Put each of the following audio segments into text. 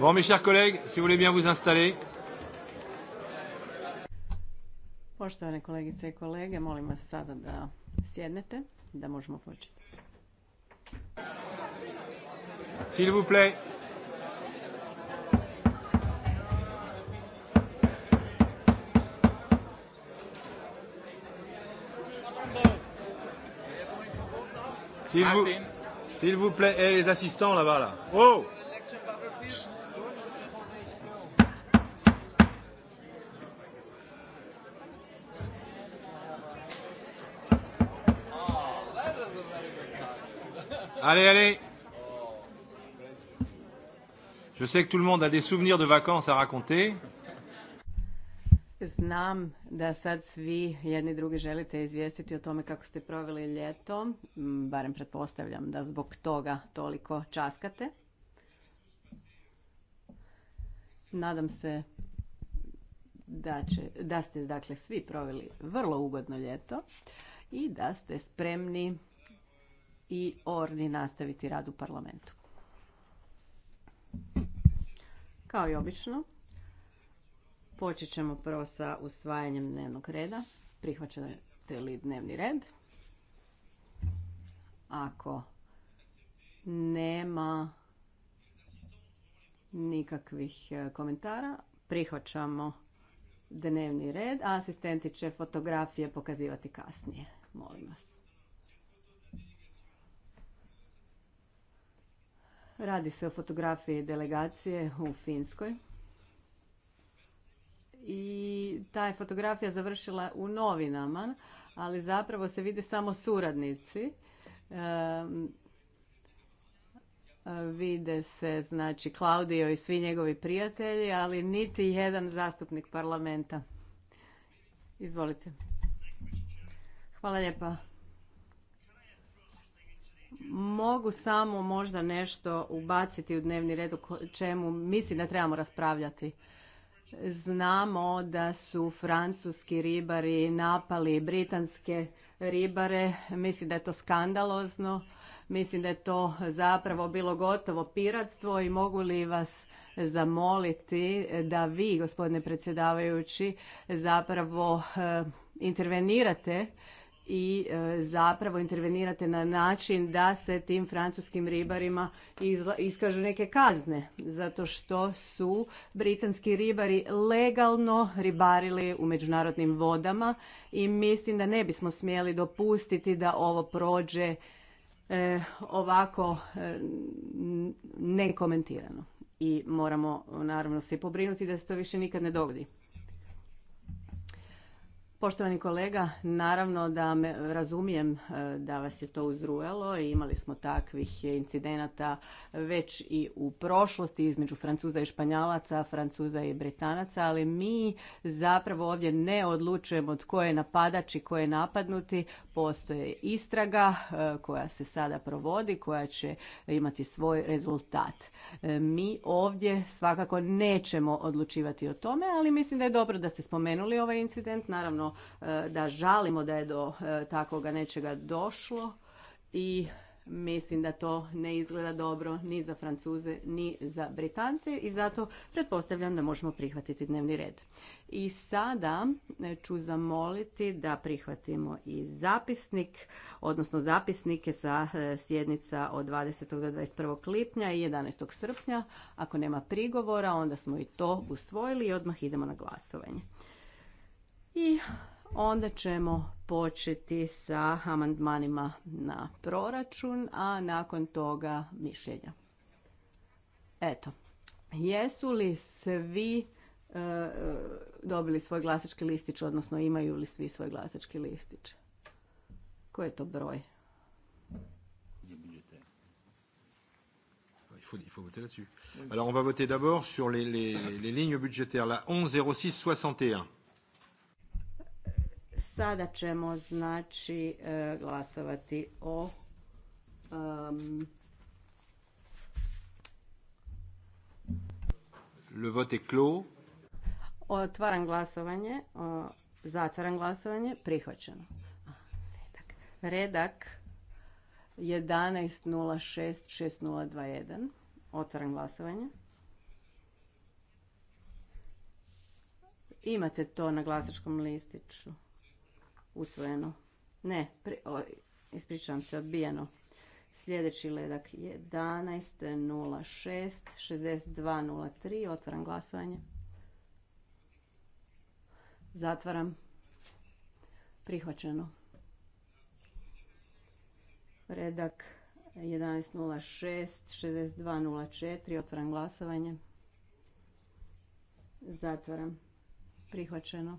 Bon, mes chers collègues, si vous voulez bien vous installer. Poštovane kolegice i kolege, molim vas sada da sjednete, da možemo početi. S'il vous plaît. S'il vous, vous plaît, et eh, les assistants là-bas là. Oh Allez, allez Je sais que tout le monde a des souvenirs de vacances à raconter. Znam da sad svi jedni drugi želite izvijestiti o tome kako ste proveli ljeto, barem pretpostavljam da zbog toga toliko časkate. Nadam se da, će, da ste dakle svi proveli vrlo ugodno ljeto i da ste spremni i Orni nastaviti rad u parlamentu. Kao i obično, počet ćemo prvo sa usvajanjem dnevnog reda. Prihvaćate li dnevni red? Ako nema nikakvih e, komentara, prihvaćamo dnevni red, a asistenti će fotografije pokazivati kasnije. Molim vas. Radi se o fotografiji delegacije u Finskoj. I ta je fotografija završila u novinama, ali zapravo se vide samo suradnici. vide se znači Claudio i svi njegovi prijatelji, ali niti jedan zastupnik parlamenta. Izvolite. Hvala lijepa mogu samo možda nešto ubaciti u dnevni red o čemu mislim da trebamo raspravljati. Znamo da su francuski ribari napali britanske ribare. Mislim da je to skandalozno. Mislim da je to zapravo bilo gotovo piratstvo i mogu li vas zamoliti da vi, gospodine predsjedavajući, zapravo eh, intervenirate i e, zapravo intervenirate na način da se tim francuskim ribarima iskažu neke kazne zato što su britanski ribari legalno ribarili u međunarodnim vodama i mislim da ne bismo smjeli dopustiti da ovo prođe e, ovako e, nekomentirano i moramo naravno se pobrinuti da se to više nikad ne dogodi. Poštovani kolega, naravno da me razumijem e, da vas je to uzrujalo i imali smo takvih incidenata već i u prošlosti između Francuza i Španjalaca, Francuza i Britanaca, ali mi zapravo ovdje ne odlučujemo tko je napadač i tko je napadnuti postoje istraga e, koja se sada provodi, koja će imati svoj rezultat. E, mi ovdje svakako nećemo odlučivati o tome, ali mislim da je dobro da ste spomenuli ovaj incident. Naravno e, da žalimo da je do takvoga nečega došlo i Mislim da to ne izgleda dobro ni za Francuze, ni za Britance i zato pretpostavljam da možemo prihvatiti dnevni red. I sada e, ću zamoliti da prihvatimo i zapisnik, odnosno zapisnike sa e, sjednica od 20. do 21. lipnja i 11. srpnja. Ako nema prigovora, onda smo i to usvojili i odmah idemo na glasovanje. I onda ćemo početi sa amandmanima na proračun, a nakon toga mišljenja. Eto, jesu li svi e, dobili svoj glasački listić, odnosno imaju li svi svoj glasački listić? Koji je to broj? Il faut, il faut voter là-dessus. Alors, on va voter d'abord sur les, les, les lignes budgétaires, la Sada ćemo znači e, glasovati o Le vote est clos. Otvaram glasovanje, zatvaram glasovanje, prihvaćeno. Redak. Redak 11.06.6021. Otvaram glasovanje. Imate to na glasačkom listiću usvojeno. Ne, ispričavam se, odbijeno. Sljedeći ledak je 11.06.62.03. otvaram glasovanje. Zatvaram. Prihvaćeno. Redak 11.06.6204 otvoram otvaram glasovanje. Zatvaram. Prihvaćeno.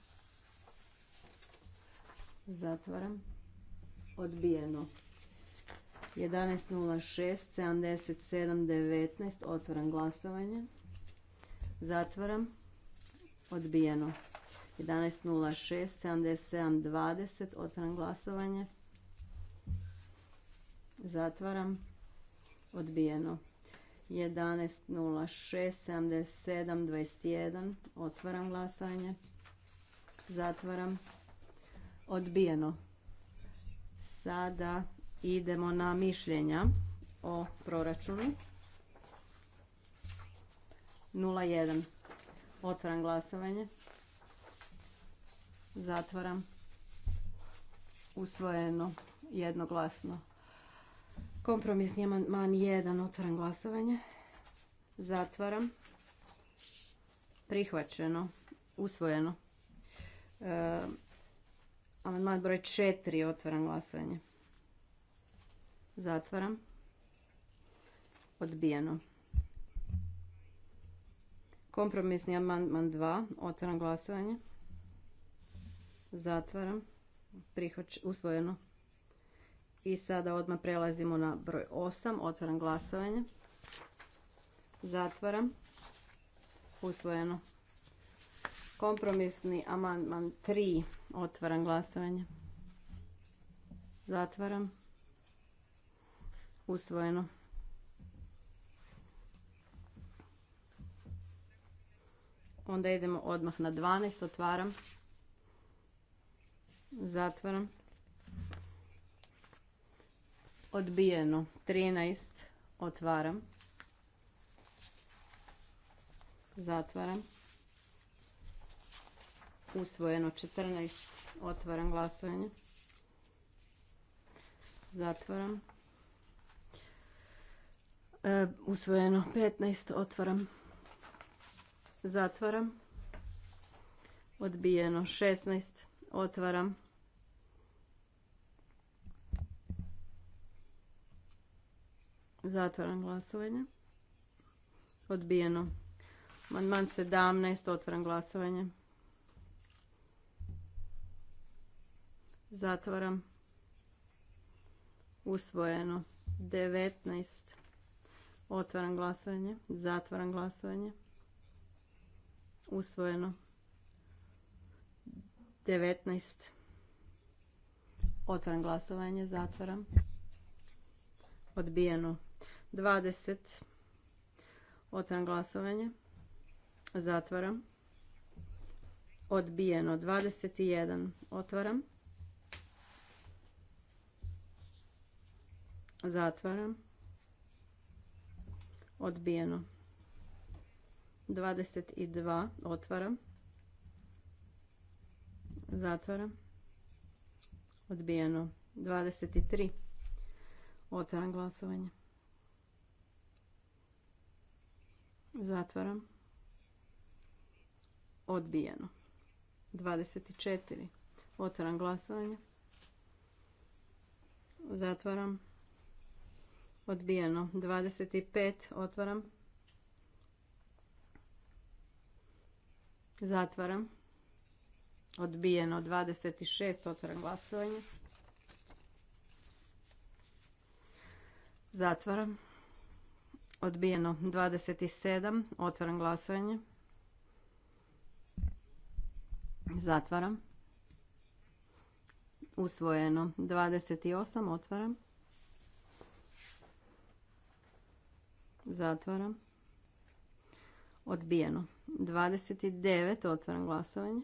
Zatvaram. Odbijeno. 11.06.77.19. Otvoram Otvaram glasovanje. Zatvaram. Odbijeno. 11.06.77.20. Otvoram Otvaram glasovanje. Zatvaram. Odbijeno. 11.06.77.21. 77, Otvaram glasovanje. Zatvaram odbijeno. Sada idemo na mišljenja o proračunu. 01. Otvaram glasovanje. Zatvaram. Usvojeno jednoglasno. Kompromisni man 1. Otvaram glasovanje. Zatvaram. Prihvaćeno. Usvojeno. E, Amandman broj 4. Otvaram glasovanje. Zatvaram. Odbijeno. Kompromisni amandman 2. Otvaram glasovanje. Zatvaram. Prihvać, usvojeno. I sada odmah prelazimo na broj 8. Otvaram glasovanje. Zatvaram. Usvojeno. Kompromisni amandman 3. Otvaram glasovanje. Zatvaram. Usvojeno. Onda idemo odmah na 12. Otvaram. Zatvaram. Odbijeno. 13. Otvaram. Zatvaram usvojeno 14, otvaram glasovanje, zatvaram, e, usvojeno 15, otvaram, zatvaram, odbijeno 16, otvaram, zatvaram glasovanje, odbijeno. Amandman 17, otvaram glasovanje. Zatvaram. Usvojeno. 19. Otvaram glasovanje. Zatvaram glasovanje. Usvojeno. 19. Otvaram glasovanje. Zatvaram. Odbijeno. 20. Otvaram glasovanje. Zatvaram. Odbijeno. 21. Otvaram. Zatvaram. Odbijeno. 22. Otvaram. Zatvaram. Odbijeno. 23. Otvaram glasovanje. Zatvaram. Odbijeno. 24. Otvaram glasovanje. Zatvaram. Odbijeno. 25. Otvaram. Zatvaram. Odbijeno. 26. Otvaram glasovanje. Zatvaram. Odbijeno. 27. Otvaram glasovanje. Zatvaram. Usvojeno. 28. Otvaram. Zatvaram. Odbijeno. 29. Otvaram glasovanje.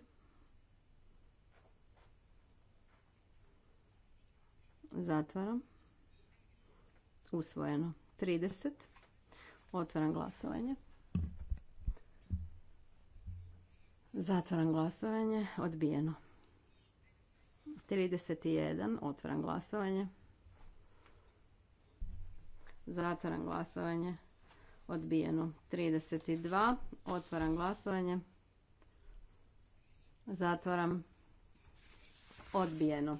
Zatvaram. Usvojeno. 30. Otvaram glasovanje. Zatvaram glasovanje. Odbijeno. 31. Otvaram glasovanje. Zatvaram glasovanje odbijeno. 32. Otvaram glasovanje. Zatvaram. Odbijeno.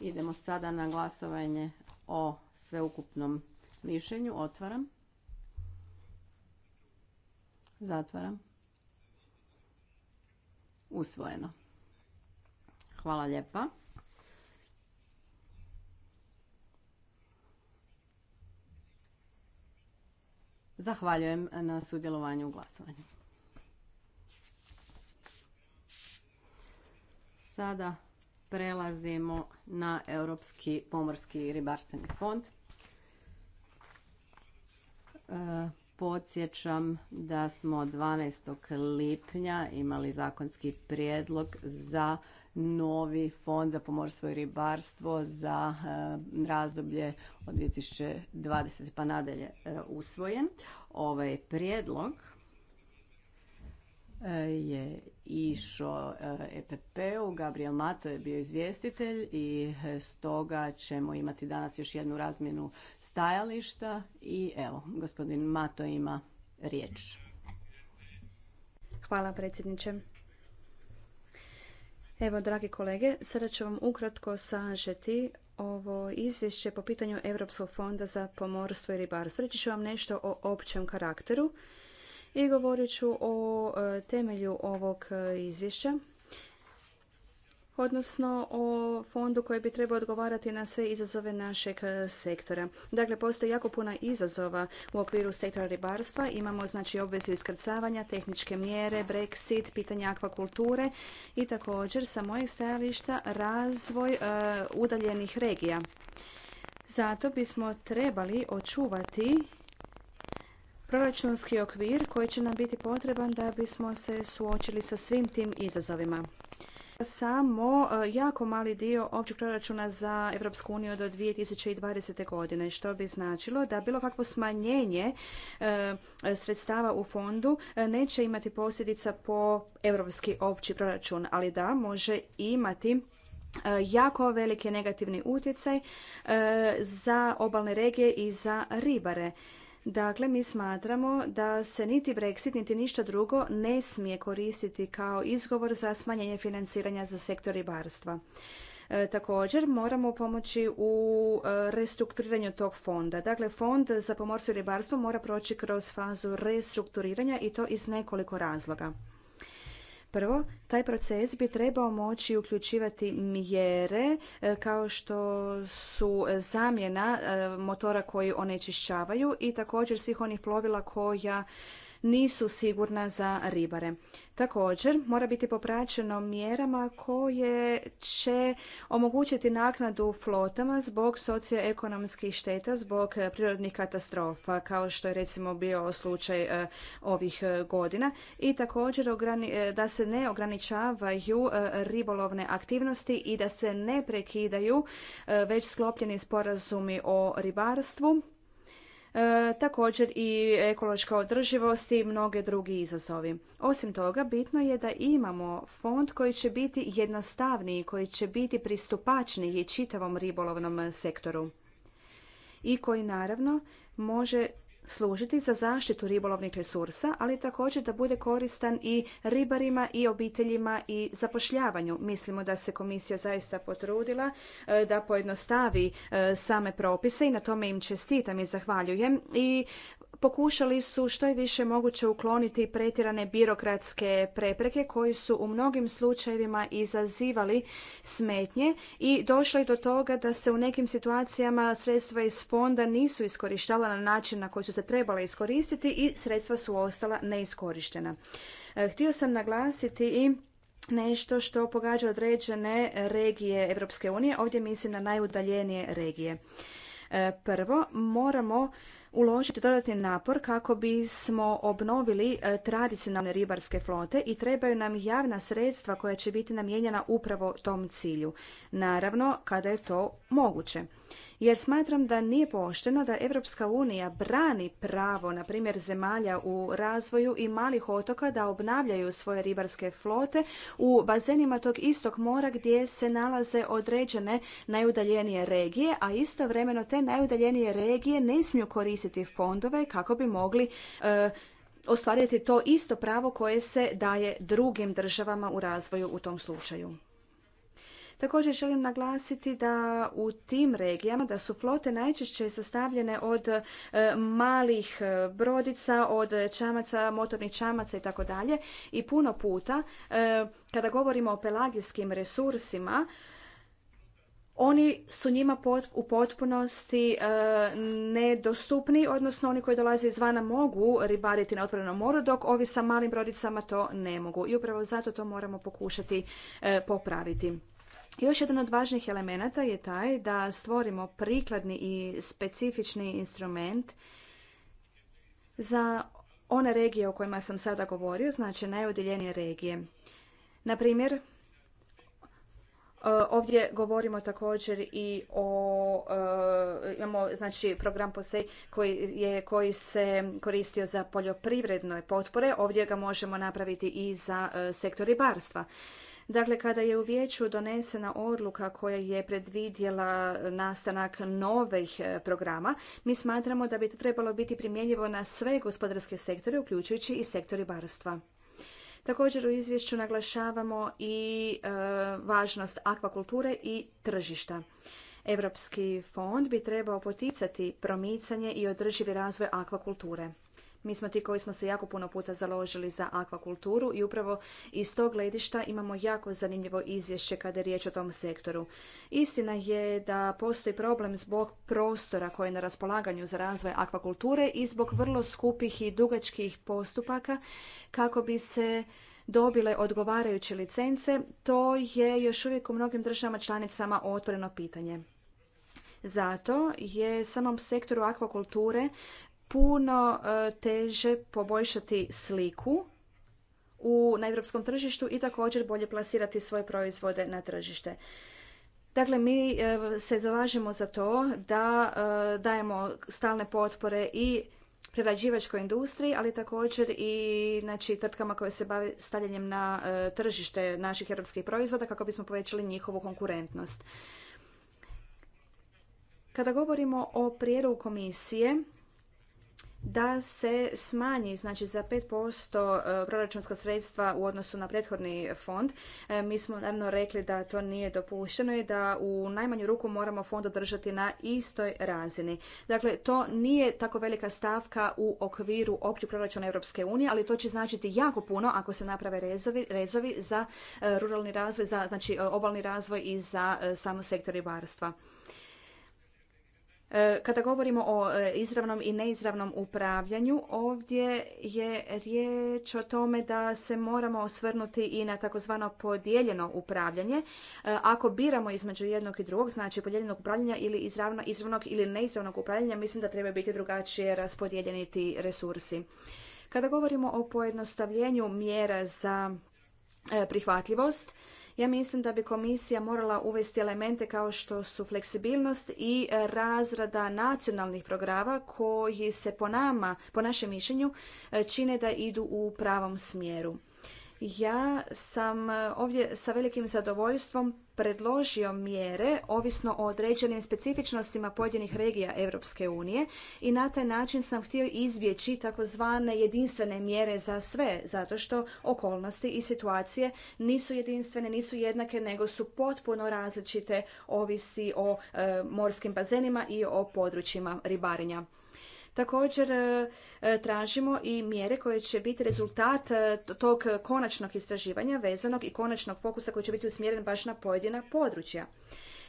Idemo sada na glasovanje o sveukupnom mišljenju. Otvaram. Zatvaram. Usvojeno. Hvala lijepa. Zahvaljujem na sudjelovanju u glasovanju. Sada prelazimo na Europski pomorski ribarstveni fond. E, podsjećam da smo 12. lipnja imali zakonski prijedlog za novi fond za pomorstvo i ribarstvo za e, razdoblje od 2020. pa nadalje e, usvojen. Ovaj prijedlog e, je išao EPP-u, Gabriel Mato je bio izvjestitelj i stoga ćemo imati danas još jednu razmjenu stajališta i evo, gospodin Mato ima riječ. Hvala predsjedniče. Evo, dragi kolege, sada ću vam ukratko sažeti ovo izvješće po pitanju Europskog fonda za pomorstvo i ribarstvo. Reći ću vam nešto o općem karakteru i govorit ću o e, temelju ovog e, izvješća odnosno o fondu koji bi trebao odgovarati na sve izazove našeg e, sektora. Dakle, postoji jako puno izazova u okviru sektora ribarstva. Imamo znači obvezu iskrcavanja, tehničke mjere, Brexit, pitanje akvakulture i također sa mojeg stajališta razvoj e, udaljenih regija. Zato bismo trebali očuvati proračunski okvir koji će nam biti potreban da bismo se suočili sa svim tim izazovima samo e, jako mali dio općeg proračuna za Europsku uniju do 2020. godine, što bi značilo da bilo kakvo smanjenje e, sredstava u fondu e, neće imati posljedica po europski opći proračun, ali da može imati jako veliki negativni utjecaj za obalne regije i za ribare. Dakle, mi smatramo da se niti Brexit, niti ništa drugo ne smije koristiti kao izgovor za smanjenje financiranja za sektor ribarstva. E, također moramo pomoći u e, restrukturiranju tog fonda. Dakle, fond za pomorstvo i ribarstvo mora proći kroz fazu restrukturiranja i to iz nekoliko razloga. Prvo, taj proces bi trebao moći uključivati mjere e, kao što su zamjena e, motora koji onečišćavaju i također svih onih plovila koja nisu sigurna za ribare. Također, mora biti popraćeno mjerama koje će omogućiti naknadu flotama zbog socioekonomskih šteta, zbog prirodnih katastrofa, kao što je recimo bio slučaj e, ovih e, godina. I također e, da se ne ograničavaju ribolovne aktivnosti i da se ne prekidaju već sklopljeni sporazumi o ribarstvu E, također i ekološka održivost i mnoge drugi izazovi. Osim toga, bitno je da imamo fond koji će biti jednostavniji, koji će biti pristupačniji čitavom ribolovnom sektoru i koji naravno može služiti za zaštitu ribolovnih resursa, ali također da bude koristan i ribarima i obiteljima i zapošljavanju. Mislimo da se komisija zaista potrudila e, da pojednostavi e, same propise i na tome im čestitam i zahvaljujem. I pokušali su što je više moguće ukloniti pretjerane birokratske prepreke koji su u mnogim slučajevima izazivali smetnje i došlo je do toga da se u nekim situacijama sredstva iz fonda nisu iskorištala na način na koji su trebala iskoristiti i sredstva su ostala neiskorištena. E, htio sam naglasiti i nešto što pogađa određene regije Europske unije, ovdje mislim na najudaljenije regije. E, prvo, moramo uložiti dodatni napor kako bismo obnovili e, tradicionalne ribarske flote i trebaju nam javna sredstva koja će biti namijenjena upravo tom cilju. Naravno, kada je to moguće jer smatram da nije pošteno da Europska unija brani pravo, na primjer, zemalja u razvoju i malih otoka da obnavljaju svoje ribarske flote u bazenima tog istog mora gdje se nalaze određene najudaljenije regije, a istovremeno te najudaljenije regije ne smiju koristiti fondove kako bi mogli e, ostvariti to isto pravo koje se daje drugim državama u razvoju u tom slučaju. Također želim naglasiti da u tim regijama da su flote najčešće sastavljene od e, malih e, brodica, od čamaca, motornih čamaca i tako dalje i puno puta e, kada govorimo o pelagijskim resursima oni su njima u potpunosti nedostupni, odnosno oni koji dolaze izvana mogu ribariti na otvorenom moru, dok ovi sa malim brodicama to ne mogu. I upravo zato to moramo pokušati popraviti. Još jedan od važnih elemenata je taj da stvorimo prikladni i specifični instrument za one regije o kojima sam sada govorio, znači najodjeljenije regije. Na primjer, e, Ovdje govorimo također i o, e, imamo znači program POSEJ koji, je, koji se koristio za poljoprivredne potpore, ovdje ga možemo napraviti i za e, sektor ribarstva. Dakle, kada je u vijeću donesena odluka koja je predvidjela nastanak novih e, programa, mi smatramo da bi to trebalo biti primjenjivo na sve gospodarske sektore, uključujući i sektori barstva. Također u izvješću naglašavamo i e, važnost akvakulture i tržišta. Europski fond bi trebao poticati promicanje i održivi razvoj akvakulture. Mi smo ti koji smo se jako puno puta založili za akvakulturu i upravo iz tog gledišta imamo jako zanimljivo izvješće kada je riječ o tom sektoru. Istina je da postoji problem zbog prostora koji je na raspolaganju za razvoj akvakulture i zbog vrlo skupih i dugačkih postupaka kako bi se dobile odgovarajuće licence, to je još uvijek u mnogim državama članicama otvoreno pitanje. Zato je samom sektoru akvakulture puno e, teže poboljšati sliku u, na europskom tržištu i također bolje plasirati svoje proizvode na tržište. Dakle, mi e, se zalažemo za to da e, dajemo stalne potpore i prerađivačkoj industriji, ali također i znači, tvrtkama koje se bave stavljanjem na tržište naših europskih proizvoda kako bismo povećali njihovu konkurentnost. Kada govorimo o prijedlogu komisije da se smanji znači za 5% e, proračunska sredstva u odnosu na prethodni fond. E, mi smo naravno rekli da to nije dopušteno i da u najmanju ruku moramo fond održati na istoj razini. Dakle, to nije tako velika stavka u okviru općeg proračuna Europske unije, ali to će značiti jako puno ako se naprave rezovi, rezovi za e, ruralni razvoj, za znači obalni razvoj i za samo sektor ribarstva. E, kada govorimo o e, izravnom i neizravnom upravljanju, ovdje je riječ o tome da se moramo osvrnuti i na takozvano podijeljeno upravljanje. E, ako biramo između jednog i drugog, znači podijeljenog upravljanja ili izravno, izravnog ili neizravnog upravljanja, mislim da treba biti drugačije raspodijeljeni ti resursi. Kada govorimo o pojednostavljenju mjera za prihvatljivost, ja mislim da bi komisija morala uvesti elemente kao što su fleksibilnost i razrada nacionalnih programa koji se po nama, po našem mišljenju, e, čine da idu u pravom smjeru. Ja sam e, ovdje sa velikim zadovoljstvom predložio mjere ovisno o određenim specifičnostima pojedinih regija Europske unije i na taj način sam htio izbjeći takozvane jedinstvene mjere za sve zato što okolnosti i situacije nisu jedinstvene, nisu jednake nego su potpuno različite ovisi o e, morskim bazenima i o područjima ribarenja. Također e, tražimo i mjere koje će biti rezultat e, tog konačnog istraživanja vezanog i konačnog fokusa koji će biti usmjeren baš na pojedina područja.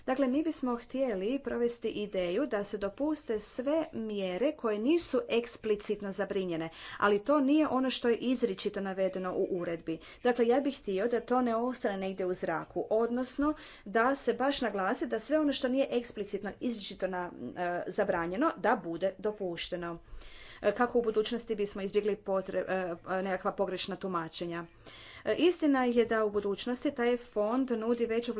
Dakle, mi bismo htjeli provesti ideju da se dopuste sve mjere koje nisu eksplicitno zabrinjene, ali to nije ono što je izričito navedeno u uredbi. Dakle, ja bih htio da to ne ostane negdje u zraku, odnosno da se baš naglasi da sve ono što nije eksplicitno izričito na, e, zabranjeno, da bude dopušteno e, kako u budućnosti bismo izbjegli potre, e, nekakva pogrešna tumačenja. E, istina je da u budućnosti taj fond nudi veću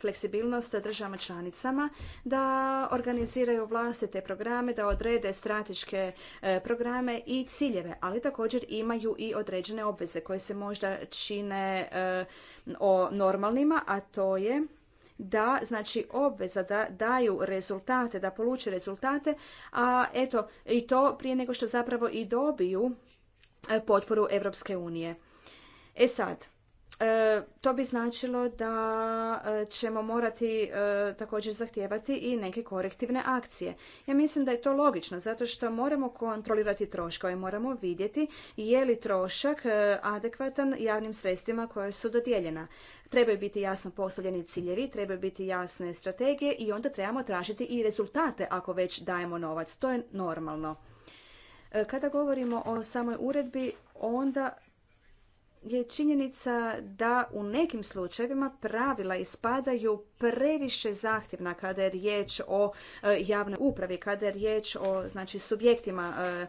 fleksibilnost državama članicama da organiziraju vlastite programe, da odrede strateške e, programe i ciljeve, ali također imaju i određene obveze koje se možda čine e, o normalnima, a to je da znači obveza da daju rezultate, da poluče rezultate, a eto i to prije nego što zapravo i dobiju potporu Europske unije. E sad, e, to bi značilo da e, ćemo morati e, također zahtijevati i neke korektivne akcije. Ja mislim da je to logično, zato što moramo kontrolirati troškove, moramo vidjeti je li trošak adekvatan javnim sredstvima koja su dodijeljena. Trebaju biti jasno postavljeni ciljevi, trebaju biti jasne strategije i onda trebamo tražiti i rezultate ako već dajemo novac. To je normalno. Kada govorimo o samoj uredbi, onda je činjenica da u nekim slučajevima pravila ispadaju previše zahtjevna kada je riječ o e, javnoj upravi, kada je riječ o znači subjektima e,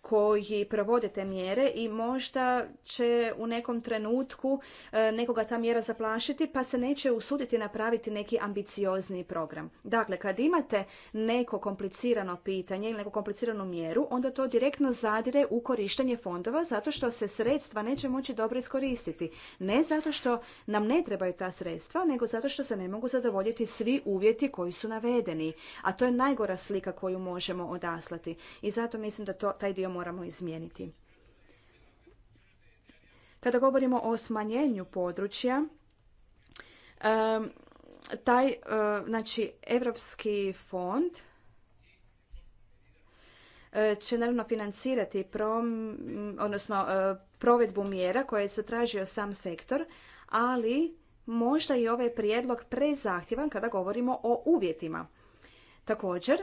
koji provode te mjere i možda će u nekom trenutku e, nekoga ta mjera zaplašiti pa se neće usuditi napraviti neki ambiciozni program. Dakle, kad imate neko komplicirano pitanje ili neku kompliciranu mjeru, onda to direktno zadire u korištenje fondova zato što se sredstva neće moći dobro iskoristiti. Ne zato što nam ne trebaju ta sredstva, nego zato što se ne mogu zadovoljiti svi uvjeti koji su navedeni. A to je najgora slika koju možemo odaslati. I zato mislim da taj dio moramo izmijeniti. Kada govorimo o smanjenju područja, taj e, znači Europski fond e, će naravno financirati odnosno e, provedbu mjera koje je tražio sam sektor, ali možda i ovaj prijedlog prezahtjevan kada govorimo o uvjetima. Također,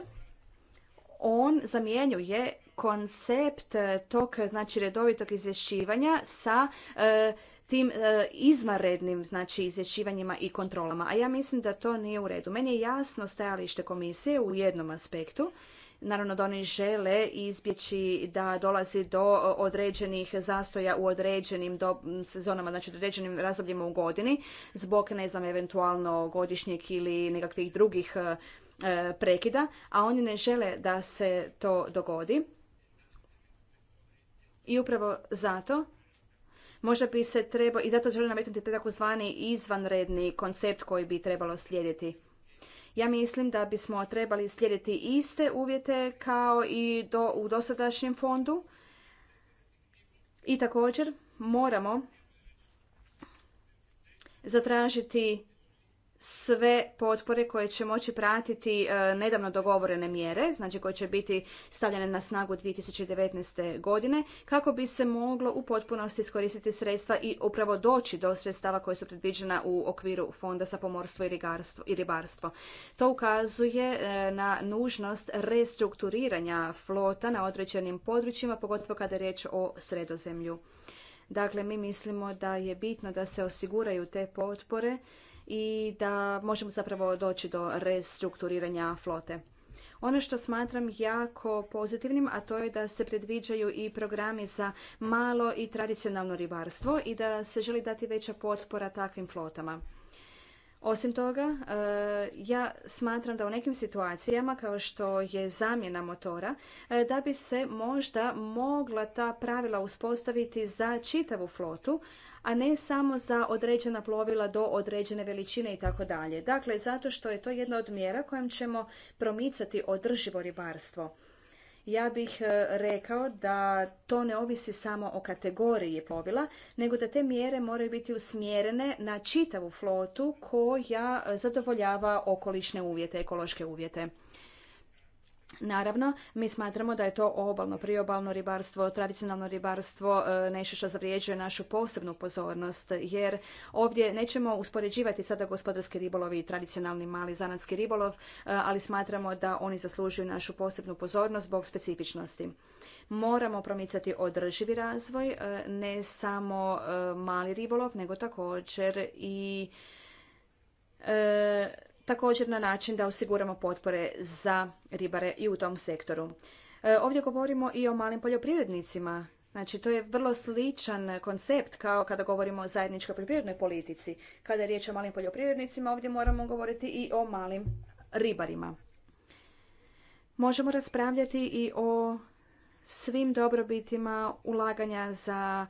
on zamjenjuje koncept e, tog e, znači redovitog izvješćivanja sa e, tim e, izvanrednim znači izvješćivanjima i kontrolama. A ja mislim da to nije u redu. Meni je jasno stajalište komisije u jednom aspektu. Naravno da oni žele izbjeći da dolazi do određenih zastoja u određenim sezonama, znači određenim razdobljima u godini zbog ne znam eventualno godišnjeg ili nekakvih drugih prekida, a oni ne žele da se to dogodi i upravo zato možda bi se trebao, i zato želim nametnuti taj takozvani izvanredni koncept koji bi trebalo slijediti. Ja mislim da bismo trebali slijediti iste uvjete kao i do, u dosadašnjem fondu. I također moramo zatražiti sve potpore koje će moći pratiti e, nedavno dogovorene mjere, znači koje će biti stavljene na snagu 2019. godine, kako bi se moglo u potpunosti iskoristiti sredstva i upravo doći do sredstava koje su predviđena u okviru Fonda za pomorstvo i ribarstvo. To ukazuje e, na nužnost restrukturiranja flota na određenim područjima, pogotovo kada je riječ o sredozemlju. Dakle, mi mislimo da je bitno da se osiguraju te potpore i da možemo zapravo doći do restrukturiranja flote. Ono što smatram jako pozitivnim, a to je da se predviđaju i programi za malo i tradicionalno ribarstvo i da se želi dati veća potpora takvim flotama. Osim toga, e, ja smatram da u nekim situacijama kao što je zamjena motora, e, da bi se možda mogla ta pravila uspostaviti za čitavu flotu, a ne samo za određena plovila do određene veličine i tako dalje. Dakle, zato što je to jedna od mjera kojom ćemo promicati održivo ribarstvo ja bih e, rekao da to ne ovisi samo o kategoriji plovila, nego da te mjere moraju biti usmjerene na čitavu flotu koja e, zadovoljava okolišne uvjete, ekološke uvjete. Naravno, mi smatramo da je to obalno, priobalno ribarstvo, tradicionalno ribarstvo e, nešto što zavrijeđuje našu posebnu pozornost, jer ovdje nećemo uspoređivati sada gospodarski ribolov i tradicionalni mali zanatski ribolov, e, ali smatramo da oni zaslužuju našu posebnu pozornost zbog specifičnosti. Moramo promicati održivi razvoj, e, ne samo mali ribolov, nego također i također na način da osiguramo potpore za ribare i u tom sektoru. E, ovdje govorimo i o malim poljoprivrednicima. Znači, to je vrlo sličan koncept kao kada govorimo o zajedničkoj poljoprivrednoj politici. Kada je riječ o malim poljoprivrednicima, ovdje moramo govoriti i o malim ribarima. Možemo raspravljati i o svim dobrobitima ulaganja za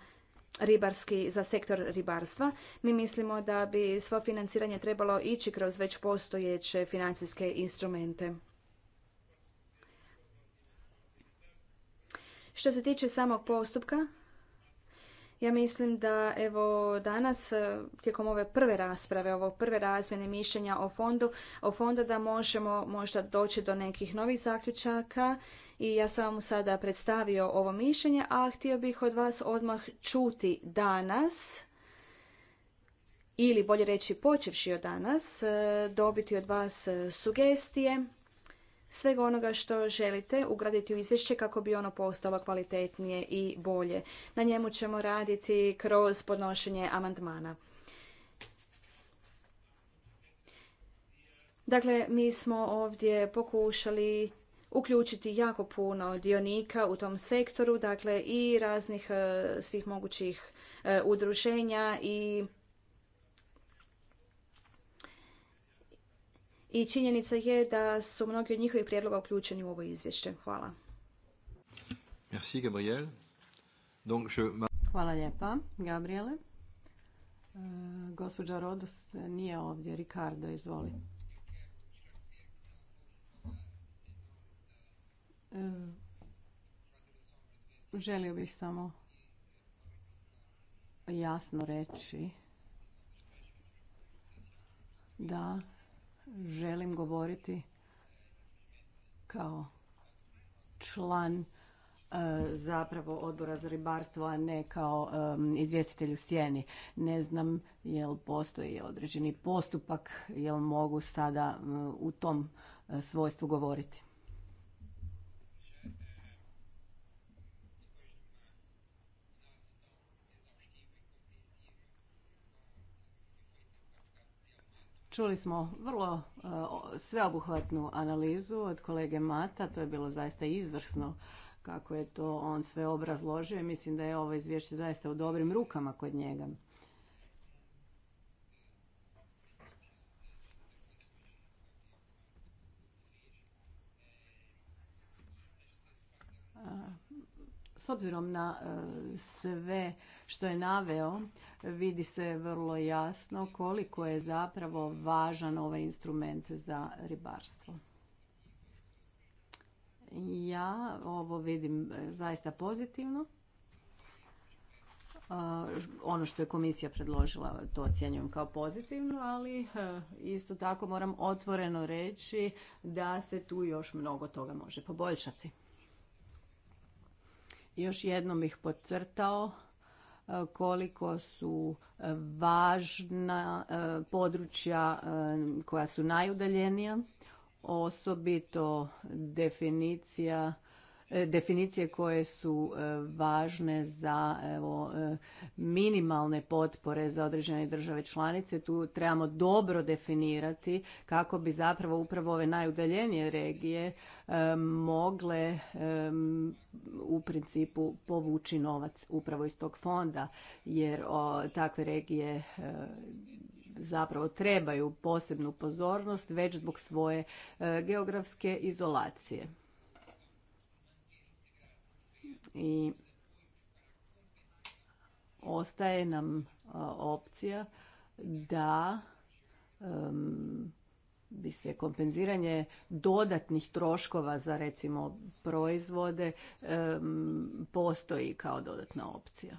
ribarski, za sektor ribarstva. Mi mislimo da bi svo financiranje trebalo ići kroz već postojeće financijske instrumente. Što se tiče samog postupka, ja mislim da evo danas eh, tijekom ove prve rasprave, ovog prve razmjene mišljenja o fondu, o fondu da možemo možda doći do nekih novih zaključaka i ja sam vam sada predstavio ovo mišljenje, a htio bih od vas odmah čuti danas ili bolje reći počevši od danas, e, dobiti od vas sugestije, svega onoga što želite ugraditi u izvješće kako bi ono postalo kvalitetnije i bolje. Na njemu ćemo raditi kroz podnošenje amandmana. Dakle, mi smo ovdje pokušali uključiti jako puno dionika u tom sektoru, dakle i raznih e, svih mogućih e, udruženja i i činjenica je da su mnogi od njihovih prijedloga uključeni u ovo izvješće. Hvala. Hvala lijepa, Gabriele. E, gospođa Rodos nije ovdje. Ricardo, izvoli. Želio bih samo jasno reći da želim govoriti kao član e, zapravo odbora za ribarstvo, a ne kao izvjestitelj u sjeni. Ne znam jel postoji određeni postupak, jel mogu sada u tom e, svojstvu govoriti. Čuli smo vrlo e, sveobuhvatnu analizu od kolege Mata, to je bilo zaista izvrsno kako je to on sve obrazložio. Mislim da je ovo izvješće zaista u dobrim rukama kod njega. E, s obzirom na e, sve što je naveo vidi se vrlo jasno koliko je zapravo važan ovaj instrument za ribarstvo. Ja ovo vidim e, zaista pozitivno. Ono što je komisija predložila to ocjenjujem kao pozitivno, ali e, isto tako moram otvoreno reći da se tu još mnogo toga može poboljšati. Još jednom bih podcrtao koliko su e, važna e, područja e, koja su najudaljenija, osobito definicija E, definicije koje su e, važne za evo, e, minimalne potpore za određene države članice. Tu trebamo dobro definirati kako bi zapravo upravo ove najudaljenije regije mogle u principu povući novac upravo iz tog fonda jer takve regije zapravo trebaju posebnu pozornost već zbog svoje geografske izolacije i ostaje nam e, opcija da bi se kompenziranje dodatnih troškova za recimo proizvode postoji kao dodatna opcija.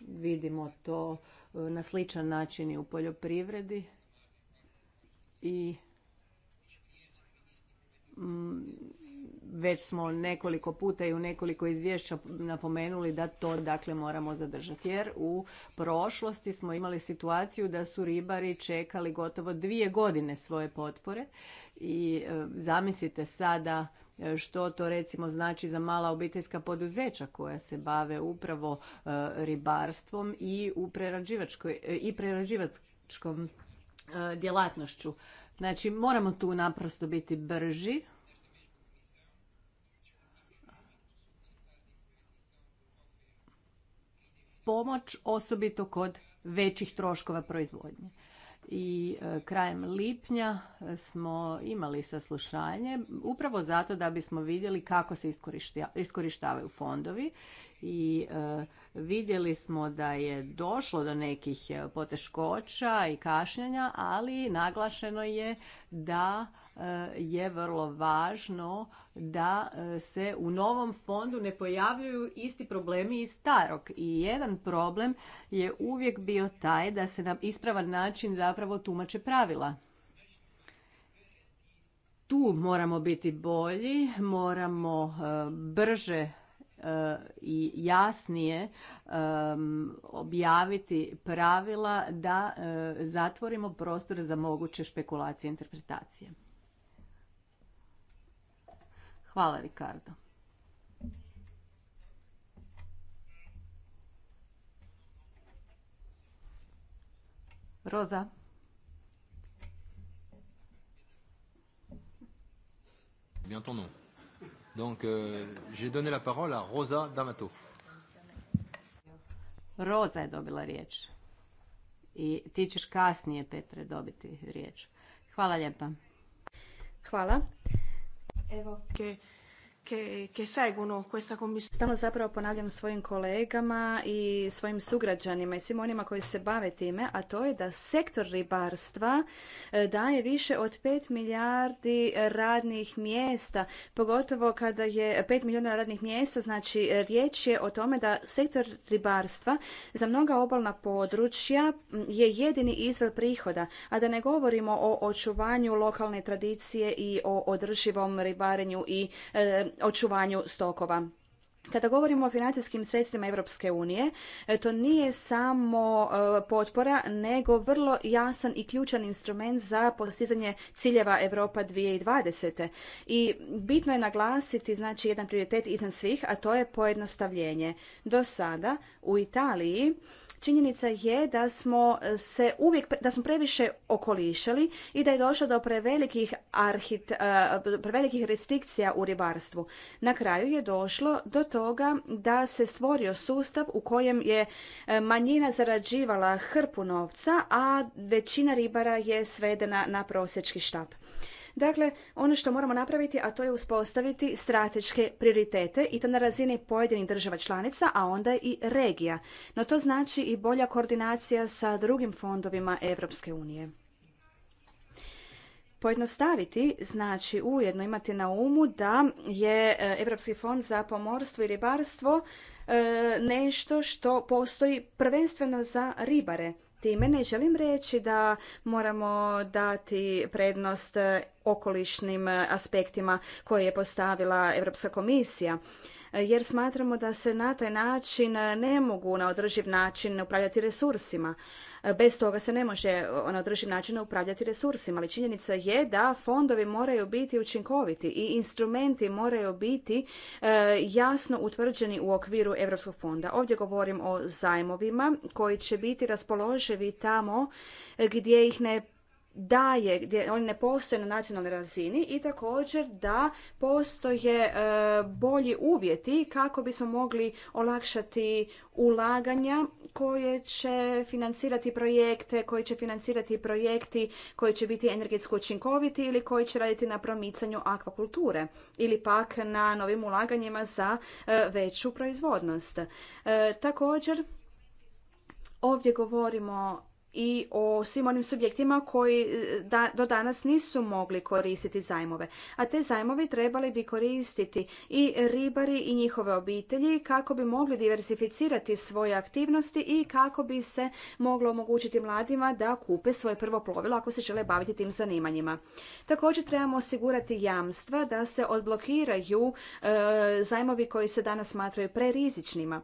Vidimo to e, na sličan način i u poljoprivredi i Mm, već smo nekoliko puta i u nekoliko izvješća napomenuli da to dakle moramo zadržati. Jer u prošlosti smo imali situaciju da su ribari čekali gotovo dvije godine svoje potpore i e, zamislite sada e, što to recimo znači za mala obiteljska poduzeća koja se bave upravo e, ribarstvom i u prerađivačkoj i prerađivačkom djelatnošću Znači, moramo tu naprosto biti brži. Pomoć osobito kod većih troškova proizvodnje i e, krajem lipnja smo imali saslušanje upravo zato da bismo vidjeli kako se iskorištavaju fondovi i e, vidjeli smo da je došlo do nekih e, poteškoća i kašnjenja, ali naglašeno je da je vrlo važno da e, se u novom fondu ne pojavljuju isti problemi iz starog. I jedan problem je uvijek bio taj da se na ispravan način zapravo tumače pravila. Tu moramo biti bolji, moramo e, brže e, i jasnije objaviti pravila da zatvorimo prostor za moguće špekulacije i interpretacije. Hvala, Ricardo. Roza. Bien ton nom. Donc, euh, j'ai donné la parole à Rosa D'Amato. Roza je dobila riječ. I ti ćeš kasnije, Petre, dobiti riječ. Hvala lijepa. Hvala. Evo. Okay che, che seguono questa commissione. Stalno zapravo ponavljam svojim kolegama i svojim sugrađanima i svim onima koji se bave time, a to je da sektor ribarstva e, daje više od 5 milijardi radnih mjesta, pogotovo kada je 5 milijuna radnih mjesta, znači riječ je o tome da sektor ribarstva za mnoga obalna područja je jedini izvor prihoda, a da ne govorimo o očuvanju lokalne tradicije i o održivom ribarenju i e, očuvanju stokova. Kada govorimo o financijskim sredstvima Europske unije, e, to nije samo e, potpora, nego vrlo jasan i ključan instrument za postizanje ciljeva Europa 2020. I bitno je naglasiti znači jedan prioritet iznad svih, a to je pojednostavljenje. Do sada u Italiji Činjenica je da smo se uvijek, da smo previše okolišali i da je došlo do prevelikih, arhit, e, prevelikih restrikcija u ribarstvu. Na kraju je došlo do toga da se stvorio sustav u kojem je e, manjina zarađivala hrpu novca, a većina ribara je svedena na prosječki štap. Dakle, ono što moramo napraviti, a to je uspostaviti strateške prioritete i to na razini pojedinih država članica, a onda i regija. No to znači i bolja koordinacija sa drugim fondovima Europske unije. Pojednostaviti znači ujedno imati na umu da je Europski fond za pomorstvo i ribarstvo e, nešto što postoji prvenstveno za ribare. Time ne želim reći da moramo dati prednost okolišnim aspektima koje je postavila Europska komisija jer smatramo da se na taj način ne mogu na održiv način upravljati resursima. Bez toga se ne može eh, na održiv način upravljati resursima, ali činjenica je da fondovi moraju biti učinkoviti i instrumenti moraju biti eh, jasno utvrđeni u okviru Europskog fonda. Ovdje govorim o zajmovima koji će biti raspoloživi tamo gdje ih ne daje, gdje oni ne postoje na nacionalnoj razini i također da postoje e, bolji uvjeti kako bismo mogli olakšati ulaganja koje će financirati projekte, koji će financirati projekti koji će biti energetsko učinkoviti ili koji će raditi na promicanju akvakulture ili pak na novim ulaganjima za e, veću proizvodnost. E, također, ovdje govorimo i o svim onim subjektima koji e, do danas nisu mogli koristiti zajmove. A te zajmovi trebali bi koristiti i ribari i njihove obitelji kako bi mogli diversificirati svoje aktivnosti i kako bi se moglo omogućiti mladima da kupe svoje prvo plovilo ako se žele baviti tim zanimanjima. Također trebamo osigurati jamstva da se odblokiraju e, zajmovi koji se danas smatraju prerizičnima.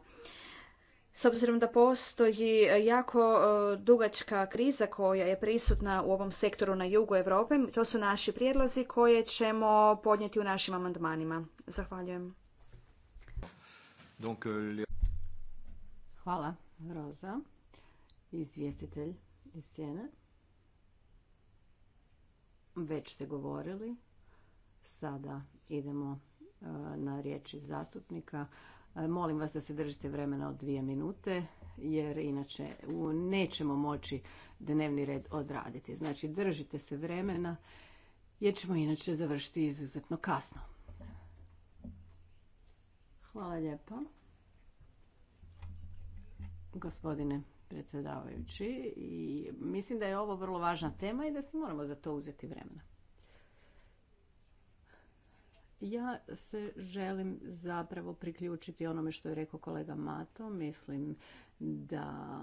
S obzirom da postoji e, jako e, dugačka kriza koja je prisutna u ovom sektoru na jugu Europe, to su naši prijedlozi koje ćemo podnijeti u našim amandmanima. Zahvaljujem. Euh, Hvala, Roza, izvjestitelj iz Sjene. Već ste govorili, sada idemo e, na riječi zastupnika. E, molim vas da se držite vremena od dvije minute, jer inače nećemo moći dnevni red odraditi. Znači, držite se vremena, jer ćemo inače završiti izuzetno kasno. Hvala lijepa. Gospodine predsjedavajući, i mislim da je ovo vrlo važna tema i da se moramo za to uzeti vremena. Ja se želim zapravo priključiti onome što je rekao kolega Mato. Mislim da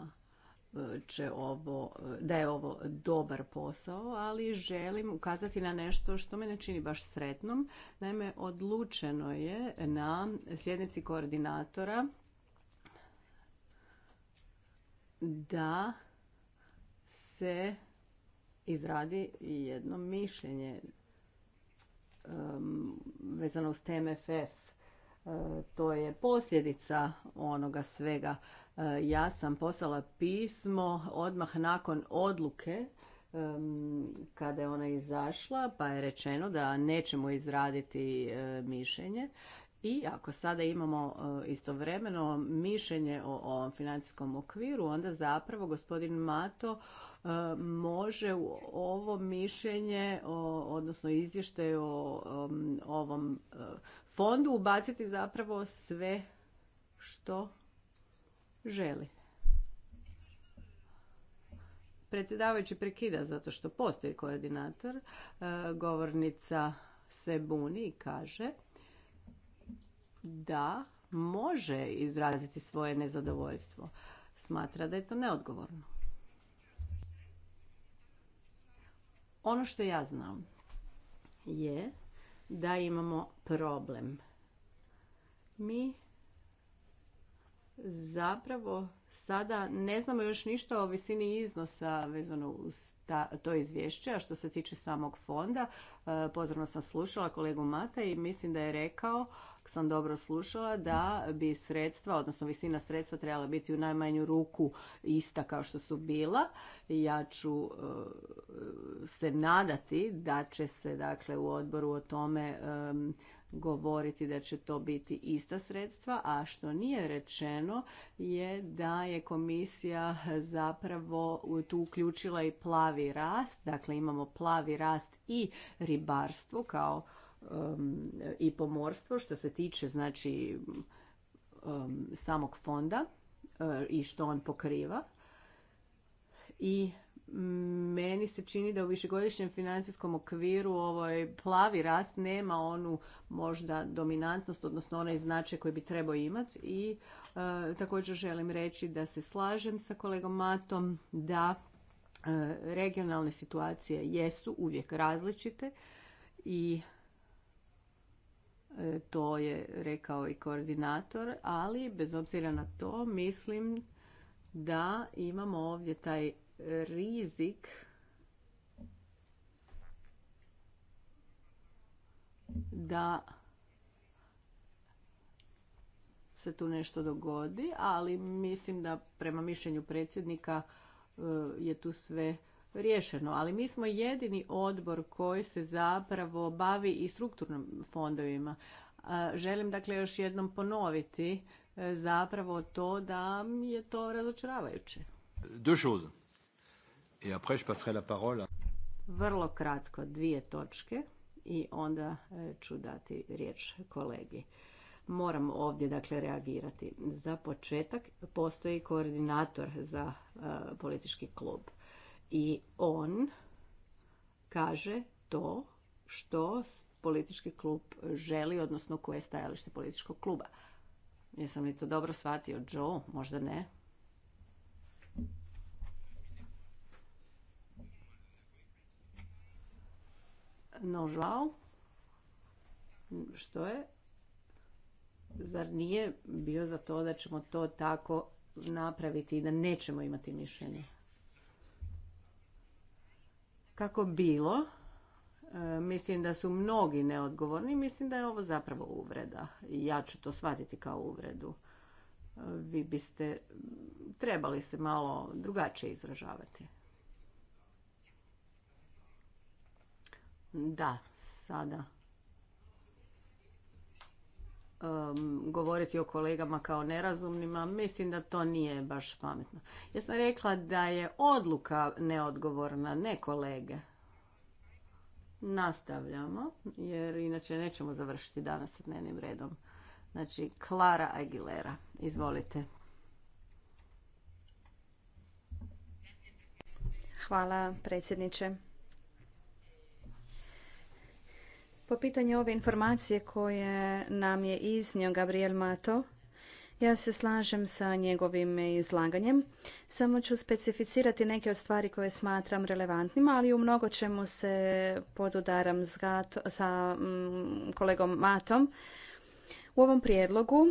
e, će ovo, da je ovo dobar posao, ali želim ukazati na nešto što me ne čini baš sretnom. Naime, odlučeno je na sjednici koordinatora da se izradi jedno mišljenje Um, vezano uz TMFF. Uh, to je posljedica onoga svega. Uh, ja sam poslala pismo odmah nakon odluke um, kada je ona izašla, pa je rečeno da nećemo izraditi uh, mišljenje. I ako sada imamo istovremeno mišljenje o financijskom okviru, onda zapravo gospodin Mato E, može ovo mišljenje, odnosno izvještaj o um, ovom e, fondu ubaciti zapravo sve što želi. Predsjedavajući prekida zato što postoji koordinator. E, govornica se buni i kaže da može izraziti svoje nezadovoljstvo. Smatra da je to neodgovorno. Ono što ja znam je da imamo problem. Mi zapravo sada ne znamo još ništa o visini iznosa vezano uz to izvješće, a što se tiče samog fonda, e, pozorno sam slušala kolegu Mata i mislim da je rekao sam dobro slušala, da bi sredstva, odnosno visina sredstva trebala biti u najmanju ruku ista kao što su bila. Ja ću e, se nadati da će se dakle u odboru o tome e, govoriti da će to biti ista sredstva, a što nije rečeno je da je komisija zapravo tu uključila i plavi rast, dakle imamo plavi rast i ribarstvo kao Um, i pomorstvo što se tiče znači um, samog fonda uh, i što on pokriva i mm, meni se čini da u višegodišnjem financijskom okviru ovaj plavi rast nema onu možda dominantnost, odnosno onaj značaj koji bi trebao imati i uh, također želim reći da se slažem sa kolegom Matom da uh, regionalne situacije jesu uvijek različite i E, to je rekao i koordinator, ali bez obzira na to mislim da imamo ovdje taj rizik da se tu nešto dogodi, ali mislim da prema mišljenju predsjednika e, je tu sve riješeno. Ali mi smo jedini odbor koji se zapravo bavi i strukturnim fondovima. Želim dakle još jednom ponoviti e, zapravo to da je to razočaravajuće. Vrlo kratko dvije točke i onda e, ću dati riječ kolegi. Moram ovdje dakle reagirati. Za početak postoji koordinator za e, politički klub i on kaže to što politički klub želi, odnosno koje je stajalište političkog kluba. Jesam li to dobro shvatio, Joe? Možda ne. No žao. Što je? Zar nije bio za to da ćemo to tako napraviti i da nećemo imati mišljenje? Kako bilo, e, mislim da su mnogi neodgovorni, mislim da je ovo zapravo uvreda. Ja ću to shvatiti kao uvredu. E, vi biste trebali se malo drugačije izražavati. Da, sada um, govoriti o kolegama kao nerazumnima, mislim da to nije baš pametno. Ja sam rekla da je odluka neodgovorna, ne kolege. Nastavljamo, jer inače nećemo završiti danas sa dnevnim redom. Znači, Klara Aguilera, izvolite. Hvala predsjedniče. Po pitanju ove informacije koje nam je iznio Gabriel Mato, ja se slažem sa njegovim izlaganjem. Samo ću specificirati neke od stvari koje smatram relevantnima, ali u mnogo čemu se podudaram s sa mm, kolegom Matom. U ovom prijedlogu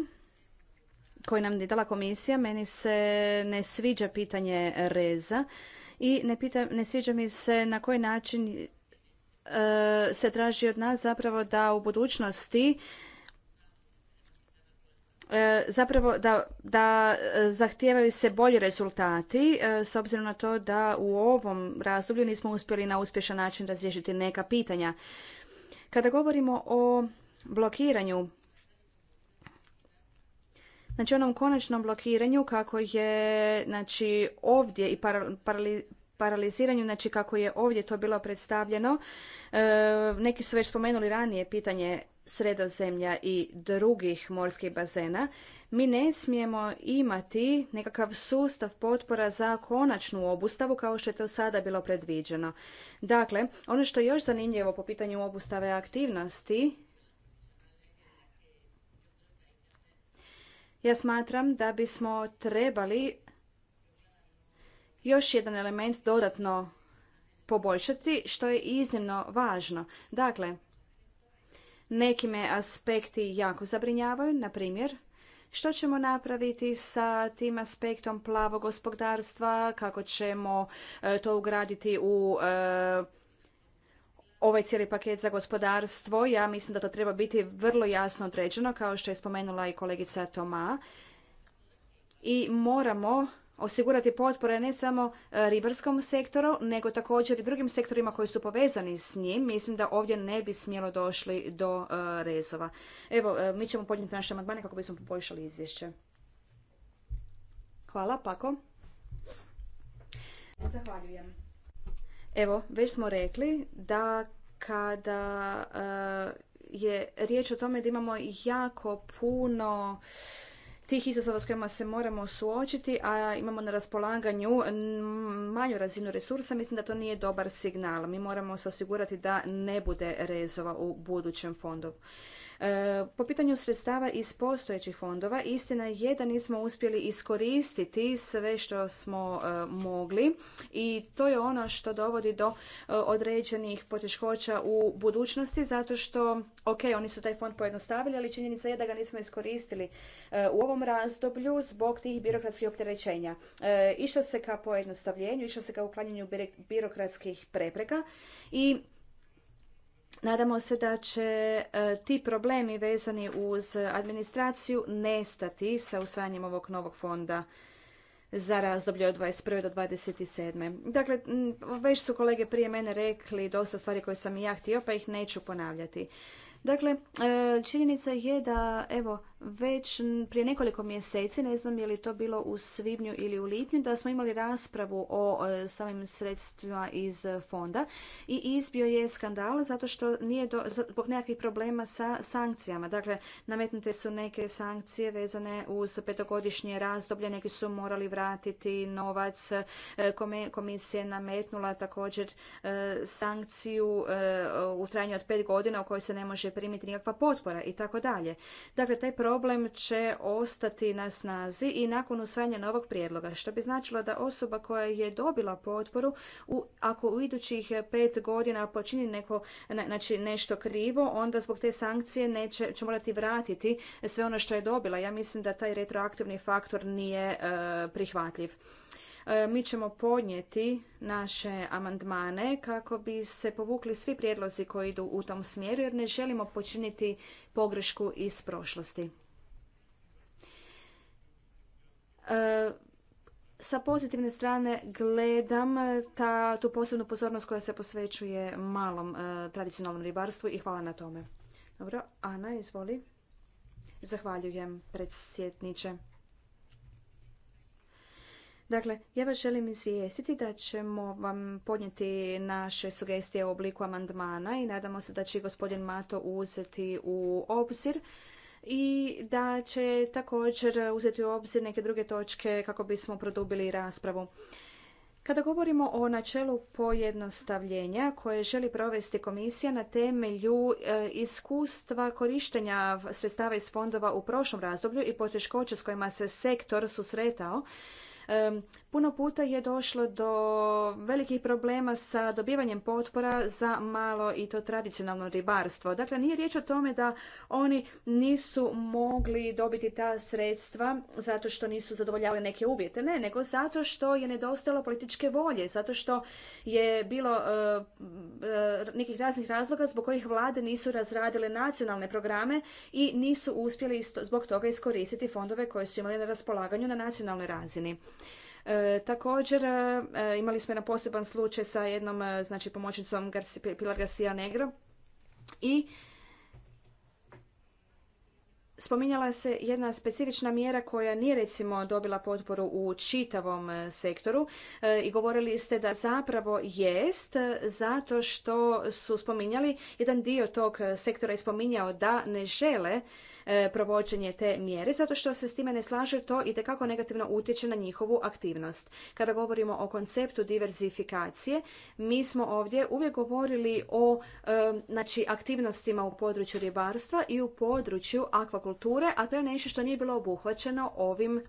koji nam je dala komisija, meni se ne sviđa pitanje reza i ne, pita, ne sviđa mi se na koji način E, se traži od nas zapravo da u budućnosti e, zapravo da, e, zahtijevaju se bolji rezultati s obzirom na to da u ovom razdoblju nismo uspjeli na uspješan način razriješiti neka pitanja. Kada govorimo o blokiranju znači onom konačnom blokiranju kako je znači ovdje i paraliziranju, znači kako je ovdje to bilo predstavljeno. E, neki su već spomenuli ranije pitanje sredozemlja i drugih morskih bazena. Mi ne smijemo imati nekakav sustav potpora za konačnu obustavu kao što je to sada bilo predviđeno. Dakle, ono što je još zanimljivo po pitanju obustave aktivnosti ja smatram da bismo trebali još jedan element dodatno poboljšati, što je iznimno važno. Dakle, neki me aspekti jako zabrinjavaju, na primjer, što ćemo napraviti sa tim aspektom plavog gospodarstva, kako ćemo e, to ugraditi u e, ovaj cijeli paket za gospodarstvo. Ja mislim da to treba biti vrlo jasno određeno, kao što je spomenula i kolegica Toma. I moramo osigurati potpore ne samo e, ribarskom sektoru, nego također i drugim sektorima koji su povezani s njim. Mislim da ovdje ne bi smjelo došli do e, rezova. Evo, e, mi ćemo podnijeti naše amandmane kako bismo poboljšali izvješće. Hvala, Pako. Zahvaljujem. Evo, već smo rekli da kada je riječ o tome da imamo jako puno tih izazova s kojima se moramo suočiti, a imamo na raspolaganju manju razinu resursa, mislim da to nije dobar signal. Mi moramo se osigurati da ne bude rezova u budućem fondu. E, po pitanju sredstava iz postojećih fondova, istina je da nismo uspjeli iskoristiti sve što smo e, mogli i to je ono što dovodi do e, određenih poteškoća u budućnosti zato što, ok, oni su taj fond pojednostavili, ali činjenica je da ga nismo iskoristili u ovom razdoblju zbog tih birokratskih opterećenja. Išlo se ka pojednostavljenju, išlo se ka uklanjanju birokratskih prepreka i Nadamo se da će e, ti problemi vezani uz administraciju nestati sa usvajanjem ovog novog fonda za razdoblje od 21. do 27. Dakle, već su kolege prije mene rekli dosta stvari koje sam i ja htio, pa ih neću ponavljati. Dakle, e, činjenica je da, evo, već prije nekoliko mjeseci, ne znam je li to bilo u svibnju ili u lipnju, da smo imali raspravu o e, samim sredstvima iz fonda i izbio je skandal zato što nije do, zbog nekakvih problema sa sankcijama. Dakle, nametnute su neke sankcije vezane uz petogodišnje razdoblje, neki su morali vratiti novac, e, komisija je nametnula također e, sankciju u trajanju od pet godina u kojoj se ne može primiti nikakva potpora i tako dalje. Dakle, taj problem problem će ostati na snazi i nakon usvajanja novog prijedloga, što bi značilo da osoba koja je dobila potporu, ako u idućih pet godina počini neko, znači nešto krivo, onda zbog te sankcije neće, će morati vratiti sve ono što je dobila. Ja mislim da taj retroaktivni faktor nije e, prihvatljiv. E, mi ćemo podnijeti naše amandmane kako bi se povukli svi prijedlozi koji idu u tom smjeru jer ne želimo počiniti pogrešku iz prošlosti. E, sa pozitivne strane gledam ta, tu posebnu pozornost koja se posvećuje malom e, tradicionalnom ribarstvu i hvala na tome. Dobro, Ana, izvoli. Zahvaljujem, predsjedniče. Dakle, ja vas želim izvijestiti da ćemo vam podnijeti naše sugestije u obliku amandmana i nadamo se da će gospodin Mato uzeti u obzir i da će također uzeti u obzir neke druge točke kako bismo produbili raspravu. Kada govorimo o načelu pojednostavljenja koje želi provesti komisija na temelju e, iskustva korištenja sredstava iz fondova u prošlom razdoblju i poteškoće s kojima se sektor susretao um, Puno puta je došlo do velikih problema sa dobivanjem potpora za malo i to tradicionalno ribarstvo. Dakle, nije riječ o tome da oni nisu mogli dobiti ta sredstva zato što nisu zadovoljavali neke uvjete. Ne, nego zato što je nedostajalo političke volje, zato što je bilo e, e, nekih raznih razloga zbog kojih vlade nisu razradile nacionalne programe i nisu uspjeli zbog toga iskoristiti fondove koje su imali na raspolaganju na nacionalnoj razini. E, također e, imali smo jedan poseban slučaj sa jednom e, znači, pomoćnicom Pilar Garcia Negro i Spominjala se jedna specifična mjera koja nije recimo dobila potporu u čitavom e, sektoru e, i govorili ste da zapravo jest e, zato što su spominjali jedan dio tog sektora je spominjao da ne žele provođenje te mjere zato što se s time ne slaže to i kako negativno utječe na njihovu aktivnost. Kada govorimo o konceptu diverzifikacije, mi smo ovdje uvijek govorili o znači, aktivnostima u području ribarstva i u području akvakulture kulture, a to je nešto što nije bilo obuhvaćeno ovim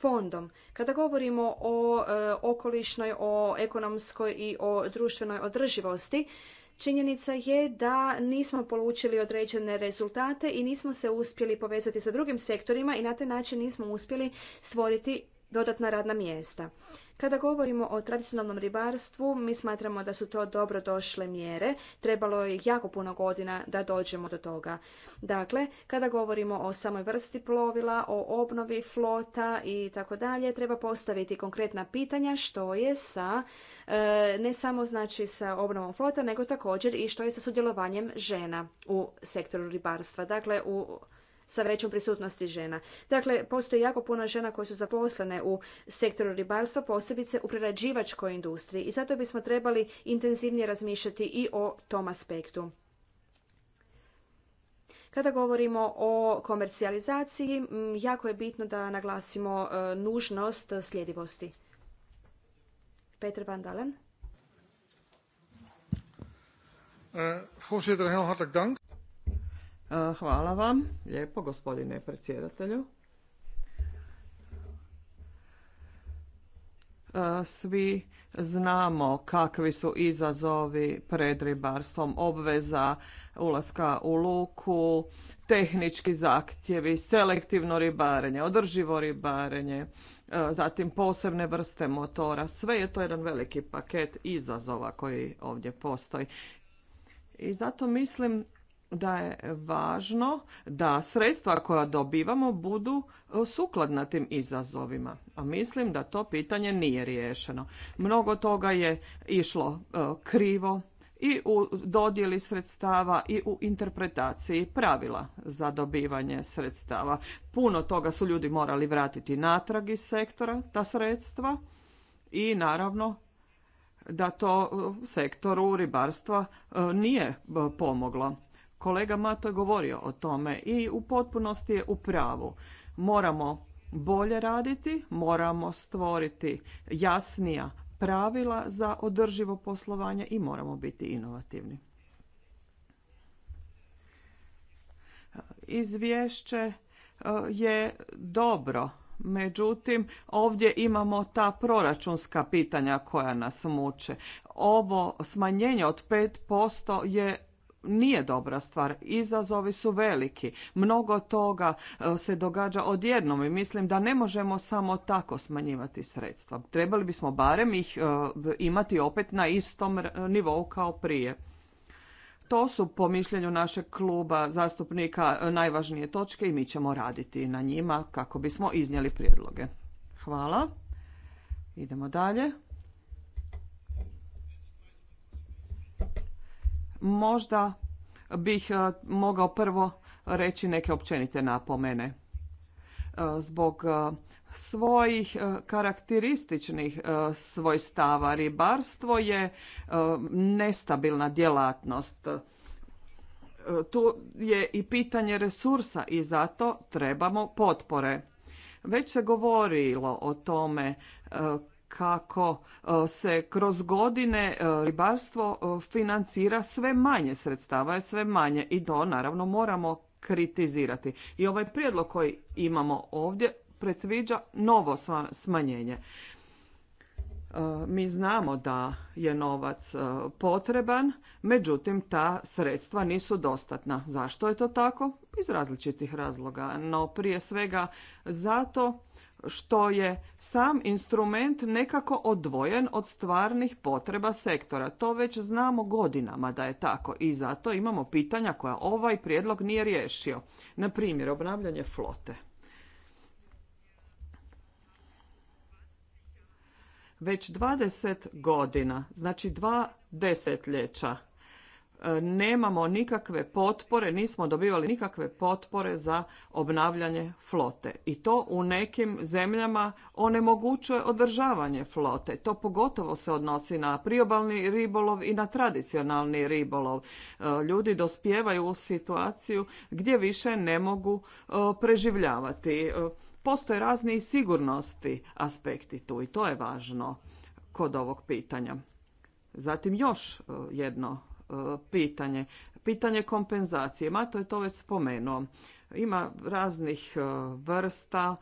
fondom. Kada govorimo o e, okolišnoj, o ekonomskoj i o društvenoj održivosti, Činjenica je da nismo polučili određene rezultate i nismo se uspjeli povezati sa drugim sektorima i na taj način nismo uspjeli stvoriti dodatna radna mjesta. Kada govorimo o tradicionalnom ribarstvu, mi smatramo da su to dobro došle mjere. Trebalo je jako puno godina da dođemo do toga. Dakle, kada govorimo o samoj vrsti plovila, o obnovi flota i tako dalje, treba postaviti konkretna pitanja što je sa e, ne samo znači sa obnovom flota, nego također i što je sa sudjelovanjem žena u sektoru ribarstva. Dakle, u sa većom prisutnosti žena. Dakle, postoji jako puno žena koje su zaposlene u sektoru ribarstva, posebice u prerađivačkoj industriji i zato bismo trebali intenzivnije razmišljati i o tom aspektu. Kada govorimo o komercijalizaciji, jako je bitno da naglasimo e, nužnost sljedivosti. Peter van Dalen. Eh, voorzitter, heel hartelijk dank. E, hvala vam. Lijepo, gospodine predsjedatelju. E, svi znamo kakvi su izazovi pred ribarstvom, obveza ulaska u luku, tehnički zahtjevi, selektivno ribarenje, održivo ribarenje, e, zatim posebne vrste motora. Sve je to jedan veliki paket izazova koji ovdje postoji. I zato mislim da je važno da sredstva koja dobivamo budu e, sukladna tim izazovima. A mislim da to pitanje nije riješeno. Mnogo toga je išlo e, krivo i u dodjeli sredstava i u interpretaciji pravila za dobivanje sredstava. Puno toga su ljudi morali vratiti natrag iz sektora ta sredstva i naravno da to e, sektoru ribarstva nije pomoglo. Kolega Mato je govorio o tome i u potpunosti je u pravu. Moramo bolje raditi, moramo stvoriti jasnija pravila za održivo poslovanje i moramo biti inovativni. Izvješće e, je dobro, međutim ovdje imamo ta proračunska pitanja koja nas muče. Ovo smanjenje od 5% je nije dobra stvar. Izazovi su veliki. Mnogo toga e, se događa odjednom i mislim da ne možemo samo tako smanjivati sredstva. Trebali bismo barem ih e, imati opet na istom nivou kao prije. To su po mišljenju našeg kluba zastupnika e, najvažnije točke i mi ćemo raditi na njima kako bismo iznijeli prijedloge. Hvala. Idemo dalje. Možda bih e, mogao prvo reći neke općenite napomene. E, zbog e, svojih karakterističnih svojstava ribarstvo je nestabilna djelatnost. Tu je i pitanje resursa i zato trebamo potpore. Već se govorilo o tome kako e, se kroz godine e, ribarstvo e, financira sve manje, sredstava je sve manje i to naravno moramo kritizirati. I ovaj prijedlog koji imamo ovdje pretviđa novo smanjenje. Mi znamo da je novac potreban, međutim ta sredstva nisu dostatna. Zašto je to tako? Iz različitih razloga, no prije svega zato što je sam instrument nekako odvojen od stvarnih potreba sektora. To već znamo godinama da je tako i zato imamo pitanja koja ovaj prijedlog nije riješio. Na primjer, obnavljanje flote. Već 20 godina, znači dva desetljeća, nemamo nikakve potpore, nismo dobivali nikakve potpore za obnavljanje flote. I to u nekim zemljama onemogućuje održavanje flote. To pogotovo se odnosi na priobalni ribolov i na tradicionalni ribolov. E, ljudi dospijevaju u situaciju gdje više ne mogu e, preživljavati. E, postoje razni sigurnosti aspekti tu i to je važno kod ovog pitanja. Zatim još jedno pitanje. Pitanje kompenzacije, Mato je to već spomenuo. Ima raznih e, vrsta,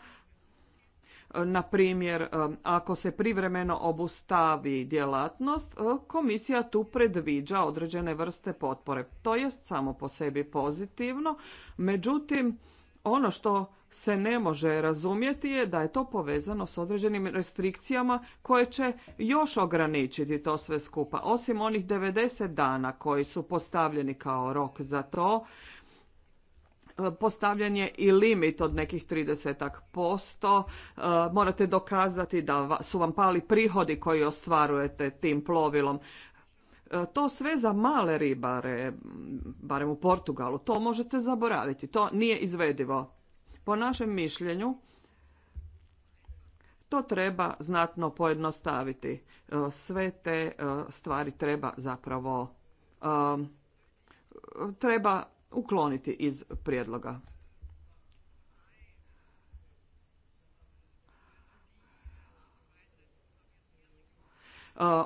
e, na primjer, e, ako se privremeno obustavi djelatnost, komisija tu predviđa određene vrste potpore. To jest samo po sebi pozitivno, međutim, ono što se ne može razumjeti je da je to povezano s određenim restrikcijama koje će još ograničiti to sve skupa. Osim onih 90 dana koji su postavljeni kao rok za to, postavljen je i limit od nekih 30%. E, morate dokazati da su vam pali prihodi koji ostvarujete tim plovilom. E, to sve za male ribare, barem u Portugalu, to možete zaboraviti. To nije izvedivo. Po našem mišljenju, to treba znatno pojednostaviti. E, sve te e, stvari treba zapravo e, treba ukloniti iz prijedloga.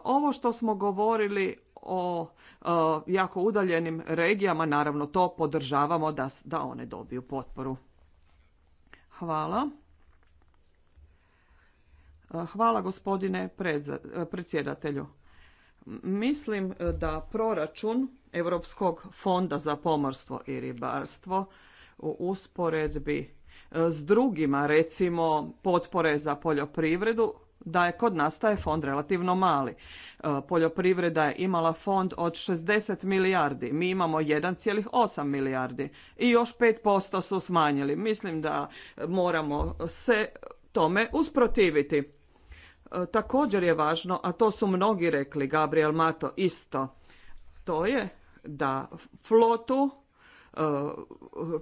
Ovo što smo govorili o jako udaljenim regijama, naravno to podržavamo da, da one dobiju potporu. Hvala. E, hvala gospodine e, predsjedatelju. Mislim e, da proračun Europskog fonda za pomorstvo i ribarstvo u usporedbi s drugima, recimo potpore za poljoprivredu, da je kod nas taj fond relativno mali. E, poljoprivreda je imala fond od 60 milijardi, mi imamo 1,8 milijardi i još 5% su smanjili. Mislim da moramo se tome usprotiviti. E, također je važno, a to su mnogi rekli, Gabriel Mato isto, to je da flotu E,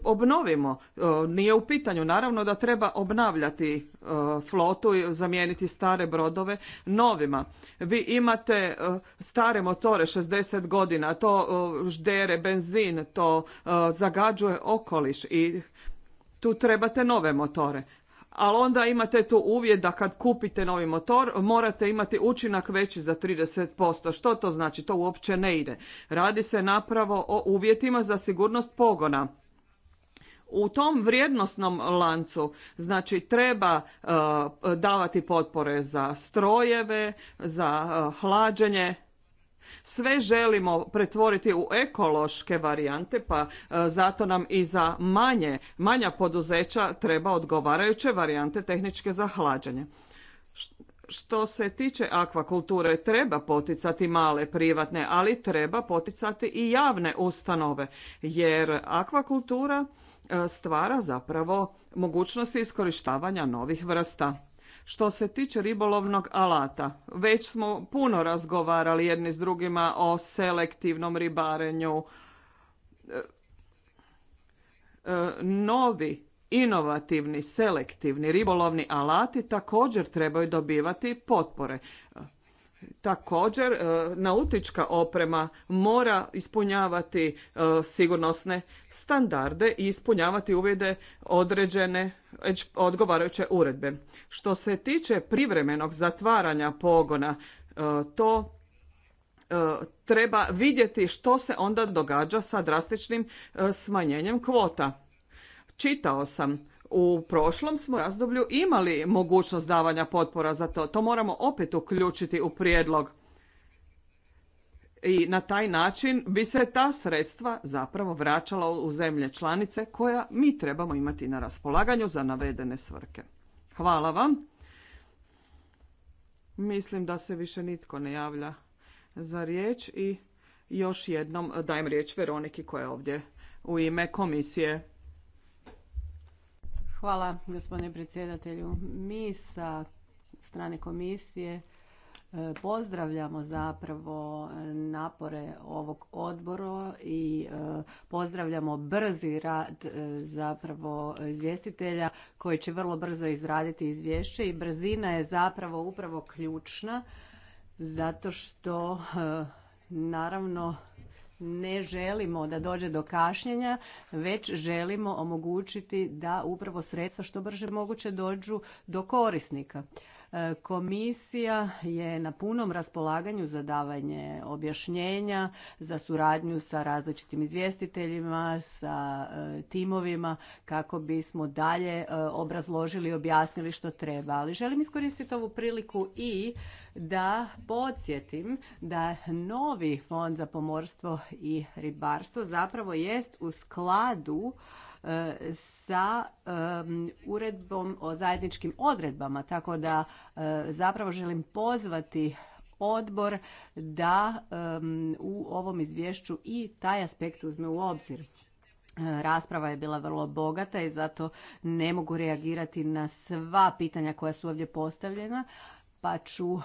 obnovimo. E, nije u pitanju, naravno da treba obnavljati e, flotu i zamijeniti stare brodove novima. Vi imate stare motore 60 godina, to ždere, benzin, to zagađuje okoliš i tu trebate nove motore ali onda imate tu uvjet da kad kupite novi motor morate imati učinak veći za 30%. Što to znači? To uopće ne ide. Radi se napravo o uvjetima za sigurnost pogona. U tom vrijednosnom lancu znači treba eh, davati potpore za strojeve, za eh, hlađenje, sve želimo pretvoriti u ekološke varijante, pa e, zato nam i za manje, manja poduzeća treba odgovarajuće varijante tehničke za hlađenje. Što se tiče akvakulture, treba poticati male privatne, ali treba poticati i javne ustanove, jer akvakultura e, stvara zapravo mogućnosti iskorištavanja novih vrsta. Što se tiče ribolovnog alata, već smo puno razgovarali jedni s drugima o selektivnom ribarenju. E, e, novi inovativni selektivni ribolovni alati također trebaju dobivati potpore. Također, e, nautička oprema mora ispunjavati e, sigurnosne standarde i ispunjavati uvjede određene odgovarajuće uredbe. Što se tiče privremenog zatvaranja pogona, e, to treba vidjeti što se onda događa sa drastičnim smanjenjem kvota. Čitao sam u prošlom smo razdoblju imali mogućnost davanja potpora za to. To moramo opet uključiti u prijedlog. I na taj način bi se ta sredstva zapravo vraćala u zemlje članice koja mi trebamo imati na raspolaganju za navedene svrke. Hvala vam. Mislim da se više nitko ne javlja za riječ i još jednom dajem riječ Veroniki koja je ovdje u ime komisije. Hvala gospodine predsjedatelju. Mi sa strane komisije e, pozdravljamo zapravo napore ovog odbora i e, pozdravljamo brzi rad e, zapravo izvjestitelja koji će vrlo brzo izraditi izvješće i brzina je zapravo upravo ključna zato što naravno ne želimo da dođe do kašnjenja, već želimo omogućiti da upravo sredstva što brže moguće dođu do korisnika. E, komisija je na punom raspolaganju za davanje objašnjenja, za suradnju sa različitim izvjestiteljima, sa e, timovima kako bismo dalje e, obrazložili i objasnili što treba. Ali želim iskoristiti ovu priliku i da podsjetim da novi fond za pomorstvo i ribarstvo zapravo jest u skladu sa uredbom o zajedničkim odredbama, tako da zapravo želim pozvati odbor da u ovom izvješću i taj aspekt uzme u obzir. Rasprava je bila vrlo bogata i zato ne mogu reagirati na sva pitanja koja su ovdje postavljena, pa ću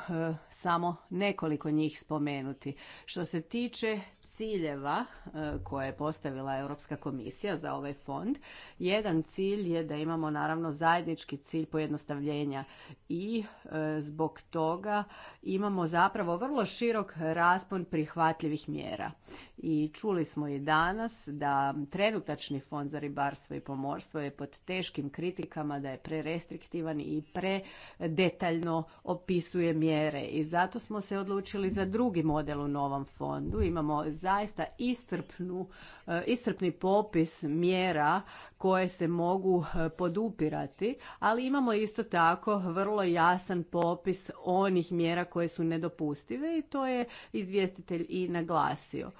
samo nekoliko njih spomenuti. Što se tiče ciljeva e, koje je postavila Europska komisija za ovaj fond. Jedan cilj je da imamo naravno zajednički cilj pojednostavljenja i e, zbog toga imamo zapravo vrlo širok raspon prihvatljivih mjera i čuli smo i danas da trenutačni fond za ribarstvo i pomorstvo je pod teškim kritikama da je prerestriktivan i predetaljno opisuje mjere i zato smo se odlučili za drugi model u novom fondu. Imamo zaista iscrpnu, eh, iscrpni popis mjera koje se mogu eh, podupirati, ali imamo isto tako vrlo jasan popis onih mjera koje su nedopustive i to je izvjestitelj i naglasio.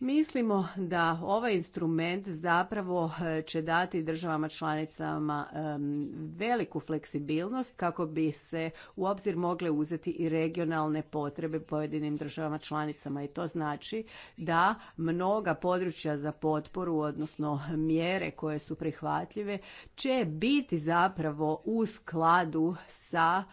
Mislimo da ovaj instrument zapravo e, će dati državama članicama e, veliku fleksibilnost kako bi se u obzir mogle uzeti i regionalne potrebe pojedinim državama članicama i to znači da mnoga područja za potporu odnosno mjere koje su prihvatljive će biti zapravo u skladu sa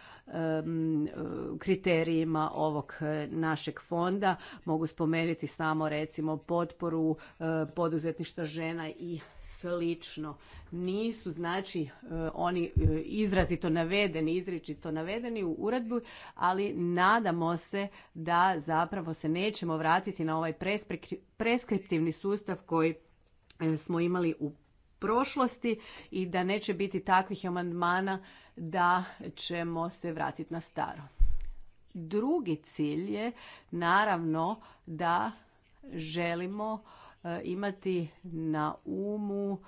kriterijima ovog e, našeg fonda. Mogu spomenuti samo recimo potporu e, poduzetništva žena i slično. Nisu znači e, oni izrazito navedeni, izričito navedeni u uredbu, ali nadamo se da zapravo se nećemo vratiti na ovaj preskriptivni sustav koji smo imali u prošlosti i da neće biti takvih amandmana da ćemo se vratiti na staro. Drugi cilj je naravno da želimo e, imati na umu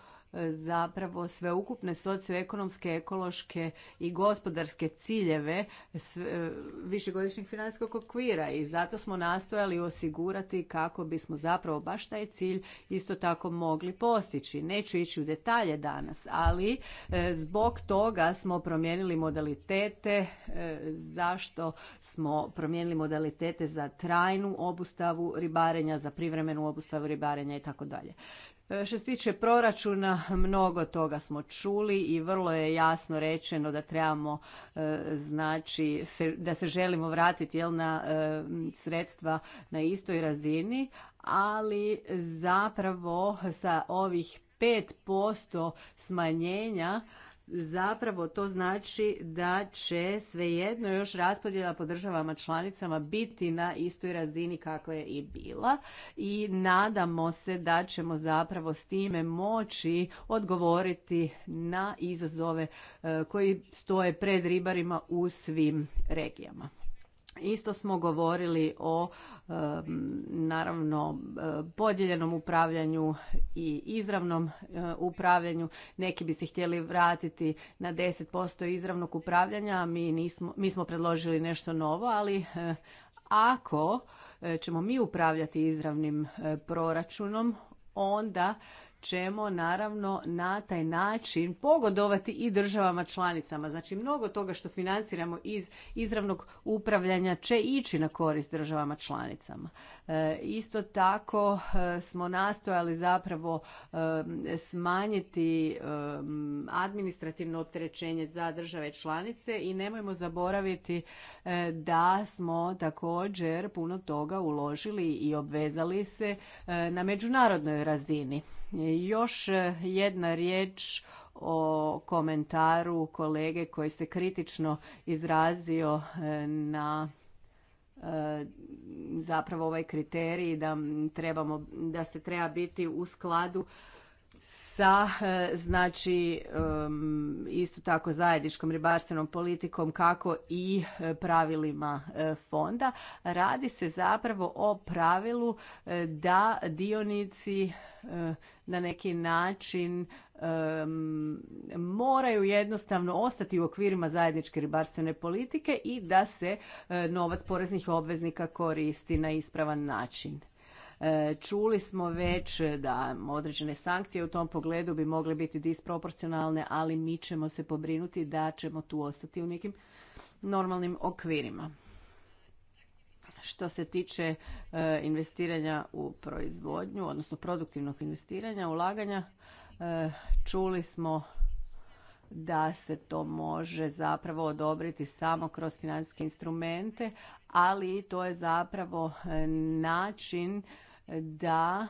zapravo sveukupne socioekonomske, ekološke i gospodarske ciljeve e, višegodišnjeg financijskog okvira i zato smo nastojali osigurati kako bismo zapravo baš taj cilj isto tako mogli postići. Neću ići u detalje danas, ali e, zbog toga smo promijenili modalitete e, zašto smo promijenili modalitete za trajnu obustavu ribarenja, za privremenu obustavu ribarenja i tako dalje. E, što se tiče proračuna, mnogo toga smo čuli i vrlo je jasno rečeno da trebamo, e, znači, da se želimo vratiti jel, na e, sredstva na istoj razini, ali zapravo sa ovih 5% smanjenja zapravo to znači da će svejedno još raspodjela po državama članicama biti na istoj razini kako je i bila i nadamo se da ćemo zapravo s time moći odgovoriti na izazove e, koji stoje pred ribarima u svim regijama. Isto smo govorili o naravno e, podijeljenom upravljanju i izravnom e, upravljanju. Neki bi se htjeli vratiti na 10% izravnog upravljanja, mi, nismo, mi smo predložili nešto novo, ali e, ako ćemo mi upravljati izravnim proračunom, onda ćemo naravno na taj način pogodovati i državama članicama. Znači mnogo toga što financiramo iz izravnog upravljanja će ići na korist državama članicama. E, isto tako e, smo nastojali zapravo e, smanjiti administrativno opterećenje za države članice i nemojmo zaboraviti da smo također puno toga uložili i obvezali se na međunarodnoj razini. E, još e, jedna riječ o komentaru kolege koji se kritično izrazio e, na zapravo ovaj kriterij da trebamo da se treba biti u skladu sa znači isto tako zajedničkom ribarstvenom politikom kako i pravilima fonda radi se zapravo o pravilu da dionici Eh, na neki način moraju jednostavno ostati u okvirima zajedničke ribarstvene politike i da se eh, novac poreznih obveznika koristi na ispravan način. Eh, čuli smo već da određene sankcije u tom pogledu bi mogle biti disproporcionalne, ali mi ćemo se pobrinuti da ćemo tu ostati u nekim normalnim okvirima. Što se tiče e, investiranja u proizvodnju, odnosno produktivnog investiranja, ulaganja, e, čuli smo da se to može zapravo odobriti samo kroz financijske instrumente, ali to je zapravo e, način da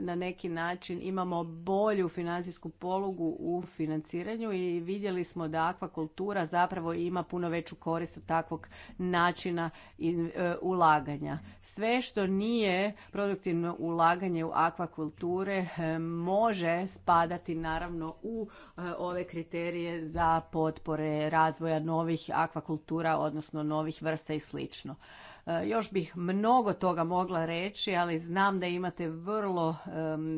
na neki način imamo bolju financijsku polugu u financiranju i vidjeli smo da akvakultura zapravo ima puno veću korist od takvog načina e, ulaganja. Sve što nije produktivno ulaganje u akvakulture e, može spadati naravno u e, ove kriterije za potpore razvoja novih akvakultura, odnosno novih vrsta i slično. E, još bih mnogo toga mogla reći, ali znam da imate vrlo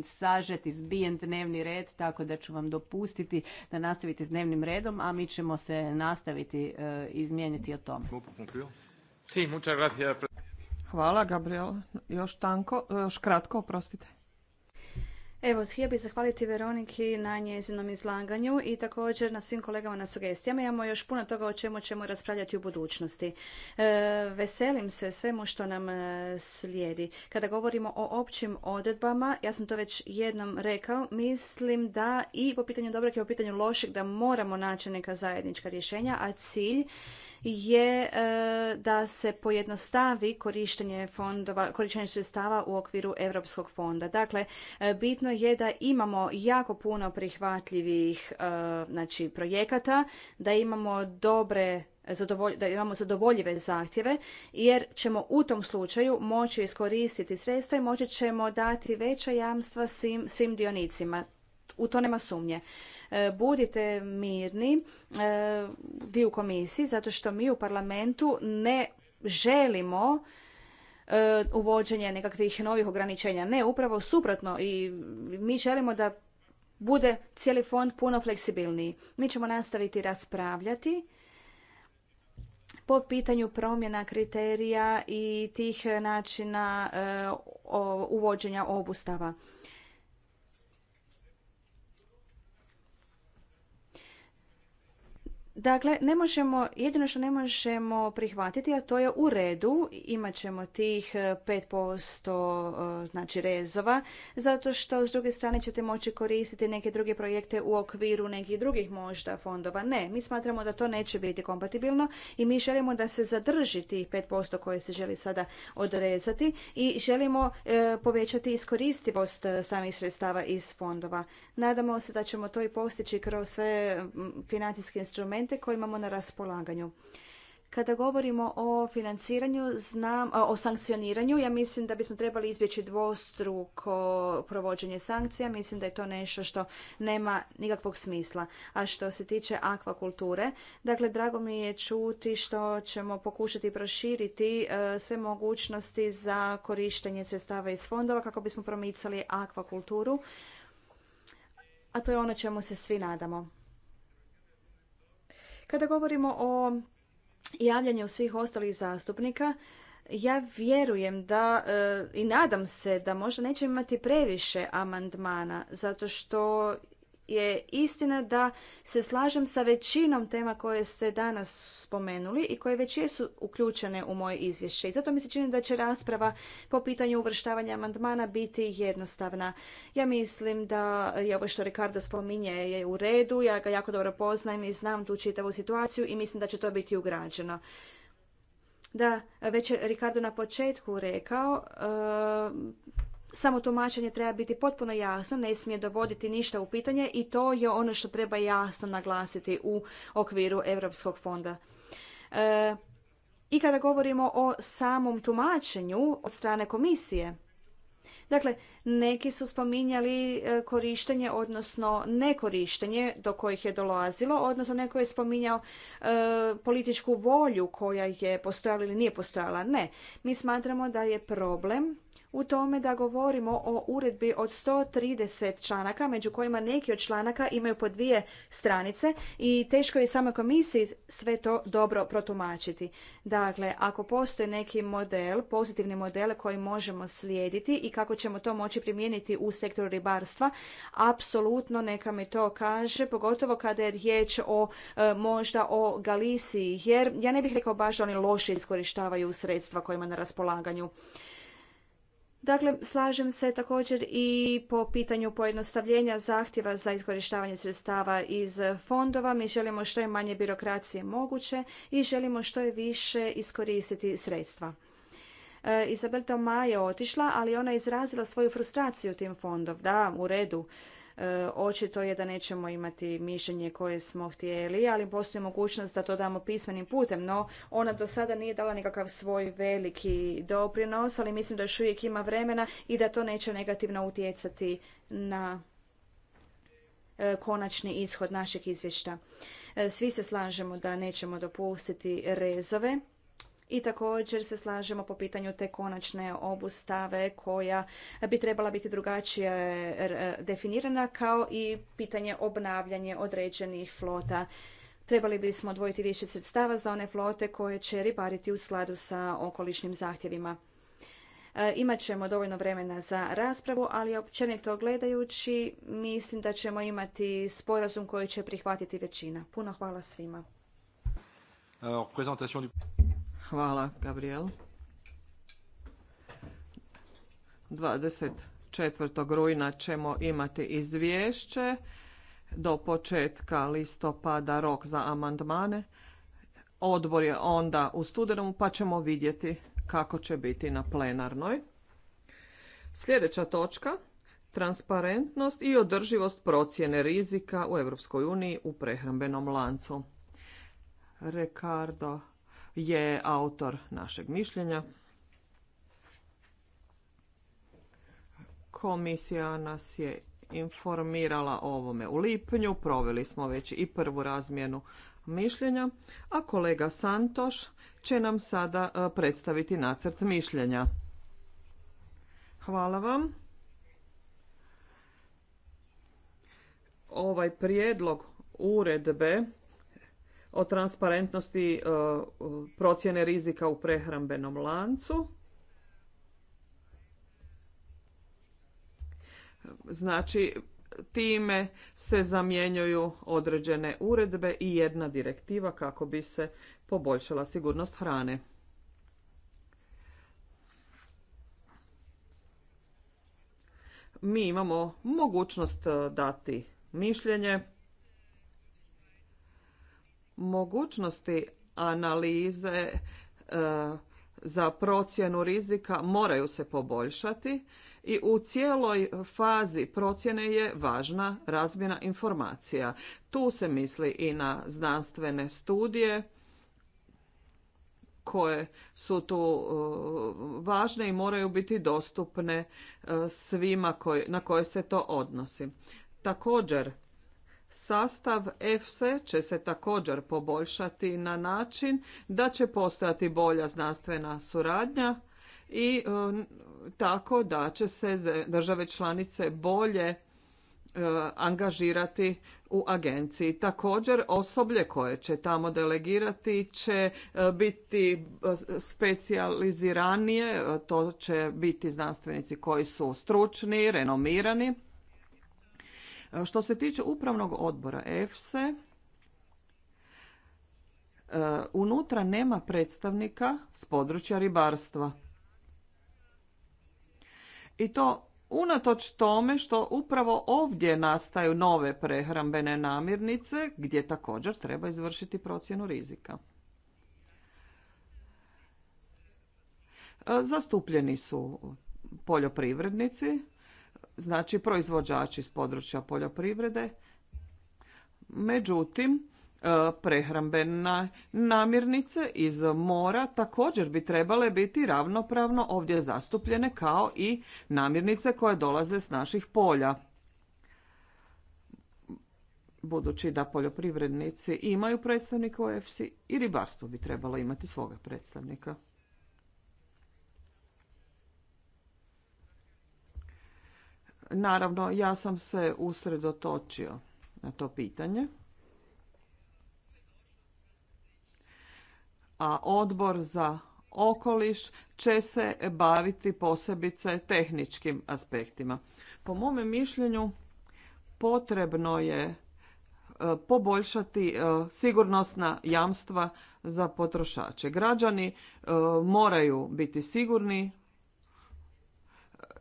sažet i zbijen dnevni red, tako da ću vam dopustiti da nastavite s dnevnim redom, a mi ćemo se nastaviti e, izmijeniti o tome. Hvala, Gabriel. Još tanko, e, još kratko, oprostite. Evo, htio bih zahvaliti Veroniki na njezinom izlaganju i također na svim kolegama na sugestijama. Imamo još puno toga o čemu ćemo raspravljati u budućnosti. E, veselim se svemu što nam e, slijedi. Kada govorimo o općim odredbama, ja sam to već jednom rekao, mislim da i po pitanju dobrog i po pitanju lošeg da moramo naći neka zajednička rješenja, a cilj je e, da se pojednostavi korištenje fondova, korištenje sredstava u okviru Europskog fonda. Dakle, e, bitno je da imamo jako puno prihvatljivih e, znači, projekata, da imamo dobre da imamo zadovoljive zahtjeve jer ćemo u tom slučaju moći iskoristiti sredstva i moći ćemo dati veća jamstva svim, svim dionicima u to nema sumnje. E, budite mirni e, vi u komisiji zato što mi u parlamentu ne želimo e, uvođenje nekakvih novih ograničenja. Ne, upravo suprotno i mi želimo da bude cijeli fond puno fleksibilniji. Mi ćemo nastaviti raspravljati po pitanju promjena kriterija i tih načina uvođenja obustava. Dakle, ne možemo, jedino što ne možemo prihvatiti, a to je u redu, imat ćemo tih 5% e, e, znači rezova, zato što s druge strane ćete moći koristiti neke druge projekte u okviru nekih drugih možda fondova. Ne, mi smatramo da to neće biti kompatibilno i mi želimo da se zadrži tih 5% koje se želi sada odrezati i želimo e, povećati iskoristivost samih sredstava iz fondova. Nadamo se da ćemo to i postići kroz sve financijske instrumente instrumente koje imamo na raspolaganju. Kada govorimo o financiranju, znam, o sankcioniranju, ja mislim da bismo trebali izbjeći dvostruko provođenje sankcija. Mislim da je to nešto što nema nikakvog smisla. A što se tiče akvakulture, dakle, drago mi je čuti što ćemo pokušati proširiti e, sve mogućnosti za korištenje sredstava iz fondova kako bismo promicali akvakulturu. A to je ono čemu se svi nadamo. Kada govorimo o javljanju svih ostalih zastupnika, ja vjerujem da e, i nadam se da možda neće imati previše amandmana zato što je istina da se slažem sa većinom tema koje ste danas spomenuli i koje već jesu uključene u moje izvješće. I zato mi se čini da će rasprava po pitanju uvrštavanja amandmana biti jednostavna. Ja mislim da je ovo što Ricardo spominje je u redu, ja ga jako dobro poznajem i znam tu čitavu situaciju i mislim da će to biti ugrađeno. Da, već je Ricardo na početku rekao, samo tumačenje treba biti potpuno jasno, ne smije dovoditi ništa u pitanje i to je ono što treba jasno naglasiti u okviru Europskog fonda. E, I kada govorimo o samom tumačenju od strane komisije, Dakle, neki su spominjali e, korištenje, odnosno nekorištenje do kojih je dolazilo, odnosno neko je spominjao e, političku volju koja je postojala ili nije postojala. Ne, mi smatramo da je problem u tome da govorimo o uredbi od 130 članaka, među kojima neki od članaka imaju po dvije stranice i teško je samoj komisiji sve to dobro protumačiti. Dakle, ako postoji neki model, pozitivni model koji možemo slijediti i kako ćemo to moći primijeniti u sektoru ribarstva, apsolutno neka mi to kaže, pogotovo kada je riječ o e, možda o Galisiji, jer ja ne bih rekao baš da oni loše iskorištavaju sredstva kojima na raspolaganju. Dakle, slažem se također i po pitanju pojednostavljenja zahtjeva za iskorištavanje sredstava iz fondova. Mi želimo što je manje birokracije moguće i želimo što je više iskoristiti sredstva. E, Izabel Toma je otišla, ali ona je izrazila svoju frustraciju tim fondom. Da, u redu. E, očito je da nećemo imati mišljenje koje smo htjeli, ali postoji mogućnost da to damo pismenim putem, no ona do sada nije dala nikakav svoj veliki doprinos, ali mislim da još uvijek ima vremena i da to neće negativno utjecati na e, konačni ishod našeg izvješća. E, svi se slažemo da nećemo dopustiti rezove i također se slažemo po pitanju te konačne obustave koja bi trebala biti drugačije definirana kao i pitanje obnavljanje određenih flota. Trebali bismo odvojiti više sredstava za one flote koje će ribariti u skladu sa okolišnim zahtjevima. E, imat ćemo dovoljno vremena za raspravu, ali općenito gledajući mislim da ćemo imati sporazum koji će prihvatiti većina. Puno hvala svima. Hvala, Gabriel. 24. rujna ćemo imati izvješće do početka listopada rok za amandmane. Odbor je onda u studenom pa ćemo vidjeti kako će biti na plenarnoj. Sljedeća točka transparentnost i održivost procjene rizika u Europskoj uniji u prehrambenom lancu. Ricardo je autor našeg mišljenja. Komisija nas je informirala o ovome u lipnju, proveli smo već i prvu razmjenu mišljenja, a kolega Santoš će nam sada e, predstaviti nacrt mišljenja. Hvala vam. Ovaj prijedlog uredbe o transparentnosti e, procjene rizika u prehrambenom lancu. Znači, time se zamjenjuju određene uredbe i jedna direktiva kako bi se poboljšala sigurnost hrane. Mi imamo mogućnost e, dati mišljenje mogućnosti analize e, za procjenu rizika moraju se poboljšati i u cijeloj fazi procjene je važna razmjena informacija. Tu se misli i na znanstvene studije koje su tu e, važne i moraju biti dostupne e, svima na koje se to odnosi. Također Sastav EFSE će se također poboljšati na način da će postojati bolja znanstvena suradnja i e, tako da će se države članice bolje e, angažirati u agenciji. Također osoblje koje će tamo delegirati će e, biti specijaliziranije, to će biti znanstvenici koji su stručni, renomirani E, što se tiče upravnog odbora EFSE, e, unutra nema predstavnika s područja ribarstva. I to unatoč tome što upravo ovdje nastaju nove prehrambene namirnice gdje također treba izvršiti procjenu rizika. E, zastupljeni su poljoprivrednici, znači proizvođači iz područja poljoprivrede. Međutim, e, prehrambene namirnice iz mora također bi trebale biti ravnopravno ovdje zastupljene kao i namirnice koje dolaze s naših polja. Budući da poljoprivrednici imaju predstavnika u EFSI i ribarstvo bi trebalo imati svoga predstavnika. Naravno, ja sam se usredotočio na to pitanje. A odbor za okoliš će se baviti posebice tehničkim aspektima. Po mome mišljenju potrebno je e, poboljšati e, sigurnosna jamstva za potrošače. Građani e, moraju biti sigurni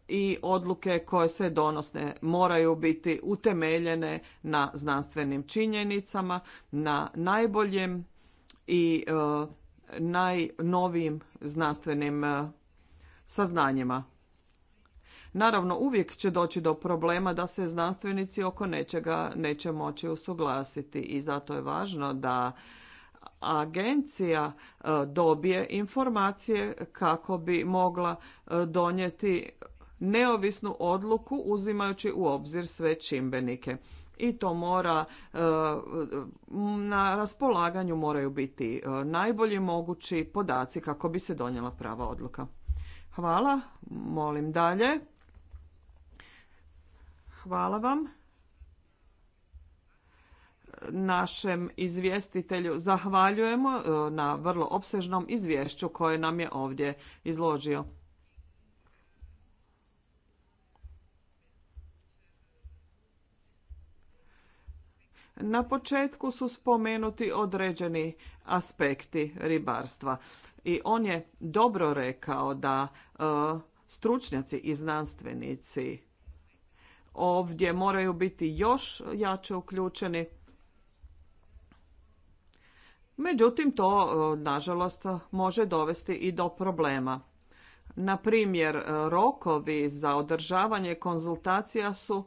i odluke koje se donosne moraju biti utemeljene na znanstvenim činjenicama, na najboljem i e, najnovijim znanstvenim e, saznanjima. Naravno, uvijek će doći do problema da se znanstvenici oko nečega neće moći usuglasiti i zato je važno da agencija e, dobije informacije kako bi mogla donijeti neovisnu odluku uzimajući u obzir sve čimbenike i to mora e, na raspolaganju moraju biti e, najbolji mogući podaci kako bi se donijela prava odluka. Hvala, molim dalje. Hvala vam. Našem izvjestitelju zahvaljujemo e, na vrlo opsežnom izvješću koje nam je ovdje izložio. Na početku su spomenuti određeni aspekti ribarstva i on je dobro rekao da e, stručnjaci i znanstvenici ovdje moraju biti još jače uključeni. Međutim, to e, nažalost može dovesti i do problema. Na primjer, e, rokovi za održavanje konzultacija su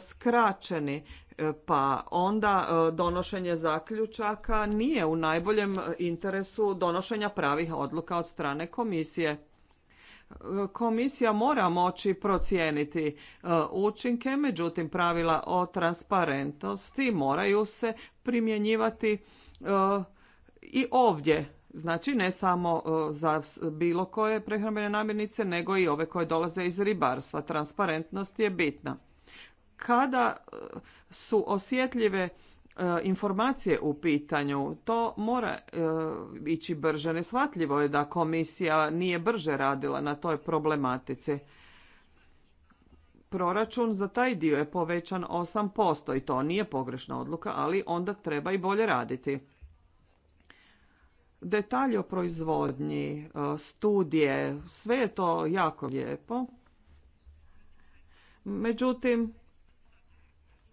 skraćeni E, pa onda e, donošenje zaključaka nije u najboljem interesu donošenja pravih odluka od strane komisije. E, komisija mora moći procijeniti učinke, međutim pravila o transparentnosti moraju se primjenjivati i ovdje. Znači ne samo za bilo koje prehrambene namirnice, nego i ove koje dolaze iz ribarstva. Transparentnost je bitna. Kada su osjetljive e, informacije u pitanju. To mora e, ići brže. Neshvatljivo je da komisija nije brže radila na toj problematici. Proračun za taj dio je povećan 8% i to nije pogrešna odluka, ali onda treba i bolje raditi. Detalje o proizvodnji, e, studije, sve je to jako lijepo. Međutim,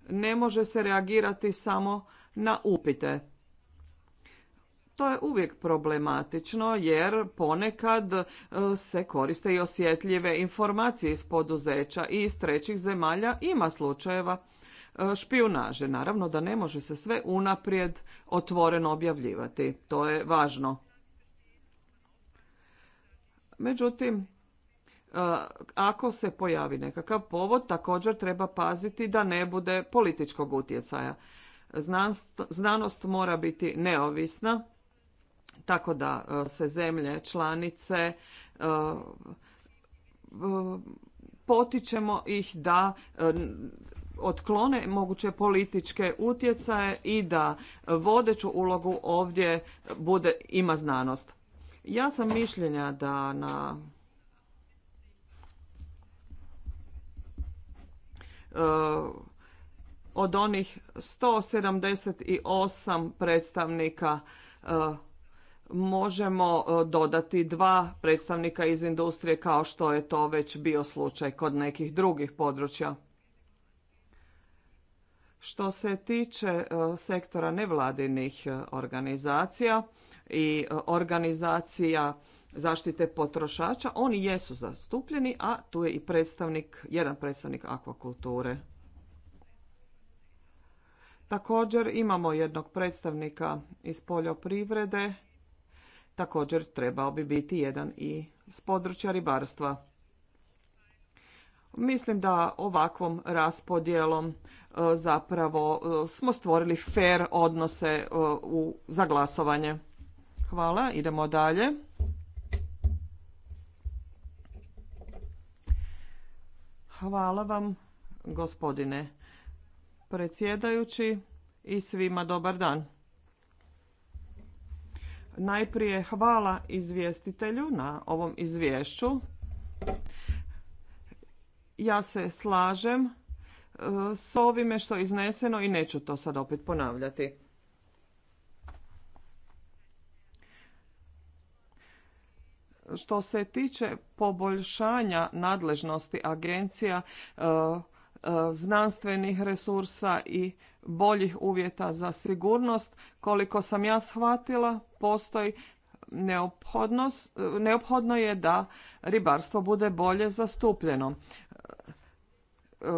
ne može se reagirati samo na upite. To je uvijek problematično jer ponekad e, se koriste i osjetljive informacije iz poduzeća i iz trećih zemalja ima slučajeva e, špijunaže. Naravno da ne može se sve unaprijed otvoreno objavljivati. To je važno. Međutim, ako se pojavi nekakav povod, također treba paziti da ne bude političkog utjecaja. Znanost mora biti neovisna, tako da e, se zemlje, članice, e, e, potičemo ih da otklone moguće političke utjecaje i da vodeću ulogu ovdje bude, ima znanost. Ja sam mišljenja da na Eh, od onih 178 predstavnika eh, možemo eh, dodati dva predstavnika iz industrije kao što je to već bio slučaj kod nekih drugih područja. Što se tiče sektora nevladinih organizacija i organizacija zaštite potrošača. Oni jesu zastupljeni, a tu je i predstavnik, jedan predstavnik akvakulture. Također imamo jednog predstavnika iz poljoprivrede. Također trebao bi biti jedan i s područja ribarstva. Mislim da ovakvom raspodjelom e, zapravo e, smo stvorili fer odnose e, u, za glasovanje. Hvala, idemo dalje. Hvala vam, gospodine predsjedajući i svima dobar dan. Najprije hvala izvjestitelju na ovom izvješću. Ja se slažem e, s ovime što je izneseno i neću to sad opet ponavljati. Što se tiče poboljšanja nadležnosti agencija, e, e, znanstvenih resursa i boljih uvjeta za sigurnost, koliko sam ja shvatila, postoji neophodnost, e, neophodno je da ribarstvo bude bolje zastupljeno.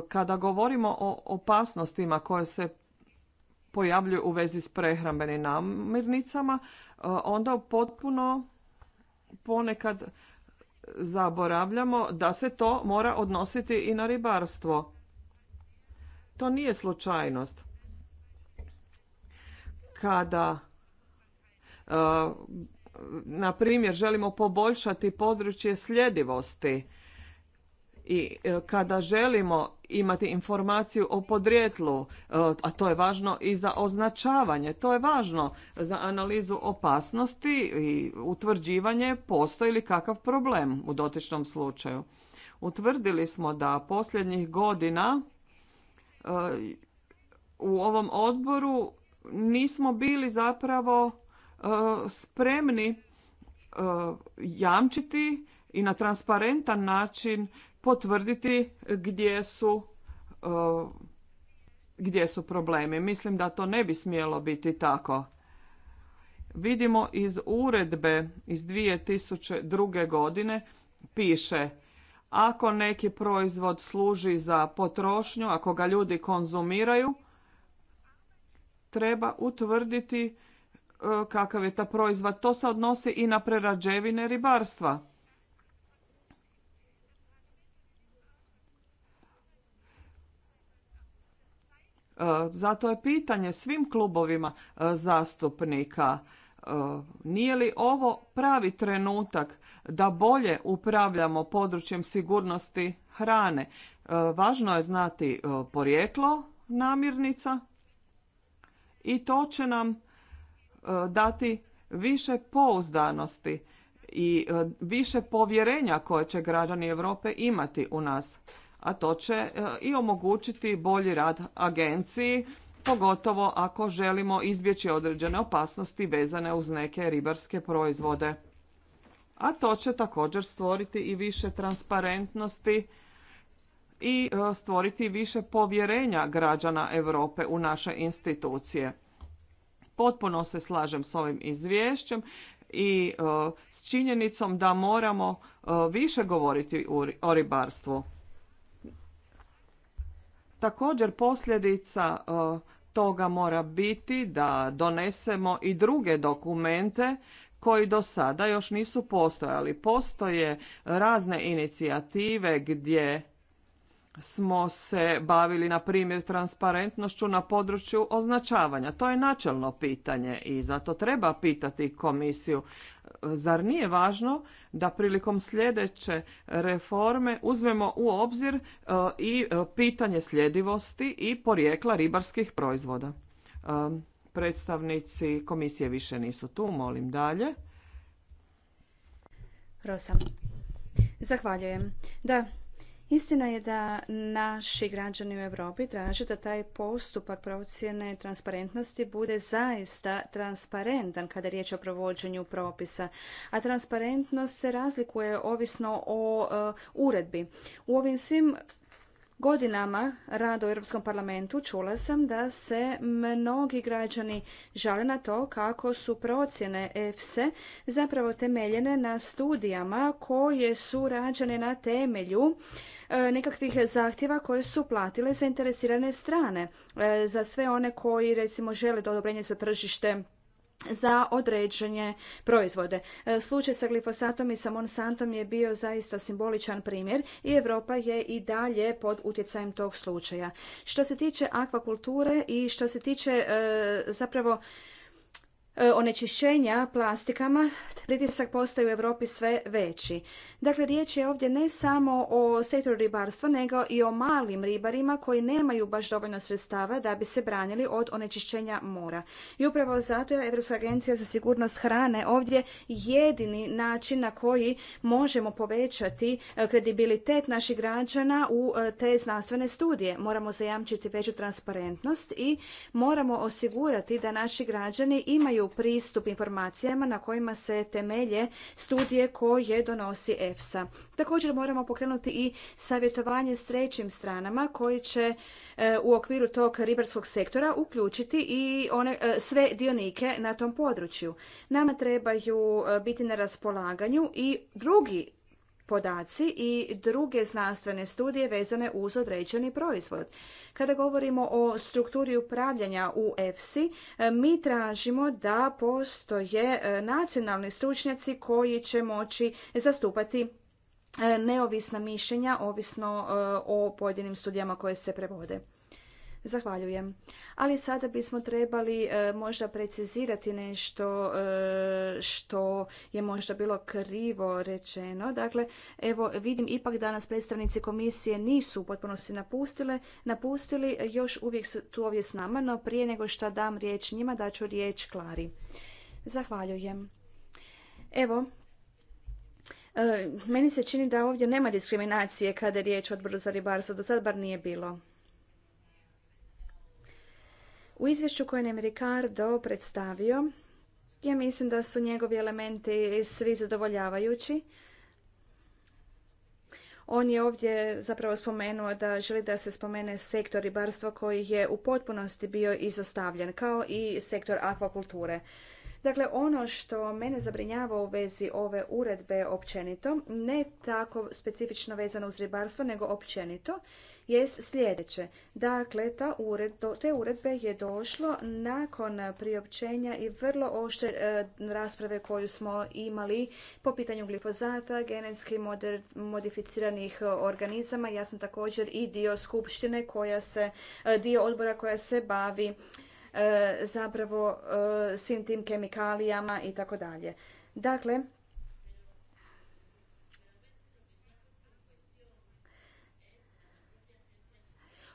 Kada govorimo o opasnostima koje se pojavljuju u vezi s prehrambenim namirnicama, onda potpuno ponekad zaboravljamo da se to mora odnositi i na ribarstvo. To nije slučajnost. Kada eh, na primjer želimo poboljšati područje sljedivosti i e, kada želimo imati informaciju o podrijetlu, e, a to je važno i za označavanje, to je važno za analizu opasnosti i utvrđivanje postoji li kakav problem u dotičnom slučaju. Utvrdili smo da posljednjih godina e, u ovom odboru nismo bili zapravo spremni jamčiti i na transparentan način potvrditi gdje su e, gdje su problemi. Mislim da to ne bi smjelo biti tako. Vidimo iz uredbe iz 2002. godine piše ako neki proizvod služi za potrošnju, ako ga ljudi konzumiraju, treba utvrditi e, kakav je ta proizvod. To se odnosi i na prerađevine ribarstva. E, zato je pitanje svim klubovima e, zastupnika e, nije li ovo pravi trenutak da bolje upravljamo područjem sigurnosti hrane? Važno je znati porijeklo namirnica i to će nam dati više pouzdanosti i više povjerenja koje će građani Europe imati u nas a to će e, i omogućiti bolji rad agenciji, pogotovo ako želimo izbjeći određene opasnosti vezane uz neke ribarske proizvode. A to će također stvoriti i više transparentnosti i e, stvoriti više povjerenja građana Europe u naše institucije. Potpuno se slažem s ovim izvješćem i e, s činjenicom da moramo više govoriti o ribarstvu. Također posljedica e, toga mora biti da donesemo i druge dokumente koji do sada još nisu postojali. Postoje razne inicijative gdje smo se bavili, na primjer, transparentnošću na području označavanja. To je načelno pitanje i zato treba pitati komisiju. Zar nije važno da prilikom sljedeće reforme uzmemo u obzir e, i e, pitanje sljedivosti i porijekla ribarskih proizvoda? E, predstavnici komisije više nisu tu, molim dalje. Rosa. Zahvaljujem. Da, Istina je da naši građani u Europi traže da taj postupak procjene transparentnosti bude zaista transparentan kada je riječ o provođenju propisa, a transparentnost se razlikuje ovisno o e, uredbi. U ovim svim Godinama rada u Europskom parlamentu čula sam da se mnogi građani žale na to kako su procjene EFSE zapravo temeljene na studijama koje su rađene na temelju E, nekakvih zahtjeva koje su platile zainteresirane strane e, za sve one koji recimo žele odobrenje za tržište za određenje proizvode. E, slučaj sa glifosatom i sa Monsantom je bio zaista simboličan primjer i Europa je i dalje pod utjecajem tog slučaja. Što se tiče akvakulture i što se tiče zapravo E, onečišćenja plastikama, pritisak postaje u Europi sve veći. Dakle, riječ je ovdje ne samo o sektoru ribarstva, nego i o malim ribarima koji nemaju baš dovoljno sredstava da bi se branili od onečišćenja mora. I upravo zato je Europska agencija za sigurnost hrane ovdje jedini način na koji možemo povećati e, kredibilitet naših građana u e, te znanstvene studije. Moramo zajamčiti veću transparentnost i moramo osigurati da naši građani imaju pristup informacijama na kojima se temelje studije koje donosi EFSA. Također moramo pokrenuti i savjetovanje s trećim stranama koji će e, u okviru tog ribarskog sektora uključiti i one, e, sve dionike na tom području. Nama trebaju e, biti na raspolaganju i drugi podaci i druge znanstvene studije vezane uz određeni proizvod. Kada govorimo o strukturi upravljanja u EFSI, e, mi tražimo da postoje e, nacionalni stručnjaci koji će moći zastupati e, neovisna mišljenja ovisno o pojedinim studijama koje se prevode. Zahvaljujem. Ali sada bismo trebali e, možda precizirati nešto e, što je možda bilo krivo rečeno. Dakle, evo vidim ipak danas predstavnici komisije nisu u potpunosti napustile, napustili, još uvijek su tu ovdje s nama, no prije nego što dam riječ njima, ću riječ Klari. Zahvaljujem. Evo, e, meni se čini da ovdje nema diskriminacije kada je riječ o odboru za ribarstvo, do sad bar nije bilo. U izvješću koje nam je Ricardo predstavio, ja mislim da su njegovi elementi svi zadovoljavajući. On je ovdje zapravo spomenuo da želi da se spomene sektor ribarstva koji je u potpunosti bio izostavljen, kao i sektor akvakulture. Dakle, ono što mene zabrinjava u vezi ove uredbe općenito, ne tako specifično vezano uz ribarstvo, nego općenito, jest sljedeće. Dakle, ta te uredbe je došlo nakon priopćenja i vrlo oštre e, rasprave koju smo imali po pitanju glifozata, genetski modificiranih organizama. Ja sam također i dio skupštine koja se, e, dio odbora koja se bavi e, zapravo svim tim kemikalijama i tako dalje. Dakle,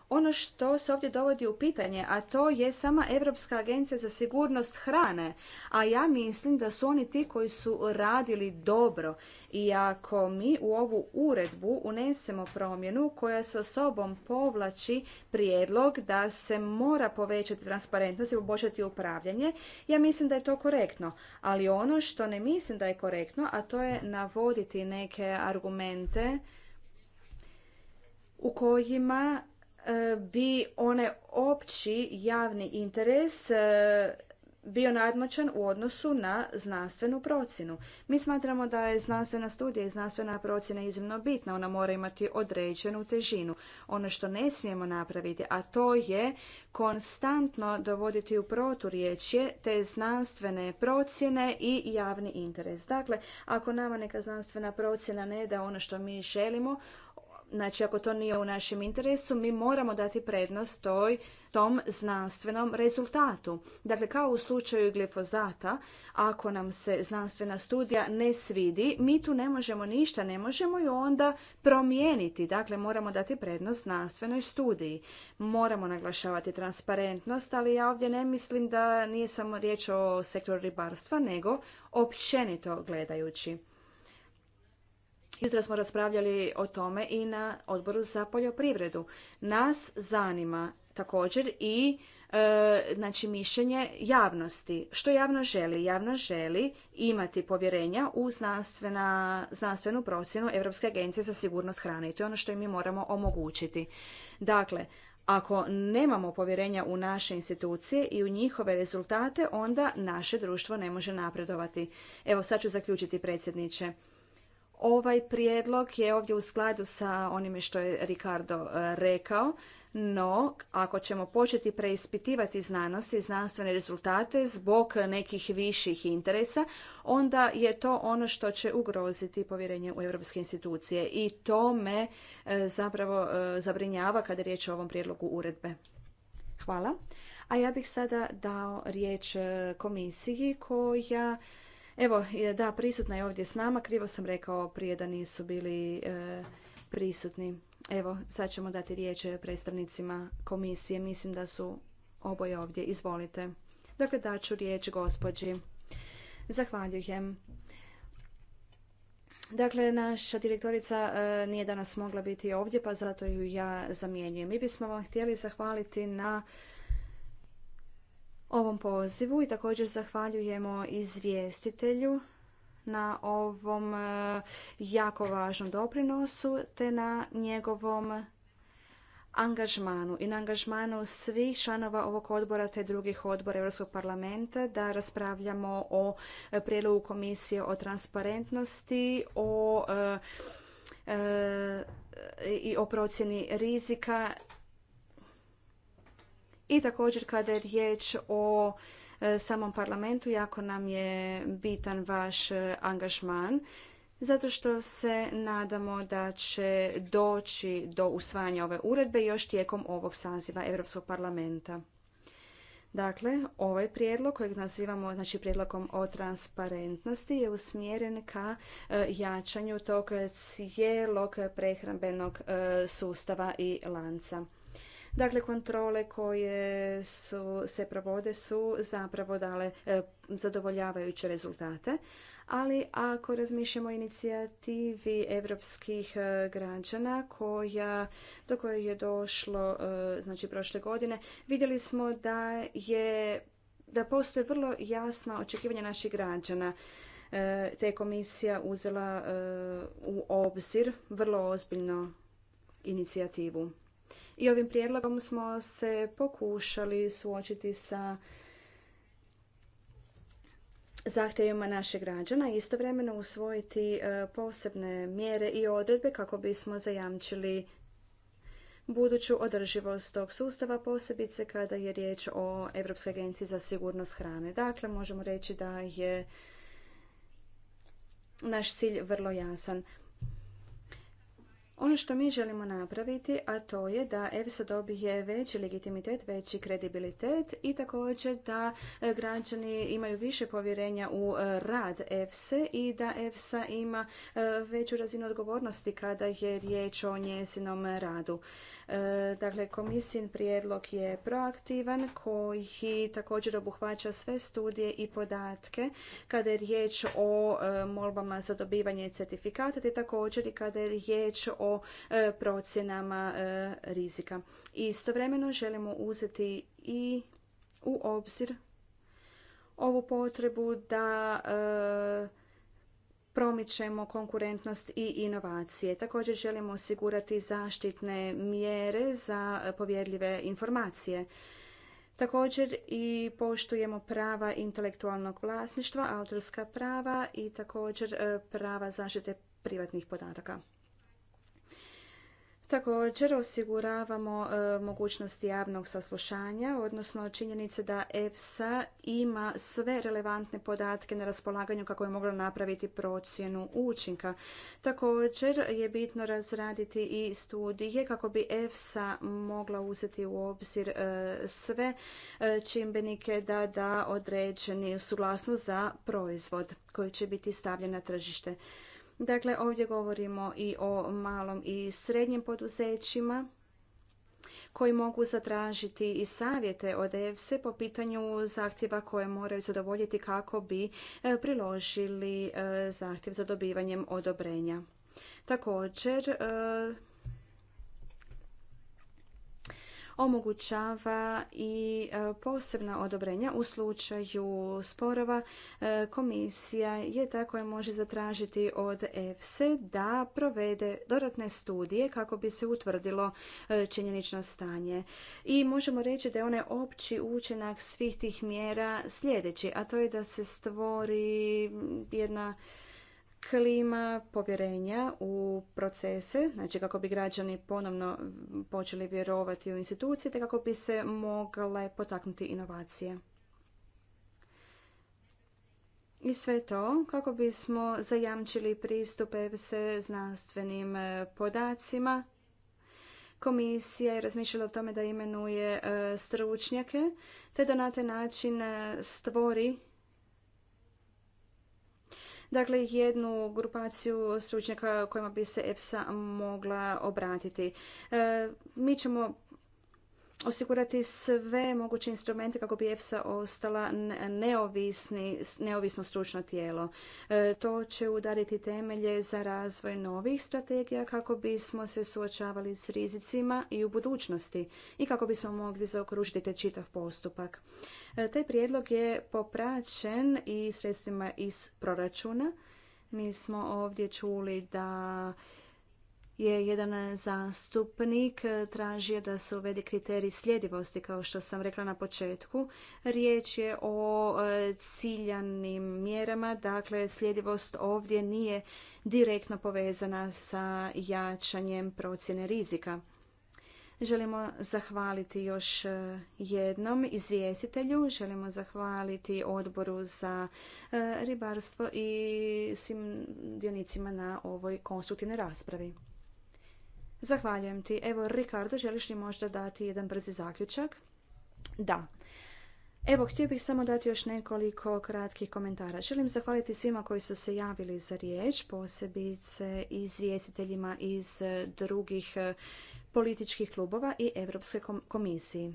ono što se ovdje dovodi u pitanje, a to je sama Europska agencija za sigurnost hrane, a ja mislim da su oni ti koji su radili dobro i ako mi u ovu uredbu unesemo promjenu koja sa sobom povlači prijedlog da se mora povećati transparentnost i poboljšati upravljanje, ja mislim da je to korektno. Ali ono što ne mislim da je korektno, a to je navoditi neke argumente u kojima bi onaj opći javni interes e, bio nadmoćan u odnosu na znanstvenu procjenu. Mi smatramo da je znanstvena studija i znanstvena procjena iznimno bitna, ona mora imati određenu težinu. Ono što ne smijemo napraviti, a to je konstantno dovoditi u proturječje te znanstvene procjene i javni interes. Dakle, ako nama neka znanstvena procjena ne da ono što mi želimo, Znači, ako to nije u našem interesu, mi moramo dati prednost toj, tom znanstvenom rezultatu. Dakle, kao u slučaju glifozata, ako nam se znanstvena studija ne svidi, mi tu ne možemo ništa, ne možemo ju onda promijeniti. Dakle, moramo dati prednost znanstvenoj studiji. Moramo naglašavati transparentnost, ali ja ovdje ne mislim da nije samo riječ o sektoru ribarstva, nego općenito gledajući. Jutro smo raspravljali o tome i na odboru za poljoprivredu. Nas zanima također i e, znači mišljenje javnosti. Što javno želi? Javno želi imati povjerenja u znanstvena, znanstvenu procjenu Europske agencije za sigurnost hrane i to je ono što im mi moramo omogućiti. Dakle, ako nemamo povjerenja u naše institucije i u njihove rezultate, onda naše društvo ne može napredovati. Evo sad ću zaključiti predsjedniče. Ovaj prijedlog je ovdje u skladu sa onime što je Ricardo e, rekao, no ako ćemo početi preispitivati znanost i znanstvene rezultate zbog nekih viših interesa, onda je to ono što će ugroziti povjerenje u europske institucije i to me e, zapravo e, zabrinjava kada je riječ o ovom prijedlogu uredbe. Hvala. A ja bih sada dao riječ komisiji koja Evo, da, prisutna je ovdje s nama. Krivo sam rekao prije da nisu bili e, prisutni. Evo, sad ćemo dati riječ e, predstavnicima komisije. Mislim da su oboje ovdje. Izvolite. Dakle, daću riječ gospođi. Zahvaljujem. Dakle, naša direktorica e, nije danas mogla biti ovdje, pa zato ju ja zamjenjujem. Mi bismo vam htjeli zahvaliti na ovom pozivu i također zahvaljujemo izvjestitelju na ovom e, jako važnom doprinosu te na njegovom angažmanu i na angažmanu svih članova ovog odbora te drugih odbora Europskog parlamenta da raspravljamo o prijedlogu komisije o transparentnosti, o e, e, i o procjeni rizika i također kada je riječ o e, samom parlamentu, jako nam je bitan vaš e, angažman zato što se nadamo da će doći do usvajanja ove uredbe još tijekom ovog saziva Europskog parlamenta. Dakle, ovaj prijedlog kojeg nazivamo znači, prijedlogom o transparentnosti je usmjeren ka e, jačanju tog cijelog prehrambenog sustava i lanca. Dakle, kontrole koje se provode su zapravo dale e, zadovoljavajuće rezultate, ali ako razmišljamo o inicijativi europskih e, građana koja, do koje je došlo e, znači, prošle godine, vidjeli smo da, je, da postoje vrlo jasna očekivanja naših građana te je komisija uzela u obzir vrlo ozbiljno inicijativu i ovim prijedlogom smo se pokušali suočiti sa zahtjevima naših građana i istovremeno usvojiti e, posebne mjere i odredbe kako bismo zajamčili buduću održivost tog sustava, posebice kada je riječ o Europskoj agenciji za sigurnost hrane. Dakle, možemo reći da je naš cilj vrlo jasan. Ono što mi želimo napraviti, a to je da EFSA dobije veći legitimitet, veći kredibilitet i također da e, građani imaju više povjerenja u e, rad EFSA i da EFSA ima e, veću razinu odgovornosti kada je riječ o njezinom radu. Dakle, komisijin prijedlog je proaktivan koji također obuhvaća sve studije i podatke kada je riječ o molbama za dobivanje certifikata te također i kada je riječ o o e, procjenama e, rizika. Istovremeno želimo uzeti i u obzir ovu potrebu da e, promičemo konkurentnost i inovacije. Također želimo osigurati zaštitne mjere za povjerljive informacije. Također i poštujemo prava intelektualnog vlasništva, autorska prava i također prava zaštite privatnih podataka. Također osiguravamo e, mogućnosti mogućnost javnog saslušanja, odnosno činjenice da EFSA ima sve relevantne podatke na raspolaganju kako je mogla napraviti procjenu učinka. Također je bitno razraditi i studije kako bi EFSA mogla uzeti u obzir e, sve e, čimbenike da da određeni suglasnost za proizvod koji će biti stavljen na tržište. Dakle, ovdje govorimo i o malom i srednjim poduzećima koji mogu zatražiti i savjete od EFSE po pitanju zahtjeva koje moraju zadovoljiti kako bi e, priložili e, zahtjev za dobivanjem odobrenja. Također, e, omogućava i e, posebna odobrenja u slučaju sporova. E, komisija je ta koja može zatražiti od EFSE da provede dodatne studije kako bi se utvrdilo e, činjenično stanje. I možemo reći da je onaj opći učinak svih tih mjera sljedeći, a to je da se stvori jedna klima povjerenja u procese, znači kako bi građani ponovno počeli vjerovati u institucije te kako bi se mogle potaknuti inovacije. I sve to kako bismo zajamčili pristup se znanstvenim e, podacima. Komisija je razmišljala o tome da imenuje e, stručnjake te da na taj način e, stvori dakle jednu grupaciju stručnjaka kojima bi se EFSA mogla obratiti. E, mi ćemo osigurati sve moguće instrumente kako bi EFSA ostala neovisni, neovisno stručno tijelo. E, to će udariti temelje za razvoj novih strategija kako bismo se suočavali s rizicima i u budućnosti i kako bismo mogli zaokružiti čitav postupak. Taj prijedlog je popraćen i sredstvima iz proračuna. Mi smo ovdje čuli da je jedan zastupnik tražio da se uvede kriterij sljedivosti, kao što sam rekla na početku. Riječ je o e, ciljanim mjerama, dakle sljedivost ovdje nije direktno povezana sa jačanjem procjene rizika. Želimo zahvaliti još e, jednom izvjestitelju, želimo zahvaliti odboru za e, ribarstvo i svim dionicima na ovoj konstruktivnoj raspravi. Zahvaljujem ti. Evo, Ricardo, želiš li možda dati jedan brzi zaključak? Da. Evo, htio bih samo dati još nekoliko kratkih komentara. Želim zahvaliti svima koji su se javili za riječ, posebice izvjestiteljima iz drugih političkih klubova i Europskoj komisiji.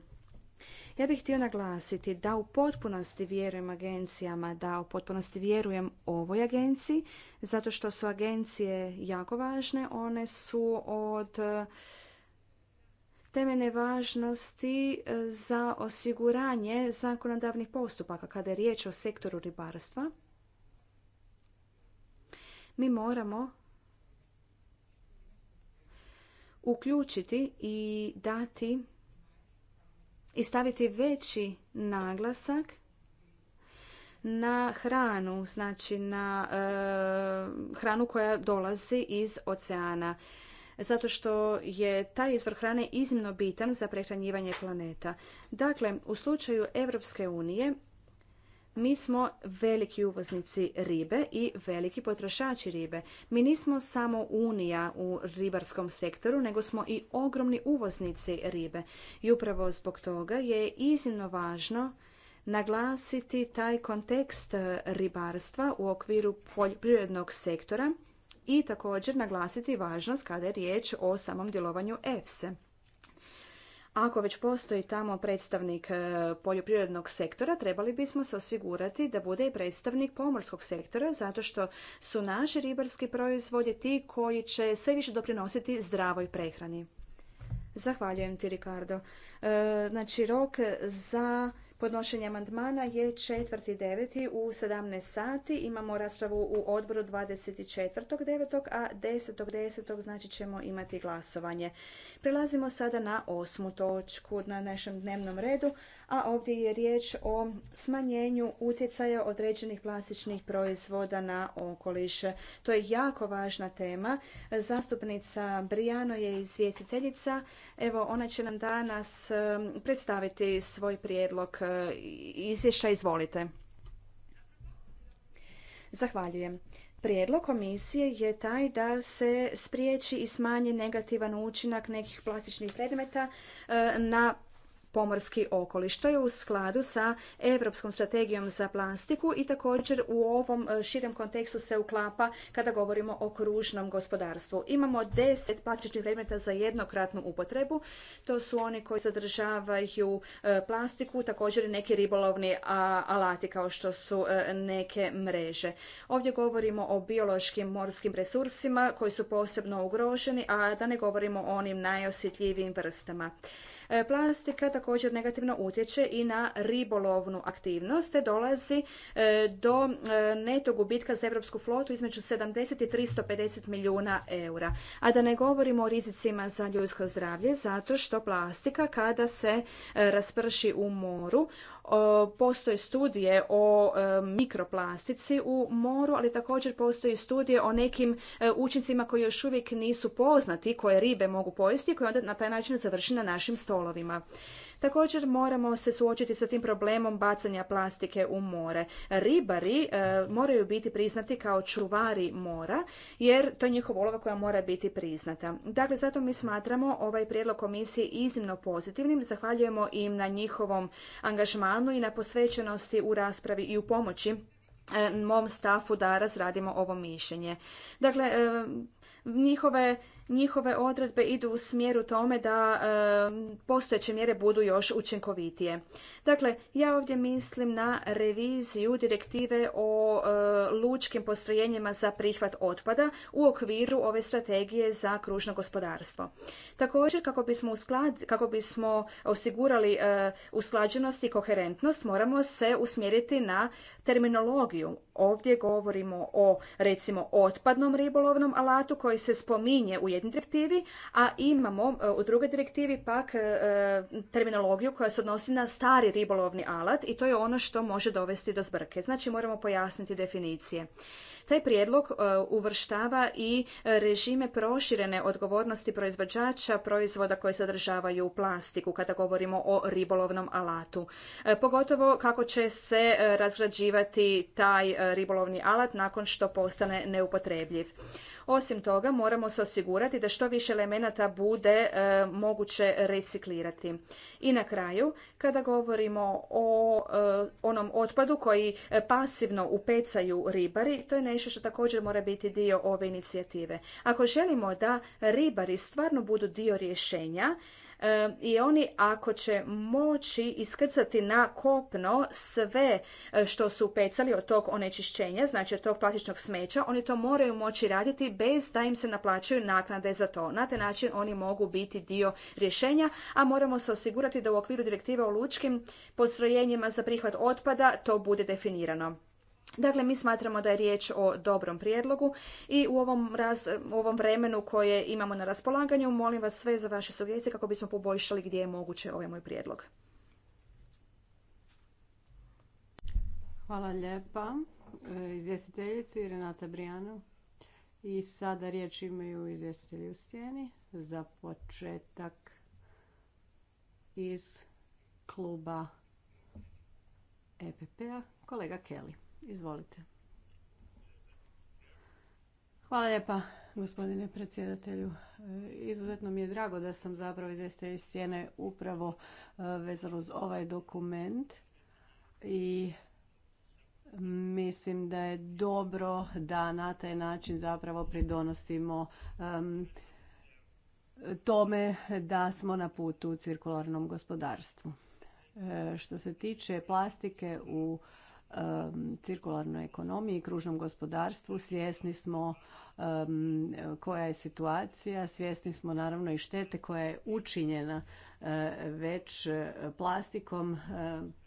Ja bih htio naglasiti da u potpunosti vjerujem agencijama, da u potpunosti vjerujem ovoj agenciji, zato što su agencije jako važne, one su od e, temeljne važnosti e, za osiguranje zakonodavnih postupaka kada je riječ o sektoru ribarstva. Mi moramo uključiti i dati i staviti veći naglasak na hranu, znači na e, hranu koja dolazi iz oceana. Zato što je taj izvor hrane iznimno bitan za prehranjivanje planeta. Dakle, u slučaju Europske unije mi smo veliki uvoznici ribe i veliki potrošači ribe. Mi nismo samo unija u ribarskom sektoru, nego smo i ogromni uvoznici ribe. I upravo zbog toga je iznimno važno naglasiti taj kontekst ribarstva u okviru poljoprivrednog sektora i također naglasiti važnost kada je riječ o samom djelovanju EFSE. Ako već postoji tamo predstavnik e, poljoprivrednog sektora, trebali bismo se osigurati da bude i predstavnik pomorskog sektora, zato što su naši ribarski proizvodi ti koji će sve više doprinositi zdravoj prehrani. Zahvaljujem ti, Ricardo. E, znači, rok za Podnošenje amandmana je četvrti u 17 sati. Imamo raspravu u odboru 24.9. a 10.10. znači ćemo imati glasovanje. Prelazimo sada na osmu točku na našem dnevnom redu, a ovdje je riječ o smanjenju utjecaja određenih plastičnih proizvoda na okoliš. To je jako važna tema. Zastupnica Brijano je izvjestiteljica. Evo, ona će nam danas um, predstaviti svoj prijedlog uh, izvješća. Izvolite. Zahvaljujem. Prijedlog komisije je taj da se spriječi i smanji negativan učinak nekih plastičnih predmeta uh, na pomorski okoliš. To je u skladu sa Europskom strategijom za plastiku i također u ovom e, širem kontekstu se uklapa kada govorimo o kružnom gospodarstvu. Imamo deset plastičnih predmeta za jednokratnu upotrebu. To su oni koji sadržavaju e, plastiku, također i neki ribolovni alati kao što su e, neke mreže. Ovdje govorimo o biološkim morskim resursima koji su posebno ugroženi, a da ne govorimo o onim najosjetljivijim vrstama. E, plastika također negativno utječe i na ribolovnu aktivnost te dolazi e, do e, neto gubitka za europsku flotu između 70 i 350 milijuna eura. A da ne govorimo o rizicima za ljudsko zdravlje zato što plastika kada se rasprši u moru E, postoje studije o e, mikroplastici u moru, ali također postoje studije o nekim e, učincima koji još uvijek nisu poznati, koje ribe mogu pojesti i koje onda na taj način završi na našim stolovima. Također moramo se suočiti sa tim problemom bacanja plastike u more. Ribari e, moraju biti priznati kao čuvari mora jer to je njihova uloga koja mora biti priznata. Dakle, zato mi smatramo ovaj prijedlog komisije iznimno pozitivnim. Zahvaljujemo im na njihovom angažmanu i na posvećenosti u raspravi i u pomoći e, mom stafu da razradimo ovo mišljenje. Dakle, e, njihove njihove odredbe idu u smjeru tome da postojeće mjere budu još učinkovitije. Dakle, ja ovdje mislim na reviziju direktive o lučkim postrojenjima za prihvat otpada u okviru ove strategije za kružno gospodarstvo. Također, kako bismo, kako bismo osigurali usklađenost i koherentnost, moramo se usmjeriti na terminologiju. Ovdje govorimo o recimo otpadnom ribolovnom alatu koji se spominje u jednoj direktivi, a imamo e, u drugoj direktivi pak e, terminologiju koja se odnosi na stari ribolovni alat i to je ono što može dovesti do zbrke. Znači moramo pojasniti definicije. Taj prijedlog e, uvrštava i e, režime proširene odgovornosti proizvođača proizvoda koji sadržavaju plastiku kada govorimo o ribolovnom alatu. E, pogotovo kako će se razgrađivati taj ribolovni alat nakon što postane neupotrebljiv. Osim toga, moramo se osigurati da što više elemenata bude e, moguće reciklirati. I na kraju, kada govorimo o e, onom otpadu koji e, pasivno upecaju ribari, to je nešto što također mora biti dio ove inicijative. Ako želimo da ribari stvarno budu dio rješenja, E, i oni ako će moći iskrcati na kopno sve e, što su pecali od tog onečišćenja, znači od tog plastičnog smeća, oni to moraju moći raditi bez da im se naplaćuju naknade za to. Na taj način oni mogu biti dio rješenja, a moramo se osigurati da u okviru direktive o lučkim postrojenjima za prihvat otpada to bude definirano. Dakle, mi smatramo da je riječ o dobrom prijedlogu i u ovom, ovom vremenu koje imamo na raspolaganju molim vas sve za vaše sugestije kako bismo poboljšali gdje je moguće ovaj moj prijedlog. Hvala lijepa e, izvjestiteljici Renata Brijanu. I sada riječ imaju izvjestitelji u sjeni. Za početak iz kluba EPP-a kolega Kelly. Izvolite. Hvala lijepa gospodine predsjedatelju. E, izuzetno mi je drago da sam zapravo iz iz sjene upravo e, vezano uz ovaj dokument i mislim da je dobro da na taj način zapravo pridonosimo tome da smo na putu u cirkularnom gospodarstvu. E, što se tiče plastike u Um, cirkularnoj ekonomiji i kružnom gospodarstvu. Svjesni smo um, koja je situacija, svjesni smo naravno i štete koja je učinjena uh, već uh, plastikom uh,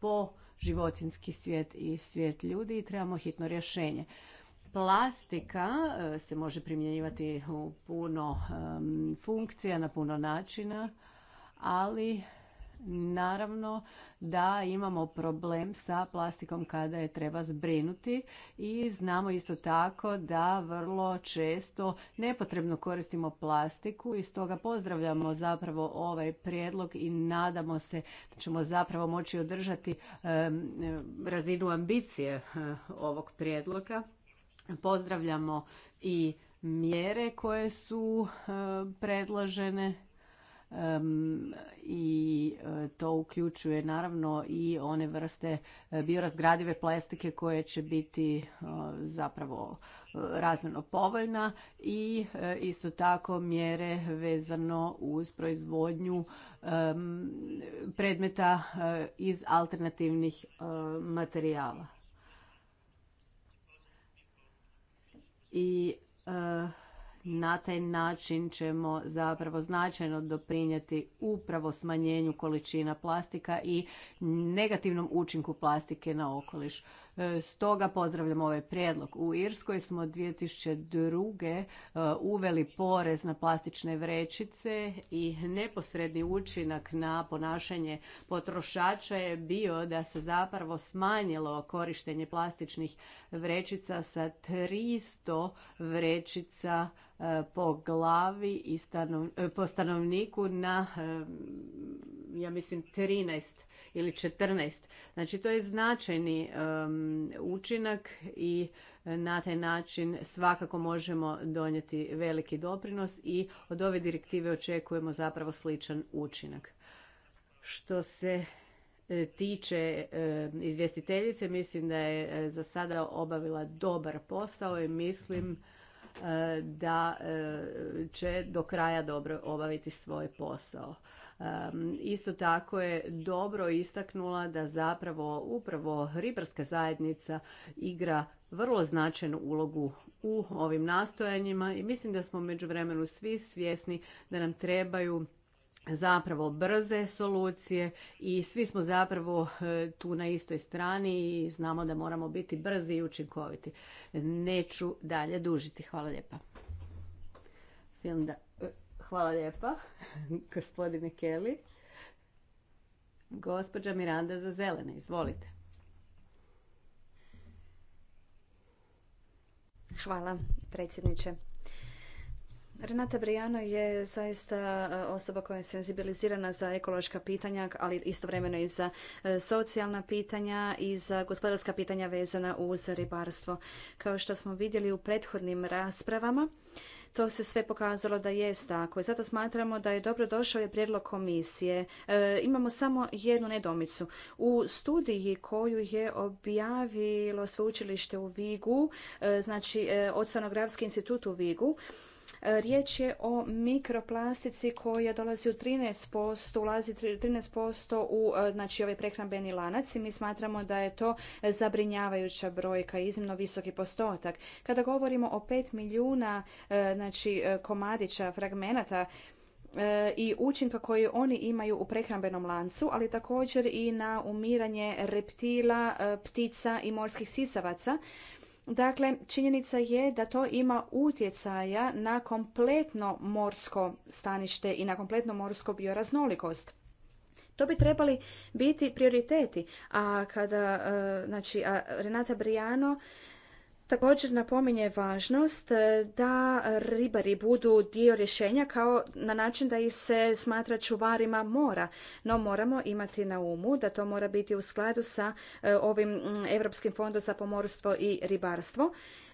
po životinski svijet i svijet ljudi i trebamo hitno rješenje. Plastika se može primjenjivati u puno um, funkcija, na puno načina, ali naravno da imamo problem sa plastikom kada je treba zbrinuti i znamo isto tako da vrlo često nepotrebno koristimo plastiku i stoga pozdravljamo zapravo ovaj prijedlog i nadamo se da ćemo zapravo moći održati razinu ambicije eh, ovog prijedloga. Pozdravljamo i mjere koje su eh, predložene i e, to uključuje naravno i one vrste e, biorazgradive plastike koje će biti e, zapravo razmjerno povoljna i isto tako mjere vezano uz proizvodnju predmeta iz alternativnih materijala. I na taj način ćemo zapravo značajno doprinijeti upravo smanjenju količina plastika i negativnom učinku plastike na okoliš. E, stoga pozdravljam ovaj prijedlog. U Irskoj smo 2002. E, uveli porez na plastične vrećice i neposredni učinak na ponašanje potrošača je bio da se zapravo smanjilo korištenje plastičnih vrećica sa 300 vrećica E, po glavi i stanov, e, po stanovniku na e, ja mislim 13 ili 14. Znači to je značajni učinak i na taj način svakako možemo donijeti veliki doprinos i od ove direktive očekujemo zapravo sličan učinak. Što se tiče izvjestiteljice, mislim da je za sada obavila dobar posao i mislim da eh, će do kraja dobro obaviti svoj posao. Isto tako je dobro istaknula da zapravo upravo ribarska zajednica igra vrlo značajnu ulogu u ovim nastojanjima i mislim da smo međuvremenu svi svjesni da nam trebaju zapravo brze solucije i svi smo zapravo e, tu na istoj strani i znamo da moramo biti brzi i učinkoviti. Neću dalje dužiti. Hvala lijepa. E, hvala lijepa, gospodine Kelly. Gospođa Miranda za zelene, izvolite. Hvala, predsjedniče. Renata Brijano je zaista e, osoba koja je senzibilizirana za ekološka pitanja, ali istovremeno i za e, socijalna pitanja i za gospodarska pitanja vezana uz ribarstvo. Kao što smo vidjeli u prethodnim raspravama, to se sve pokazalo da jest tako i zato smatramo da je dobro došao je prijedlog komisije. E, imamo samo jednu nedomicu. U studiji koju je objavilo sveučilište u Vigu, e, znači e, institut u Vigu, Riječ je o mikroplastici koja dolazi u 13%, ulazi 13% u e, znači, ovaj prehrambeni lanac i mi smatramo da je to zabrinjavajuća brojka, iznimno visoki postotak. Kada govorimo o 5 milijuna e, znači, e, komadića, fragmenata, i učinka koji oni imaju u prehrambenom lancu, ali također i na umiranje reptila, ptica i morskih sisavaca. Dakle, činjenica je da to ima utjecaja na kompletno morsko stanište i na kompletno morsko bioraznolikost. To bi trebali biti prioriteti. A kada, e, znači, Renata Briano Također napominje važnost e, da ribari budu dio rješenja kao na način da ih se smatra čuvarima mora, no moramo imati na umu da to mora biti u skladu sa e, ovim mm, Europskim fondom za pomorstvo i ribarstvo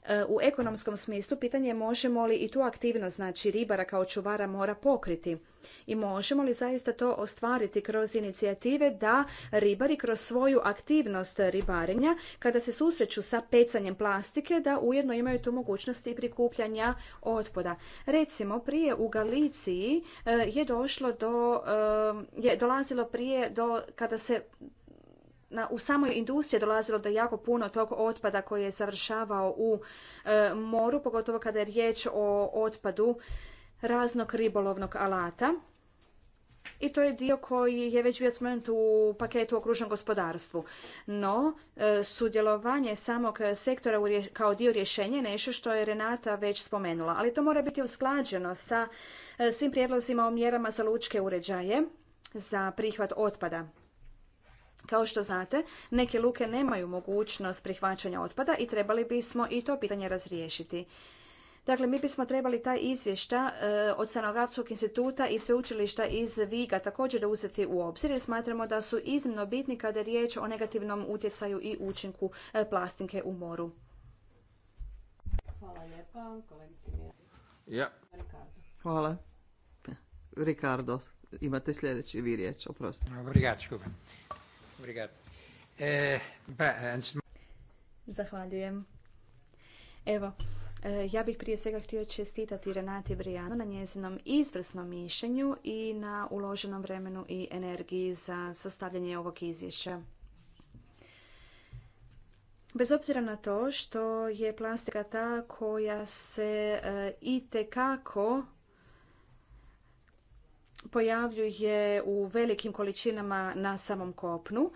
E, u ekonomskom smislu pitanje je možemo li i tu aktivnost znači ribara kao čuvara mora pokriti i možemo li zaista to ostvariti kroz inicijative da ribari kroz svoju aktivnost ribarenja kada se susreću sa pecanjem plastike da ujedno imaju tu mogućnost i prikupljanja otpada. Recimo prije u Galiciji e, je došlo do e, je dolazilo prije do kada se u samoj industriji dolazilo do jako puno tog otpada koji je završavao u e, moru, pogotovo kada je riječ o otpadu raznog ribolovnog alata. I to je dio koji je već bio spomenut u paketu o kružnom gospodarstvu. No, e, sudjelovanje samog sektora kao dio rješenja je nešto što je Renata već spomenula. Ali to mora biti usklađeno sa e, svim prijedlozima o mjerama za lučke uređaje za prihvat otpada kao što znate, neke luke nemaju mogućnost prihvaćanja otpada i trebali bismo i to pitanje razriješiti. Dakle, mi bismo trebali taj izvješta e, od Stanogavskog instituta i sveučilišta iz Viga također uzeti u obzir jer smatramo da su iznimno bitni kada je riječ o negativnom utjecaju i učinku e, plastike u moru. Hvala lijepa, Ja. Ricardo. Hvala. Ricardo, imate sljedeći vi riječ, oprosti. Eh, Zahvaljujem. Evo, eh, ja bih prije svega htio čestitati Renati Brijano na njezinom izvrsnom mišljenju i na uloženom vremenu i energiji za sastavljanje ovog izvješća. Bez obzira na to što je plastika ta koja se eh, i tekako pojavljuje u velikim količinama na samom kopnu.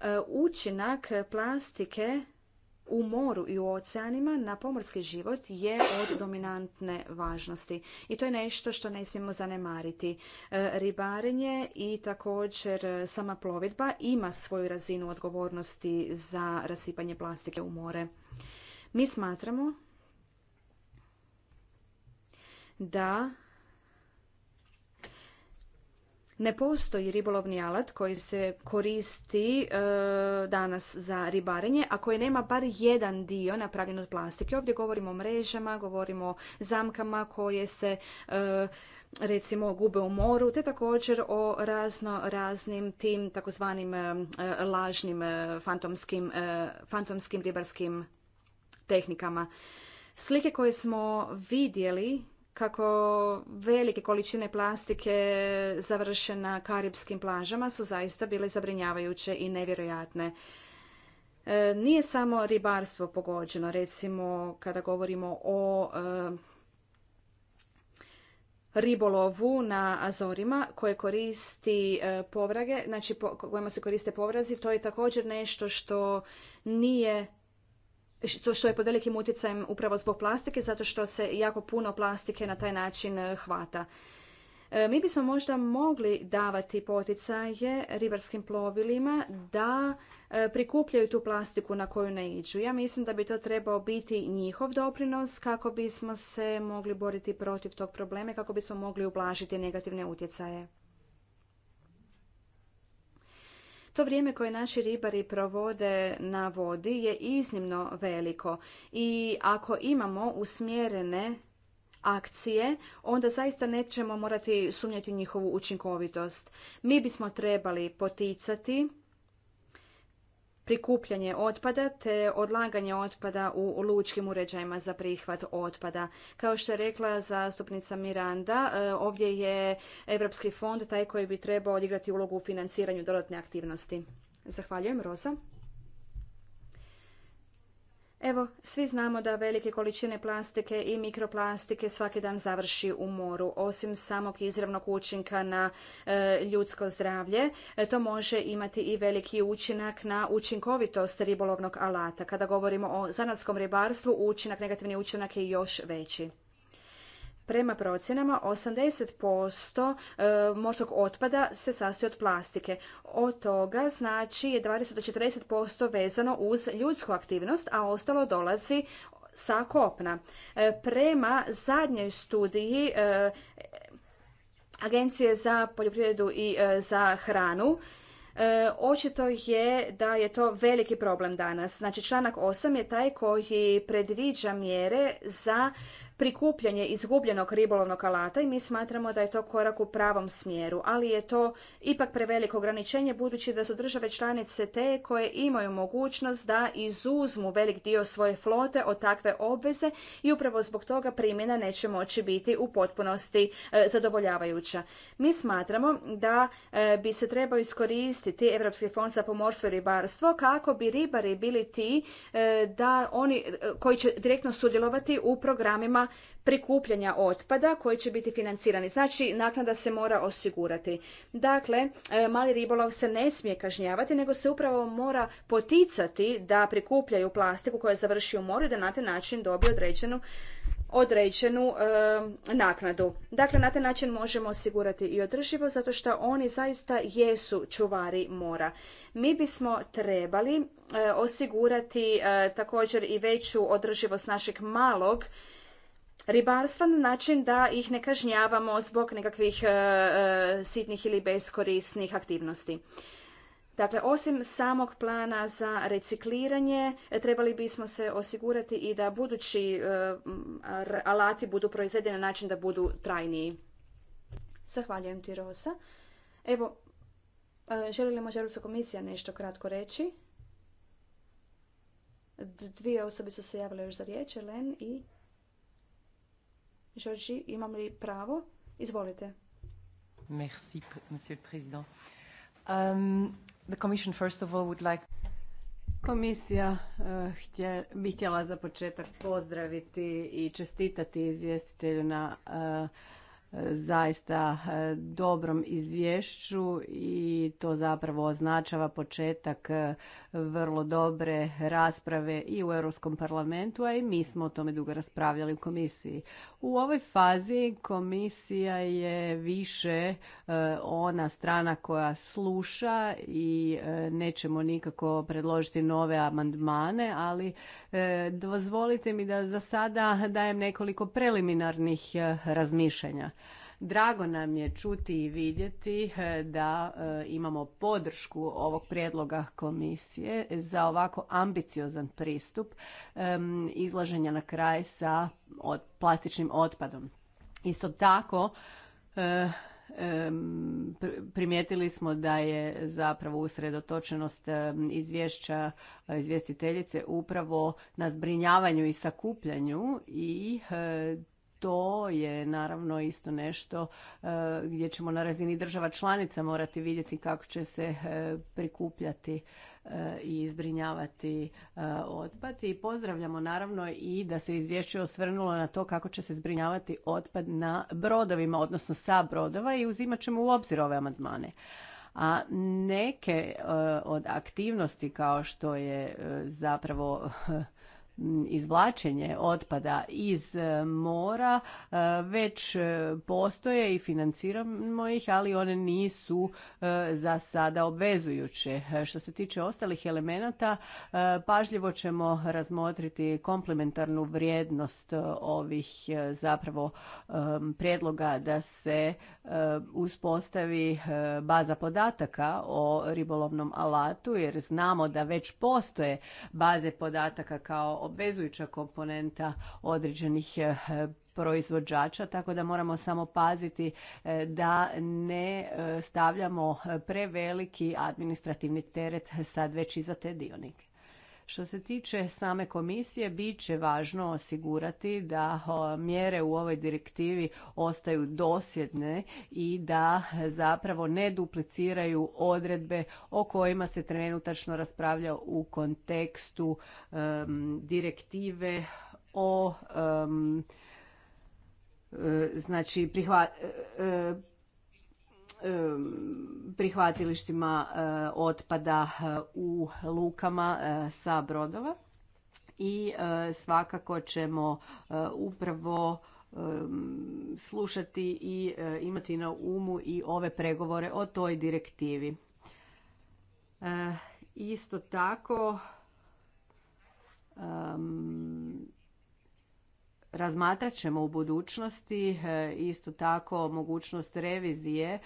E, učinak plastike u moru i u oceanima na pomorski život je od dominantne važnosti i to je nešto što ne smijemo zanemariti. E, ribarenje i također sama plovidba ima svoju razinu odgovornosti za rasipanje plastike u more. Mi smatramo da ne postoji ribolovni alat koji se koristi e, danas za ribarenje, a koji nema bar jedan dio napravljen od plastike. Ovdje govorimo o mrežama, govorimo o zamkama koje se e, recimo gube u moru, te također o razno raznim tim takozvanim e, lažnim fantomskim, fantomskim ribarskim tehnikama. Slike koje smo vidjeli kako velike količine plastike završe na karibskim plažama su zaista bile zabrinjavajuće i nevjerojatne. E, nije samo ribarstvo pogođeno, recimo kada govorimo o e, ribolovu na Azorima koje koristi e, povrage, znači kojima se koriste povrazi, to je također nešto što nije što je pod velikim utjecajem upravo zbog plastike, zato što se jako puno plastike na taj način e, hvata. E, mi bismo možda mogli davati poticaje ribarskim plovilima da e, prikupljaju tu plastiku na koju iđu. Ja mislim da bi to trebao biti njihov doprinos kako bismo se mogli boriti protiv tog problema i kako bismo mogli ublažiti negativne utjecaje. To vrijeme koje naši ribari provode na vodi je iznimno veliko i ako imamo usmjerene akcije, onda zaista nećemo morati sumnjati u njihovu učinkovitost. Mi bismo trebali poticati prikupljanje otpada te odlaganje otpada u lučkim uređajima za prihvat otpada. Kao što je rekla zastupnica Miranda, e, ovdje je Europski fond taj koji bi trebao odigrati ulogu u financiranju dodatne aktivnosti. Zahvaljujem, Roza. Evo, svi znamo da velike količine plastike i mikroplastike svaki dan završi u moru. Osim samog izravnog učinka na e, ljudsko zdravlje, e, to može imati i veliki učinak na učinkovitost ribolovnog alata. Kada govorimo o zanadskom ribarstvu, učinak, negativni učinak je još veći. Prema procjenama 80% e, morskog otpada se sastoji od plastike. Od toga znači je 20 40% vezano uz ljudsku aktivnost, a ostalo dolazi sa kopna. E, prema zadnjoj studiji e, Agencije za poljoprivredu i za hranu očito je da je to veliki problem danas. Znači članak 8 je taj koji predviđa mjere za prikupljanje izgubljenog ribolovnog alata i mi smatramo da je to korak u pravom smjeru, ali je to ipak preveliko ograničenje budući da su države članice te koje imaju mogućnost da izuzmu velik dio svoje flote od takve obveze i upravo zbog toga primjena neće moći biti u potpunosti e, zadovoljavajuća. Mi smatramo da e, bi se trebao iskoristiti Europski fond za pomorstvo i ribarstvo kako bi ribari bili ti e, da oni koji će direktno sudjelovati u programima prikupljanja otpada koji će biti financirani. Znači, naknada se mora osigurati. Dakle, e, mali ribolov se ne smije kažnjavati, nego se upravo mora poticati da prikupljaju plastiku koja završi u moru i da na taj način dobije određenu određenu e, naknadu. Dakle, na taj način možemo osigurati i održivo, zato što oni zaista jesu čuvari mora. Mi bismo trebali e, osigurati također i veću održivost našeg malog ribarstva na način da ih ne kažnjavamo zbog nekakvih e, e, sitnih ili beskorisnih aktivnosti. Dakle, osim samog plana za recikliranje, e, trebali bismo se osigurati i da budući alati budu proizvedeni na način da budu trajniji. Zahvaljujem ti, Rosa. Evo, želi li možda Europska komisija nešto kratko reći? Dvije osobe su se javile još za riječ, Len i Georgi, imam li pravo? Izvolite. Merci, monsieur le président. Um, the commission first of all would like Komisija uh, htje, bi htjela za početak pozdraviti i čestitati izvjestitelju na eh, zaista eh, dobrom izvješću i to zapravo označava početak vrlo dobre rasprave i u Europskom parlamentu, a i mi smo o tome dugo raspravljali u komisiji. U ovoj fazi komisija je više e, ona strana koja sluša i e, nećemo nikako predložiti nove amandmane, ali e, dozvolite mi da za sada dajem nekoliko preliminarnih razmišljanja. Drago nam je čuti i vidjeti e, da e, imamo podršku ovog prijedloga komisije za ovako ambiciozan pristup izlaženja na kraj sa plastičnim otpadom. Isto tako, e, primijetili smo da je zapravo usredotočenost izvješća izvjestiteljice upravo na zbrinjavanju i sakupljanju i to je naravno isto nešto e, gdje ćemo na razini država članica morati vidjeti kako će se e, prikupljati e, i izbrinjavati otpad. I pozdravljamo naravno i da se izvješće osvrnulo na to kako će se zbrinjavati otpad na brodovima, odnosno sa brodova i uzimat ćemo u obzir ove amandmane a neke od aktivnosti kao što je zapravo izvlačenje otpada iz e, mora e, već e, postoje i financiramo ih, ali one nisu za sada obvezujuće. Što se tiče ostalih elemenata, pažljivo ćemo razmotriti komplementarnu vrijednost ovih zapravo prijedloga da se uspostavi baza podataka o ribolovnom alatu, jer znamo da već postoje baze podataka kao obvezujuća komponenta određenih eh, proizvođača, tako da moramo samo paziti eh, da ne eh, stavljamo preveliki administrativni teret sad već i za te dionike. Što se tiče same komisije, bit će važno osigurati da mjere u ovoj direktivi ostaju dosjedne i da zapravo ne dupliciraju odredbe o kojima se trenutačno raspravlja u kontekstu direktive o e, znači prihva, e, e, Um, prihvatilištima uh, otpada uh, u lukama uh, sa brodova i svakako ćemo upravo um, slušati i imati na umu i ove pregovore o toj direktivi. Isto tako um, Razmatrat ćemo u budućnosti e, isto tako mogućnost revizije e,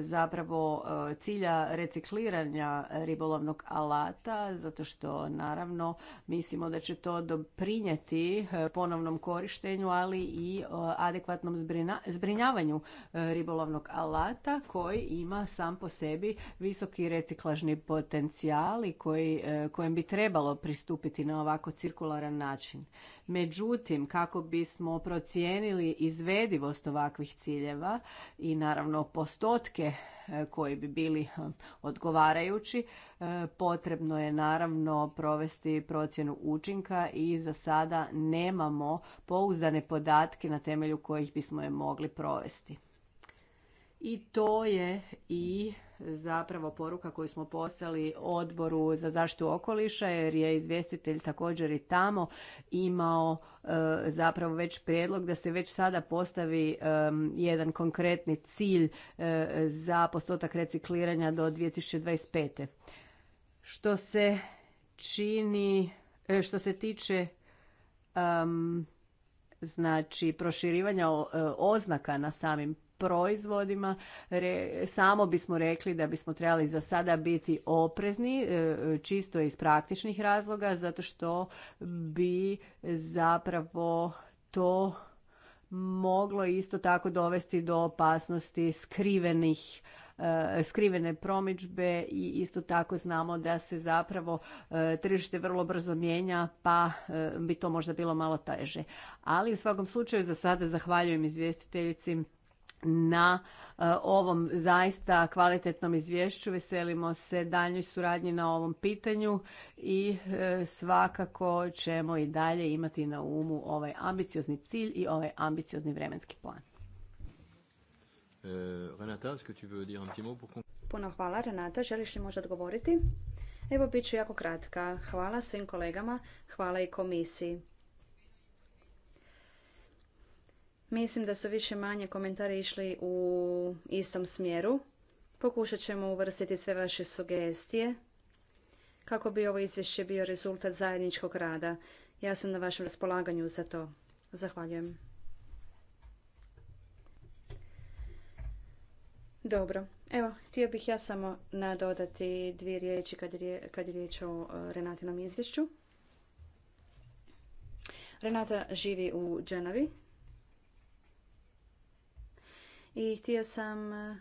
zapravo e, cilja recikliranja ribolovnog alata zato što naravno mislimo da će to doprinijeti ponovnom korištenju ali i adekvatnom zbrinjavanju ribolovnog alata koji ima sam po sebi visoki reciklažni potencijal i kojem bi trebalo pristupiti na ovako cirkularan način. Međutim, kako bismo procijenili izvedivost ovakvih ciljeva i naravno postotke e, koji bi bili e, odgovarajući, e, potrebno je naravno provesti procjenu učinka i za sada nemamo pouzdane podatke na temelju kojih bismo je mogli provesti i to je i zapravo poruka koju smo poslali odboru za zaštitu okoliša jer je izvjestitelj također i tamo imao e, zapravo već prijedlog da se već sada postavi e, jedan konkretni cilj e, za postotak recikliranja do 2025. Što se čini, što se tiče znači proširivanja oznaka na samim proizvodima, samo bismo rekli da bismo trebali za sada biti oprezni, e, čisto iz praktičnih razloga, zato što bi zapravo to moglo isto tako dovesti do opasnosti skrivenih e, skrivene promidžbe i isto tako znamo da se zapravo e, tržište vrlo brzo mijenja pa bi to možda bilo malo teže. Ali u svakom slučaju za sada zahvaljujem izvjestiteljici na e, ovom zaista kvalitetnom izvješću. Veselimo se daljnjoj suradnji na ovom pitanju i e, svakako ćemo i dalje imati na umu ovaj ambiciozni cilj i ovaj ambiciozni vremenski plan. E, Renata, Puno hvala, Renata. Želiš li možda odgovoriti? Evo, bit ću jako kratka. Hvala svim kolegama, hvala i komisiji. Mislim da su više manje komentari išli u istom smjeru. Pokušat ćemo uvrstiti sve vaše sugestije kako bi ovo izvješće bio rezultat zajedničkog rada. Ja sam na vašem raspolaganju za to. Zahvaljujem. Dobro. Evo, htio bih ja samo nadodati dvije riječi kad je, riječ o e, Renatinom izvješću. Renata živi u Dženovi, i htio sam eh,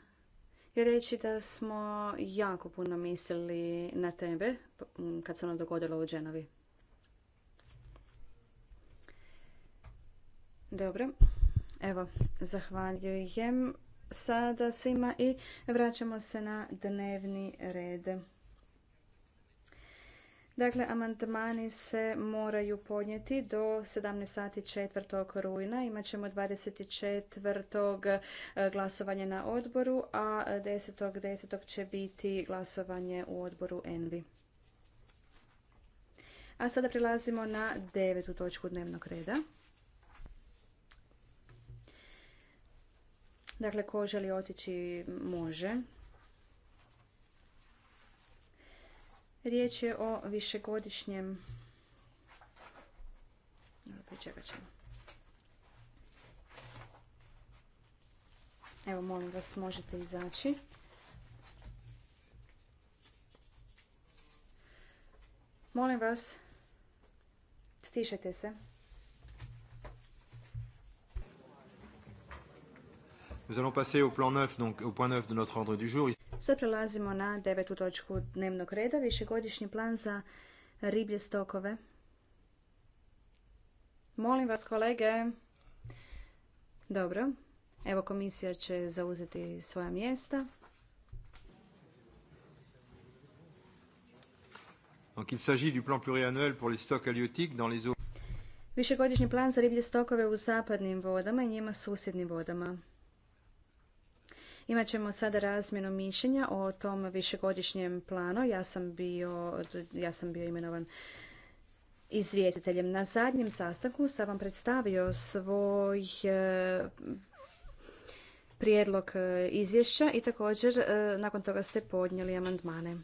reći da smo jako puno mislili na tebe kad se ono dogodilo u Dženovi. Dobro, evo, zahvaljujem sada svima i vraćamo se na dnevni red. Dakle, amandmani se moraju podnijeti do 17 sati 4. rujna. Imaćemo 24. E, glasovanje na odboru, a 10. 10. će biti glasovanje u odboru ENVI. A sada prilazimo na devetu točku dnevnog reda. Dakle, ko želi otići može. Riječ je o višegodišnjem... Pričekat ćemo. Evo, molim vas, možete izaći. Molim vas, stišajte se. Nous allons passer au plan 9, donc au point 9 de notre ordre du jour. Sad prelazimo na devetu točku dnevnog reda, višegodišnji plan za riblje stokove. Molim vas kolege. Dobro. Evo komisija će zauzeti svoja mjesta. plan Višegodišnji plan za riblje stokove u zapadnim vodama i njima susjednim vodama. Imat ćemo sada razmjenu mišljenja o tom višegodišnjem planu. Ja sam bio, ja sam bio imenovan izvjestiteljem. Na zadnjem sastanku sam vam predstavio svoj e, prijedlog e, izvješća i također e, nakon toga ste podnijeli amandmane.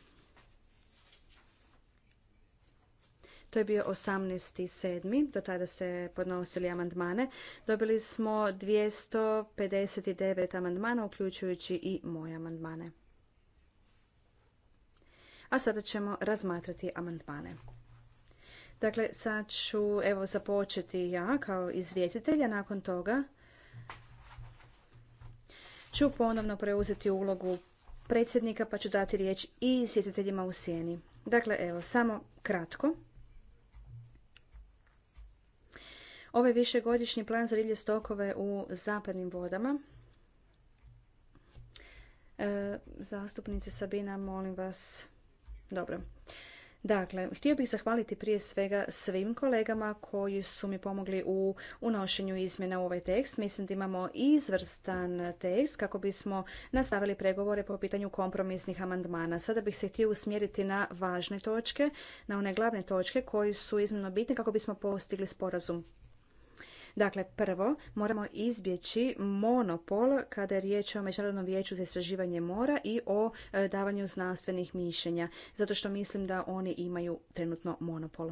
to je bio 18.7. Do tada se podnosili amandmane. Dobili smo 259 amandmana, uključujući i moje amandmane. A sada ćemo razmatrati amandmane. Dakle, sad ću evo započeti ja kao izvjestitelj, a nakon toga ću ponovno preuzeti ulogu predsjednika pa ću dati riječ i izvjestiteljima u sjeni. Dakle, evo, samo kratko. Ovaj višegodišnji plan za riblje stokove u zapadnim vodama. Zastupnici e, zastupnice Sabina, molim vas. Dobro. Dakle, htio bih zahvaliti prije svega svim kolegama koji su mi pomogli u unošenju izmjena u ovaj tekst. Mislim da imamo izvrstan tekst kako bismo nastavili pregovore po pitanju kompromisnih amandmana. Sada bih se htio usmjeriti na važne točke, na one glavne točke koji su iznimno bitne kako bismo postigli sporazum. Dakle, prvo moramo izbjeći monopol kada je riječ o Međunarodnom vijeću za istraživanje mora i o e, davanju znanstvenih mišljenja, zato što mislim da oni imaju trenutno monopol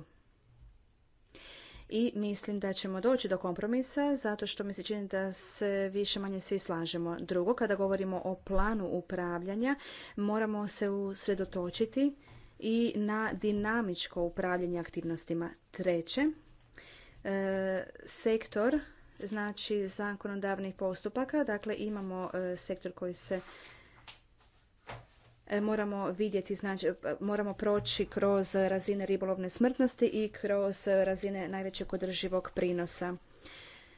i mislim da ćemo doći do kompromisa zato što mi se čini da se više manje svi slažemo. Drugo, kada govorimo o planu upravljanja, moramo se usredotočiti i na dinamičko upravljanje aktivnostima. Treće, E, sektor znači zakonodavnih postupaka. Dakle, imamo e, sektor koji se e, moramo vidjeti, znači, moramo proći kroz razine ribolovne smrtnosti i kroz razine najvećeg održivog prinosa.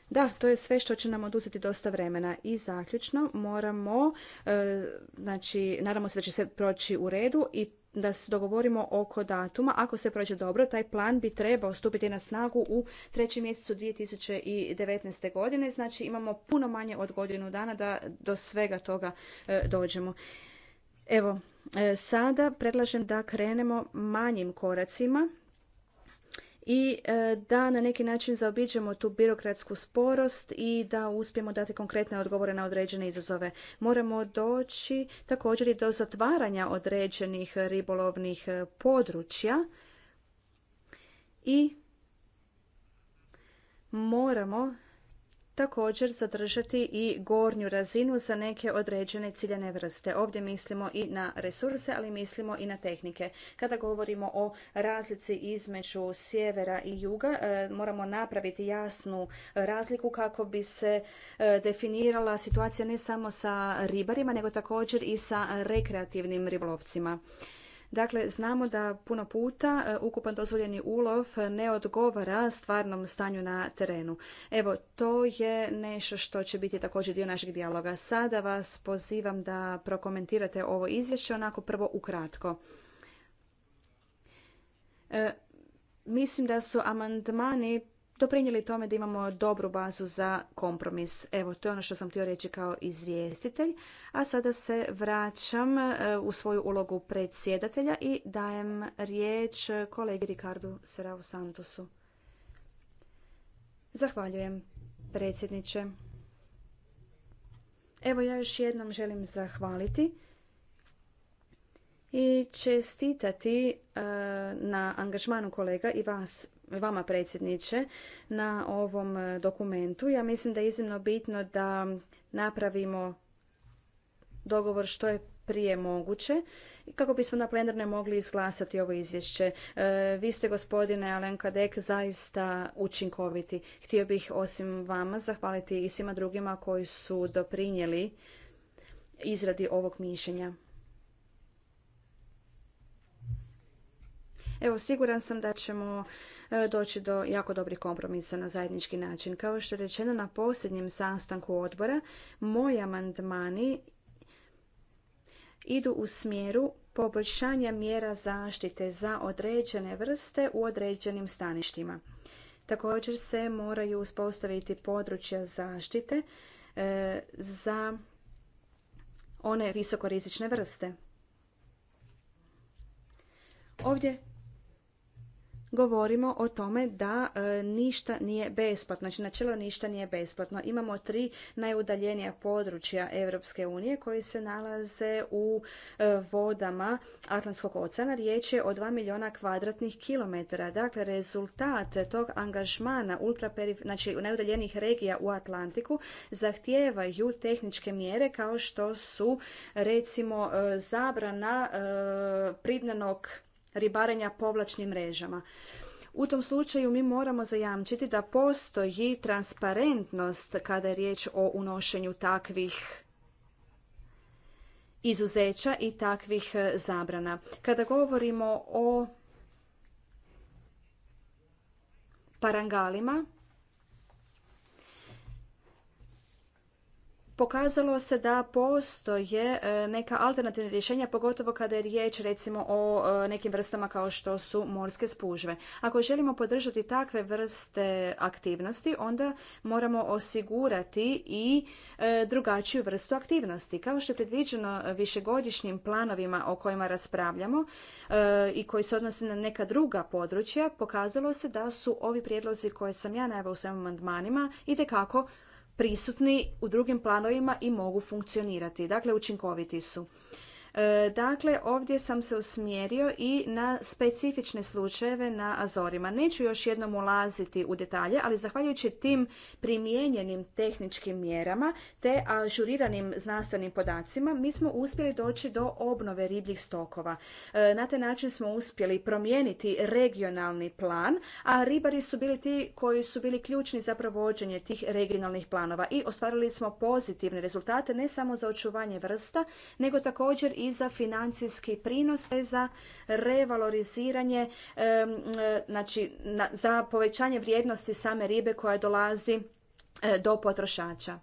Da, to je sve što će nam oduzeti dosta vremena. I zaključno moramo, znači, nadamo se da će se proći u redu i da se dogovorimo oko datuma. Ako se prođe dobro, taj plan bi trebao stupiti na snagu u trećem mjesecu 2019. godine. Znači imamo puno manje od godinu dana da do svega toga e, dođemo. Evo, e, sada predlažem da krenemo manjim koracima i e, da na neki način zaobiđemo tu birokratsku sporost i da uspijemo dati konkretne odgovore na određene izazove. Moramo doći također i do zatvaranja određenih ribolovnih e, područja i moramo također zadržati i gornju razinu za neke određene ciljane vrste. Ovdje mislimo i na resurse, ali mislimo i na tehnike. Kada govorimo o razlici između sjevera i juga, e, moramo napraviti jasnu razliku kako bi se e, definirala situacija ne samo sa ribarima, nego također i sa rekreativnim ribolovcima. Dakle, znamo da puno puta e, ukupan dozvoljeni ulov ne odgovara stvarnom stanju na terenu. Evo, to je nešto što će biti također dio našeg dijaloga. Sada vas pozivam da prokomentirate ovo izvješće, onako prvo ukratko. E, mislim da su amandmani doprinijeli tome da imamo dobru bazu za kompromis. Evo, to je ono što sam htio reći kao izvjestitelj. A sada se vraćam e, u svoju ulogu predsjedatelja i dajem riječ kolegi Ricardu Serao Santosu. Zahvaljujem, predsjedniče. Evo, ja još jednom želim zahvaliti i čestitati e, na angažmanu kolega i vas vama predsjedniče na ovom e, dokumentu. Ja mislim da je iznimno bitno da napravimo dogovor što je prije moguće kako bismo na plenarne mogli izglasati ovo izvješće. E, vi ste, gospodine Alenka Kadek, zaista učinkoviti. Htio bih osim vama zahvaliti i svima drugima koji su doprinijeli izradi ovog mišljenja. Evo, siguran sam da ćemo e, doći do jako dobrih kompromisa na zajednički način. Kao što je rečeno na posljednjem sastanku odbora, moji amandmani idu u smjeru poboljšanja mjera zaštite za određene vrste u određenim staništima. Također se moraju uspostaviti područja zaštite e, za one visokorizične vrste. Ovdje govorimo o tome da e, ništa nije besplatno, znači načelo ništa nije besplatno. Imamo tri najudaljenija područja Europske unije koji se nalaze u e, vodama Atlantskog oceana. Riječ je o 2 milijuna kvadratnih kilometara. Dakle, rezultat tog angažmana ultraperif, znači najudaljenijih regija u Atlantiku zahtijevaju tehničke mjere kao što su recimo e, zabrana pridnenog ribarenja povlačnim mrežama. U tom slučaju mi moramo zajamčiti da postoji transparentnost kada je riječ o unošenju takvih izuzeća i takvih e, zabrana. Kada govorimo o parangalima, pokazalo se da postoje e, neka alternativna rješenja, pogotovo kada je riječ recimo o e, nekim vrstama kao što su morske spužve. Ako želimo podržati takve vrste aktivnosti, onda moramo osigurati i e, drugačiju vrstu aktivnosti. Kao što je predviđeno višegodišnjim planovima o kojima raspravljamo i koji se odnose na neka druga područja, pokazalo se da su ovi prijedlozi koje sam ja najavila u svojim amandmanima itekako prisutni u drugim planovima i mogu funkcionirati. Dakle, učinkoviti su. E, dakle, ovdje sam se usmjerio i na specifične slučajeve na Azorima. Neću još jednom ulaziti u detalje, ali zahvaljujući tim primijenjenim tehničkim mjerama te ažuriranim znanstvenim podacima, mi smo uspjeli doći do obnove ribljih stokova. E, na taj način smo uspjeli promijeniti regionalni plan, a ribari su bili ti koji su bili ključni za provođenje tih regionalnih planova i ostvarili smo pozitivne rezultate ne samo za očuvanje vrsta, nego također i i za financijski prinos te za revaloriziranje, e, znači za povećanje vrijednosti same ribe koja dolazi e, do potrošača.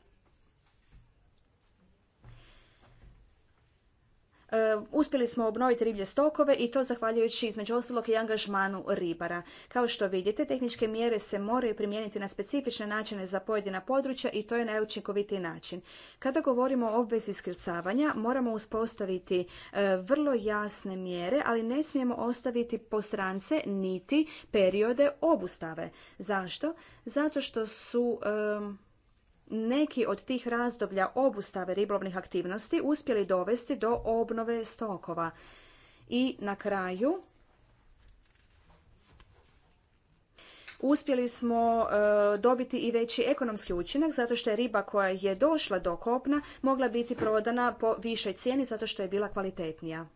Eh, uspjeli smo obnoviti riblje stokove i to zahvaljujući između ostalog i angažmanu ribara. Kao što vidite, tehničke mjere se moraju primijeniti na specifične načine za pojedina područja i to je najučinkovitiji način. Kada govorimo o obvezi iskrcavanja, moramo uspostaviti eh, vrlo jasne mjere, ali ne smijemo ostaviti posrance niti periode obustave. Zašto? Zato što su neki od tih razdoblja obustave ribolovnih aktivnosti uspjeli dovesti do obnove stokova. I na kraju uspjeli smo e, dobiti i veći ekonomski učinak zato što je riba koja je došla do kopna mogla biti prodana po višoj cijeni zato što je bila kvalitetnija.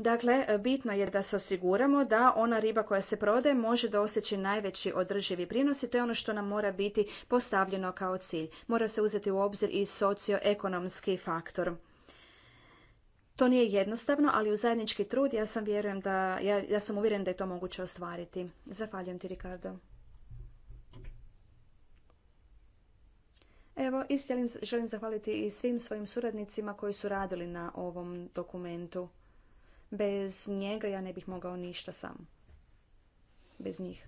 Dakle, e, bitno je da se osiguramo da ona riba koja se prodaje može doseći najveći održivi prinos i to je ono što nam mora biti postavljeno kao cilj. Mora se uzeti u obzir i socioekonomski faktor. To nije jednostavno, ali u zajednički trud ja sam, vjerujem da, ja, sam uvjeren da je to moguće ostvariti. Zahvaljujem ti, Ricardo. Evo, isti želim zahvaliti i svim svojim suradnicima koji su radili na ovom dokumentu. Bez njega ja ne bih mogao ništa sam. Bez njih.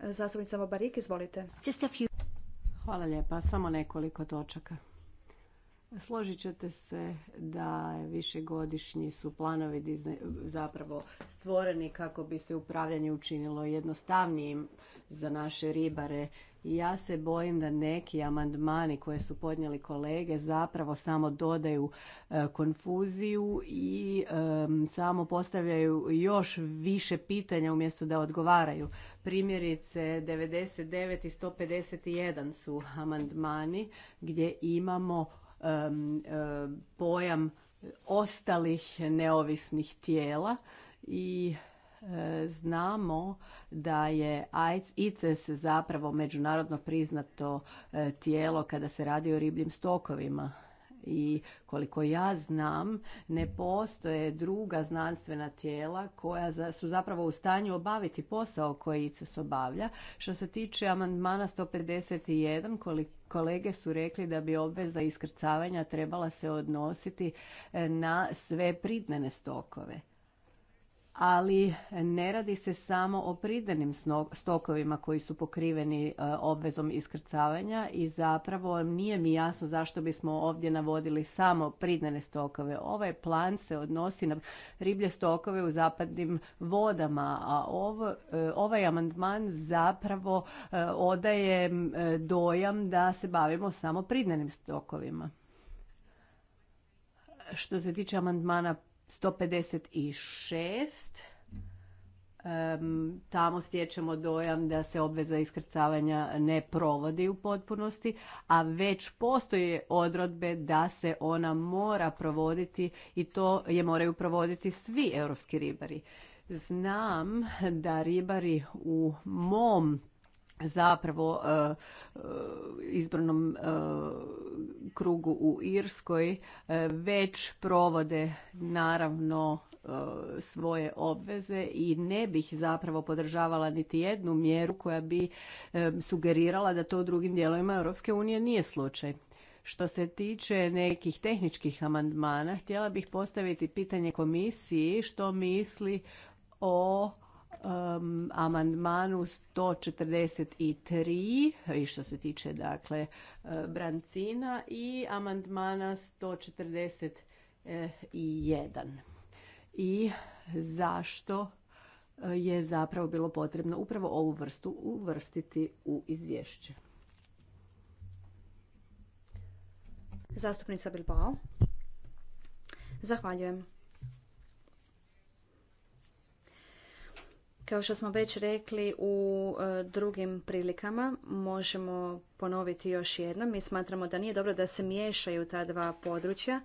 Zastupnica Bobarik, izvolite. Hvala lijepa. Samo nekoliko točaka. Složit ćete se da višegodišnji su planovi zapravo stvoreni kako bi se upravljanje učinilo jednostavnijim za naše ribare ja se bojim da neki amandmani koje su podnijeli kolege zapravo samo dodaju e, konfuziju i samo postavljaju još više pitanja umjesto da odgovaraju. Primjerice 99 i 151 su amandmani gdje imamo e, pojam ostalih neovisnih tijela i znamo da je ICES zapravo međunarodno priznato e, tijelo kada se radi o ribljim stokovima i koliko ja znam ne postoje druga znanstvena tijela koja su zapravo u stanju obaviti posao koji ICES obavlja. Što se tiče amandmana 151, kolege su rekli da bi obveza iskrcavanja trebala se odnositi e, na sve pridnene stokove ali ne radi se samo o pridanim stokovima koji su pokriveni e, obvezom iskrcavanja i zapravo nije mi jasno zašto bismo ovdje navodili samo pridane stokove. Ovaj plan se odnosi na riblje stokove u zapadnim vodama, a e, ovaj amandman zapravo e, odaje dojam da se bavimo samo pridanim stokovima. Što se tiče amandmana 156. tamo stječemo dojam da se obveza iskrcavanja ne provodi u potpunosti, a već postoje odrodbe da se ona mora provoditi i to je moraju provoditi svi europski ribari. Znam da ribari u mom zapravo e, e, izbornom e, krugu u Irskoj već provode naravno svoje obveze i ne bih zapravo podržavala niti jednu mjeru koja bi sugerirala da to u drugim dijelovima Europske unije nije slučaj. Što se tiče nekih tehničkih amandmana, htjela bih postaviti pitanje komisiji što misli o um, amandmanu 143 i što se tiče dakle uh, brancina i amandmana 141 i zašto uh, je zapravo bilo potrebno upravo ovu vrstu uvrstiti u izvješće. Zastupnica Bilbao. Zahvaljujem. Kao što smo već rekli u e, drugim prilikama, možemo ponoviti još jednom. Mi smatramo da nije dobro da se miješaju ta dva područja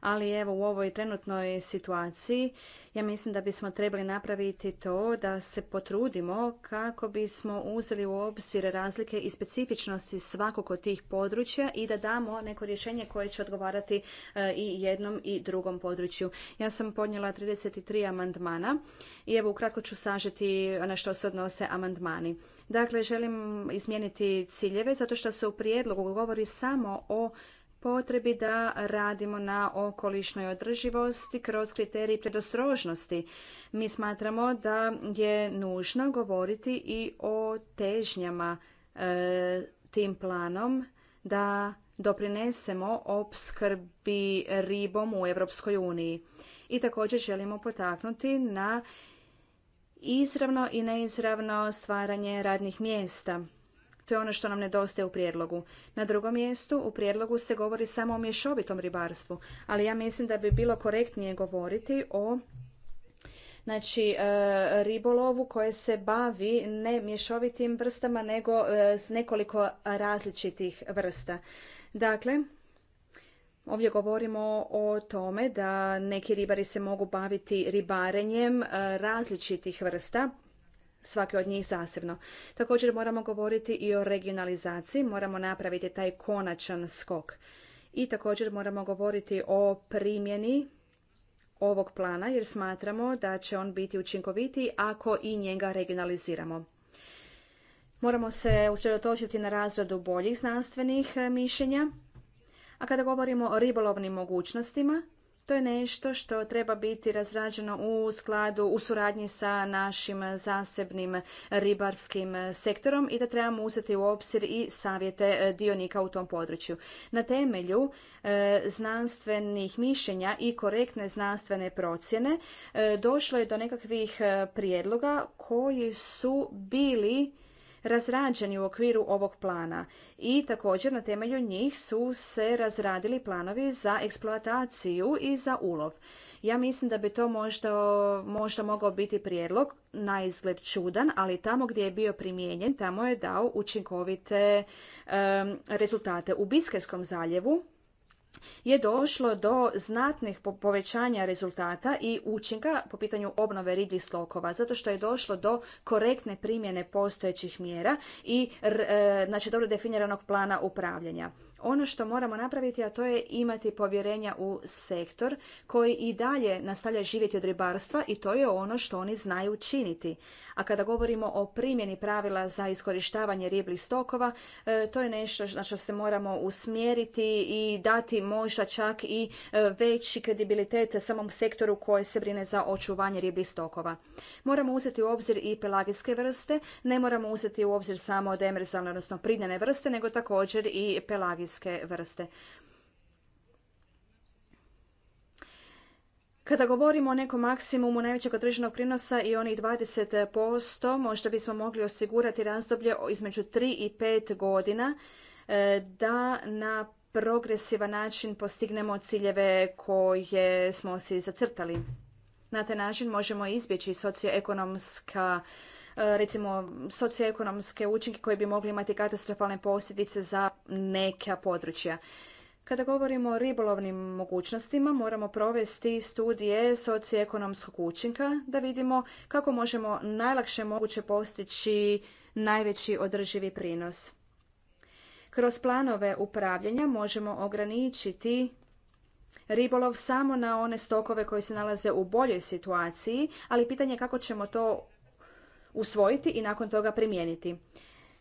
ali evo u ovoj trenutnoj situaciji ja mislim da bismo trebali napraviti to da se potrudimo kako bismo uzeli u obzir razlike i specifičnosti svakog od tih područja i da damo neko rješenje koje će odgovarati e, i jednom i drugom području. Ja sam podnijela 33 amandmana i evo ukratko ću sažeti na što se odnose amandmani. Dakle, želim izmijeniti ciljeve zato što se u prijedlogu govori samo o potrebi da radimo na okolišnoj održivosti kroz kriterij predostrožnosti. Mi smatramo da je nužno govoriti i o težnjama e, tim planom da doprinesemo opskrbi ribom u Europskoj uniji. I također želimo potaknuti na izravno i neizravno stvaranje radnih mjesta to je ono što nam nedostaje u prijedlogu. Na drugom mjestu u prijedlogu se govori samo o mješovitom ribarstvu, ali ja mislim da bi bilo korektnije govoriti o znači e, ribolovu koje se bavi ne mješovitim vrstama nego e, s nekoliko različitih vrsta. Dakle, Ovdje govorimo o tome da neki ribari se mogu baviti ribarenjem e, različitih vrsta, svaki od njih zasebno. Također moramo govoriti i o regionalizaciji, moramo napraviti taj konačan skok. I također moramo govoriti o primjeni ovog plana jer smatramo da će on biti učinkovitiji ako i njega regionaliziramo. Moramo se usredotočiti na razradu boljih znanstvenih mišljenja. A kada govorimo o ribolovnim mogućnostima, to je nešto što treba biti razrađeno u skladu, u suradnji sa našim zasebnim ribarskim sektorom i da trebamo uzeti u obzir i savjete e, dionika u tom području. Na temelju e, znanstvenih mišljenja i korektne znanstvene procjene e, došlo je do nekakvih prijedloga koji su bili razrađeni u okviru ovog plana i također na temelju njih su se razradili planovi za eksploataciju i za ulov. Ja mislim da bi to možda, mogao biti prijedlog, na izgled čudan, ali tamo gdje je bio primijenjen, tamo je dao učinkovite rezultate. U Biskajskom zaljevu je došlo do znatnih povećanja rezultata i učinka po pitanju obnove ribljih slokova, zato što je došlo do korektne primjene postojećih mjera i e, znači dobro definiranog plana upravljanja ono što moramo napraviti, a to je imati povjerenja u sektor koji i dalje nastavlja živjeti od ribarstva i to je ono što oni znaju činiti. A kada govorimo o primjeni pravila za iskorištavanje ribljih stokova, e, to je nešto na što se moramo usmjeriti i dati možda čak i e, veći kredibilitet samom sektoru koji se brine za očuvanje ribljih stokova. Moramo uzeti u obzir i pelagijske vrste, ne moramo uzeti u obzir samo demerzalne, odnosno pridnjene vrste, nego također i pelagijske životinske vrste. Kada govorimo o nekom maksimumu najvećeg određenog prinosa i onih 20%, možda bismo mogli osigurati razdoblje između 3 i 5 godina e, da na progresivan način postignemo ciljeve koje smo si zacrtali. Na taj način možemo izbjeći socioekonomska recimo socioekonomske učinke koji bi mogli imati katastrofalne posljedice za neka područja. Kada govorimo o ribolovnim mogućnostima, moramo provesti studije socioekonomskog učinka da vidimo kako možemo najlakše moguće postići najveći održivi prinos. Kroz planove upravljanja možemo ograničiti ribolov samo na one stokove koji se nalaze u boljoj situaciji, ali pitanje je kako ćemo to usvojiti i nakon toga primijeniti.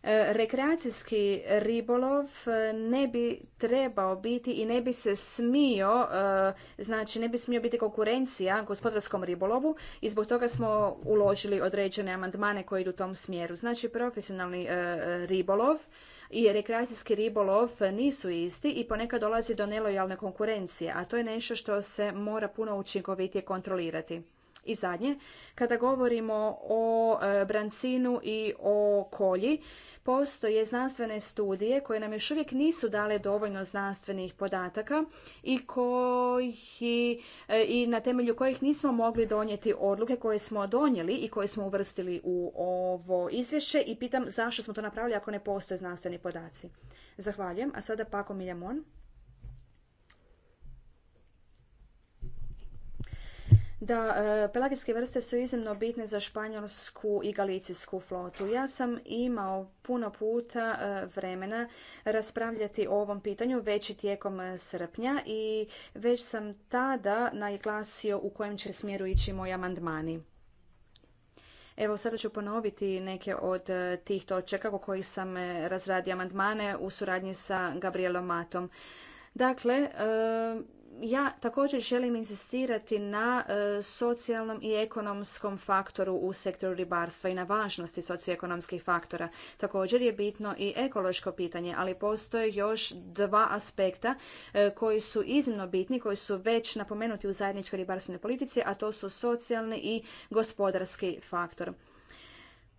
E, rekreacijski ribolov e, ne bi trebao biti i ne bi se smio, e, znači ne bi smio biti konkurencija gospodarskom ribolovu i zbog toga smo uložili određene amandmane koji idu u tom smjeru. Znači profesionalni ribolov i rekreacijski ribolov nisu isti i ponekad dolazi do nelojalne konkurencije, a to je nešto što se mora puno učinkovitije kontrolirati. I zadnje, kada govorimo o e, brancinu i o kolji, postoje znanstvene studije koje nam još uvijek nisu dale dovoljno znanstvenih podataka i koji e, i na temelju kojih nismo mogli donijeti odluke koje smo donijeli i koje smo uvrstili u ovo izvješće i pitam zašto smo to napravili ako ne postoje znanstveni podaci. Zahvaljujem, a sada Pako Miljamon. Da, e, pelagijske vrste su iznimno bitne za španjolsku i galicijsku flotu. Ja sam imao puno puta e, vremena raspravljati o ovom pitanju već i tijekom e, srpnja i već sam tada naglasio u kojem će smjeru ići moji amandmani. Evo, sada ću ponoviti neke od tih točaka u kojih sam razradio amandmane u suradnji sa Gabrielom Matom. Dakle, ja također želim insistirati na e, socijalnom i ekonomskom faktoru u sektoru ribarstva i na važnosti socioekonomskih faktora. Također je bitno i ekološko pitanje, ali postoje još dva aspekta e, koji su iznimno bitni, koji su već napomenuti u zajedničkoj ribarstvenoj politici, a to su socijalni i gospodarski faktor.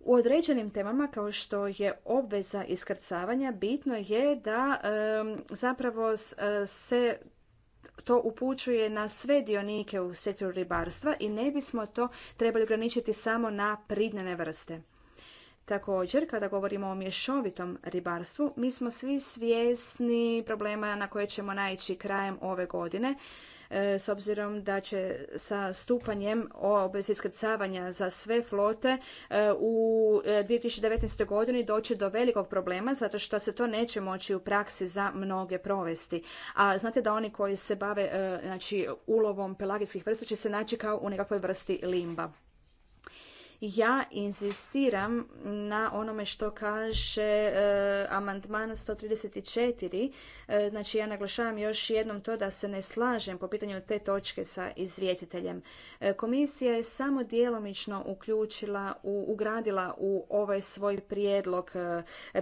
U određenim temama kao što je obveza iskrcavanja bitno je da e, zapravo se to upućuje na sve dionike u sektoru ribarstva i ne bismo to trebali ograničiti samo na pridnene vrste. Također, kada govorimo o mješovitom ribarstvu, mi smo svi svjesni problema na koje ćemo naići krajem ove godine E, s obzirom da će sa stupanjem obveze iskrcavanja za sve flote e, u 2019. E, godini doći do velikog problema zato što se to neće moći u praksi za mnoge provesti. A znate da oni koji se bave znači, ulovom pelagijskih vrsta će se naći kao u nekakvoj vrsti limba. Ja inzistiram na onome što kaže e, amandman 134. E, znači ja naglašavam još jednom to da se ne slažem po pitanju te točke sa izvjestiteljem. E, komisija je samo djelomično uključila, u, ugradila u ovaj svoj prijedlog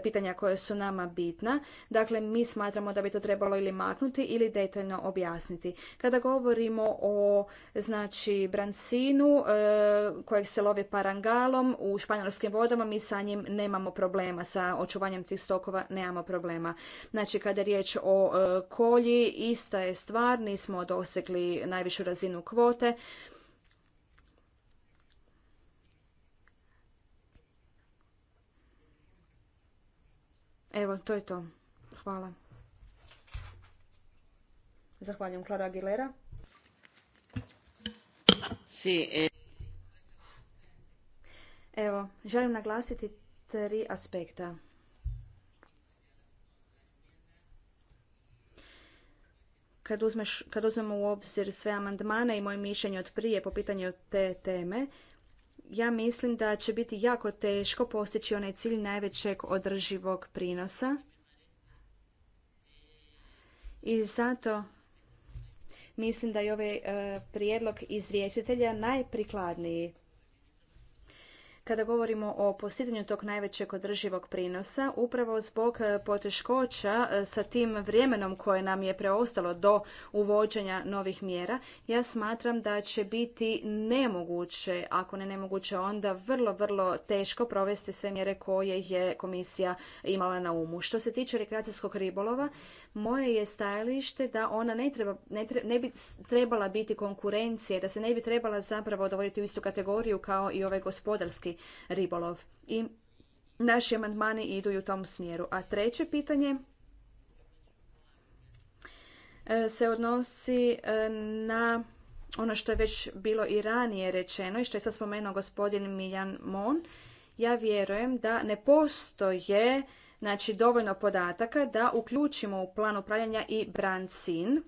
pitanja koje su nama bitna. Dakle, mi smatramo da bi to trebalo ili maknuti ili detaljno objasniti. Kada govorimo o znači brancinu kojeg se lovi par parangalom u španjolskim vodama mi sa njim nemamo problema, sa očuvanjem tih stokova nemamo problema. Znači kada je riječ o e, kolji, ista je stvar, nismo dosegli najvišu razinu kvote. Evo, to je to. Hvala. Zahvaljujem, eh. Evo, želim naglasiti tri aspekta. Kad, uzmeš, kad uzmemo u obzir sve amandmane i moje mišljenje od prije po pitanju te teme, ja mislim da će biti jako teško postići onaj cilj najvećeg održivog prinosa. I zato mislim da je ovaj e, prijedlog izvjestitelja najprikladniji kada govorimo o postizanju tog najvećeg održivog prinosa, upravo zbog e, poteškoća e, sa tim vremenom koje nam je preostalo do uvođenja novih mjera, ja smatram da će biti nemoguće, ako ne nemoguće, onda vrlo, vrlo teško provesti sve mjere koje je komisija imala na umu. Što se tiče rekreacijskog ribolova, moje je stajalište da ona ne, treba, ne, bi trebala biti konkurencije, da se ne bi trebala zapravo dovoditi u istu kategoriju kao i ovaj gospodarski ribolov. I naši amandmani idu u tom smjeru. A treće pitanje e, se odnosi e, na ono što je već bilo i ranije rečeno i što je sad spomenuo gospodin Miljan Mon. Ja vjerujem da ne postoje znači, dovoljno podataka da uključimo u plan upravljanja i brancin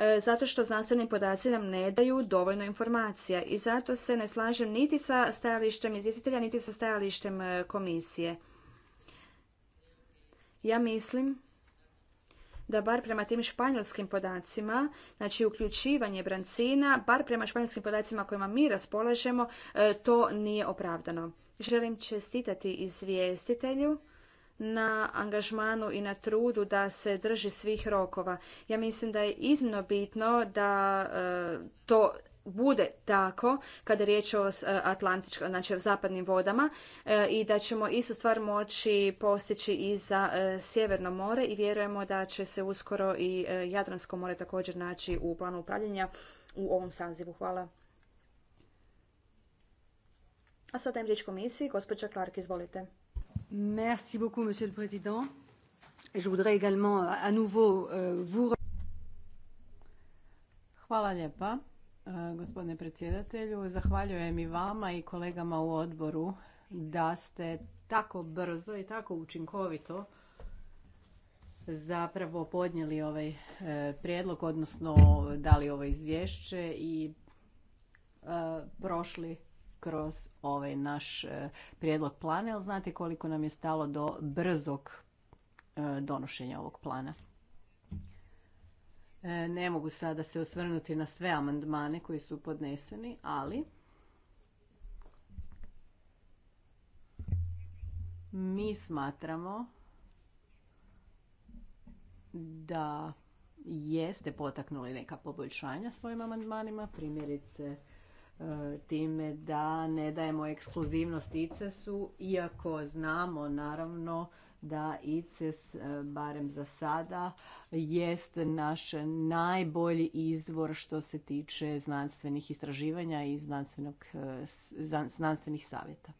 E, zato što znanstveni podaci nam ne daju dovoljno informacija i zato se ne slažem niti sa stajalištem izvjestitelja, niti sa stajalištem e, komisije. Ja mislim da bar prema tim španjolskim podacima, znači uključivanje brancina, bar prema španjolskim podacima kojima mi raspolažemo, e, to nije opravdano. Želim čestitati izvjestitelju na angažmanu i na trudu da se drži svih rokova. Ja mislim da je iznimno bitno da e, to bude tako kada je riječ o e, znači o zapadnim vodama e, i da ćemo istu stvar moći postići i za Sjeverno more i vjerujemo da će se uskoro i Jadransko more također naći u planu upravljanja u ovom sazivu. Hvala. A sada im riječ komisiji. Gospođa Clark, izvolite. Merci beaucoup, Monsieur le Président. Et je voudrais également euh, à nouveau euh, vous... Hvala lijepa, uh, gospodine predsjedatelju. Zahvaljujem i vama i kolegama u odboru da ste tako brzo i tako učinkovito zapravo podnijeli ovaj uh, prijedlog, odnosno dali ovo izvješće i uh, prošli kroz ovaj naš e, prijedlog plana, ali znate koliko nam je stalo do brzog e, donošenja ovog plana. E, ne mogu sada se osvrnuti na sve amandmane koji su podneseni, ali mi smatramo da jeste potaknuli neka poboljšanja svojim amandmanima, primjerice time da ne dajemo ekskluzivnost ICES-u, iako znamo naravno da ICES, e, barem za sada, jest naš najbolji izvor što se tiče znanstvenih istraživanja i e, znanstvenih savjeta.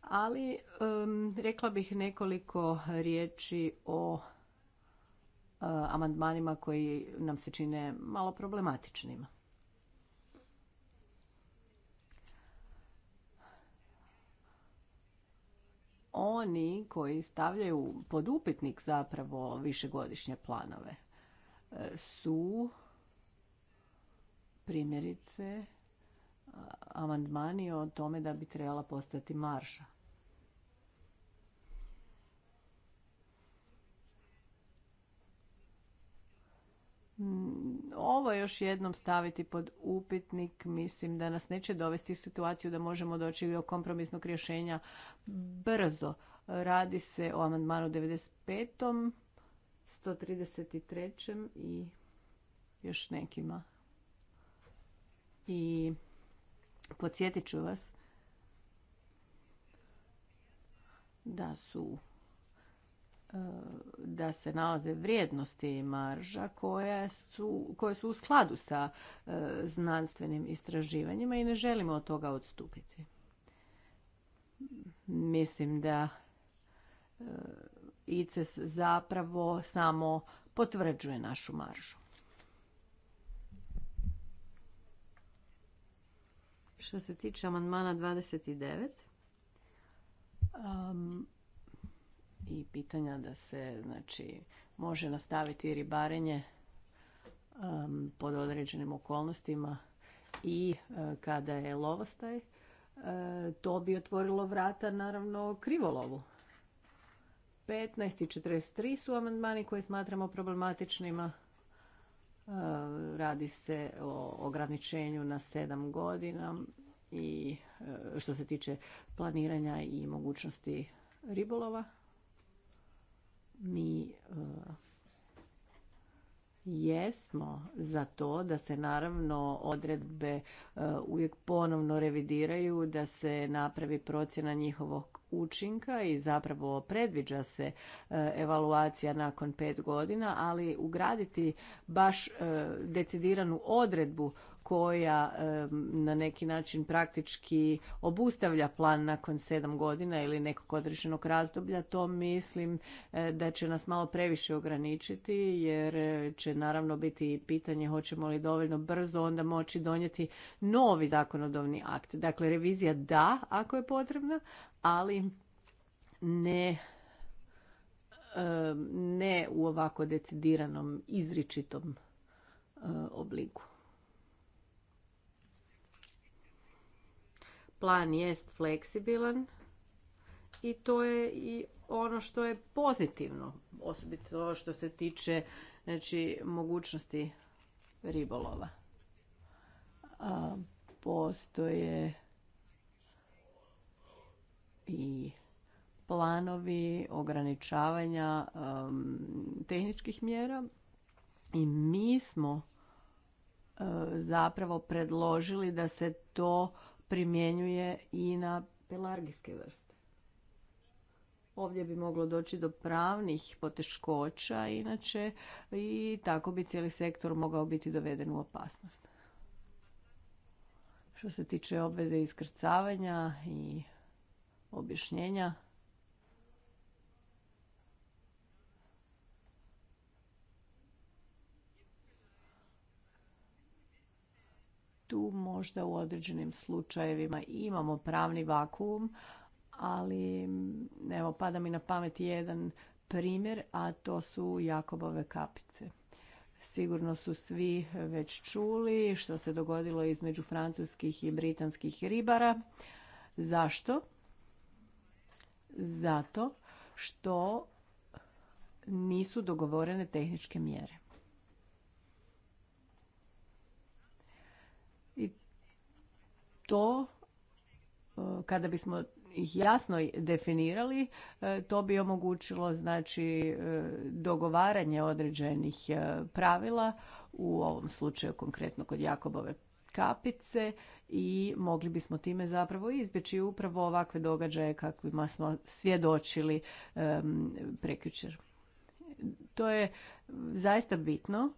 Ali rekla bih nekoliko riječi o e, amandmanima koji nam se čine malo problematičnima. oni koji stavljaju pod upitnik zapravo višegodišnje planove e, su primjerice amandmani o tome da bi trebala postati marža. ovo još jednom staviti pod upitnik mislim da nas neće dovesti u situaciju da možemo doći do kompromisnog rješenja brzo. Radi se o amandmanu 95. 133. i još nekima. I podsjetit ću vas da su da se nalaze vrijednosti marža koje su, koje su u skladu sa e, znanstvenim istraživanjima i ne želimo od toga odstupiti. Mislim da e, ICES zapravo samo potvrđuje našu maržu. Što se tiče amandmana 29, um, i pitanja da se znači, može nastaviti ribarenje um, pod određenim okolnostima i uh, kada je lovostaj, uh, to bi otvorilo vrata naravno krivolovu. 15 i 43 su amandmani koje smatramo problematičnima. Uh, radi se o ograničenju na sedam godina i što se tiče planiranja i mogućnosti ribolova. jesmo za to da se naravno odredbe e, uvijek ponovno revidiraju, da se napravi procjena njihovog učinka i zapravo predviđa se e, evaluacija nakon pet godina, ali ugraditi baš e, decidiranu odredbu koja na neki način praktički obustavlja plan nakon sedam godina ili nekog određenog razdoblja, to mislim e, da će nas malo previše ograničiti jer e, će naravno biti pitanje hoćemo li dovoljno brzo onda moći donijeti novi zakonodavni akt. Dakle, revizija da ako je potrebna, ali ne ne u ovako decidiranom, izričitom e, obliku. plan jest fleksibilan i to je i ono što je pozitivno, osobito što se tiče znači, mogućnosti ribolova. A postoje i planovi ograničavanja um, tehničkih mjera i mi smo uh, zapravo predložili da se to primjenjuje i na pelargijske vrste. Ovdje bi moglo doći do pravnih poteškoća, inače i tako bi cijeli sektor mogao biti doveden u opasnost. Što se tiče obveze iskrcavanja i objašnjenja, tu možda u određenim slučajevima imamo pravni vakuum, ali evo pada mi na pamet jedan primjer, a to su Jakobove kapice. Sigurno su svi već čuli što se dogodilo između francuskih i britanskih ribara. Zašto? Zato što nisu dogovorene tehničke mjere. to e, kada bismo ih jasno definirali, e, to bi omogućilo znači e, dogovaranje određenih pravila u ovom slučaju konkretno kod Jakobove kapice i mogli bismo time zapravo izbjeći upravo ovakve događaje kakvima smo svjedočili prekjučer. To je zaista bitno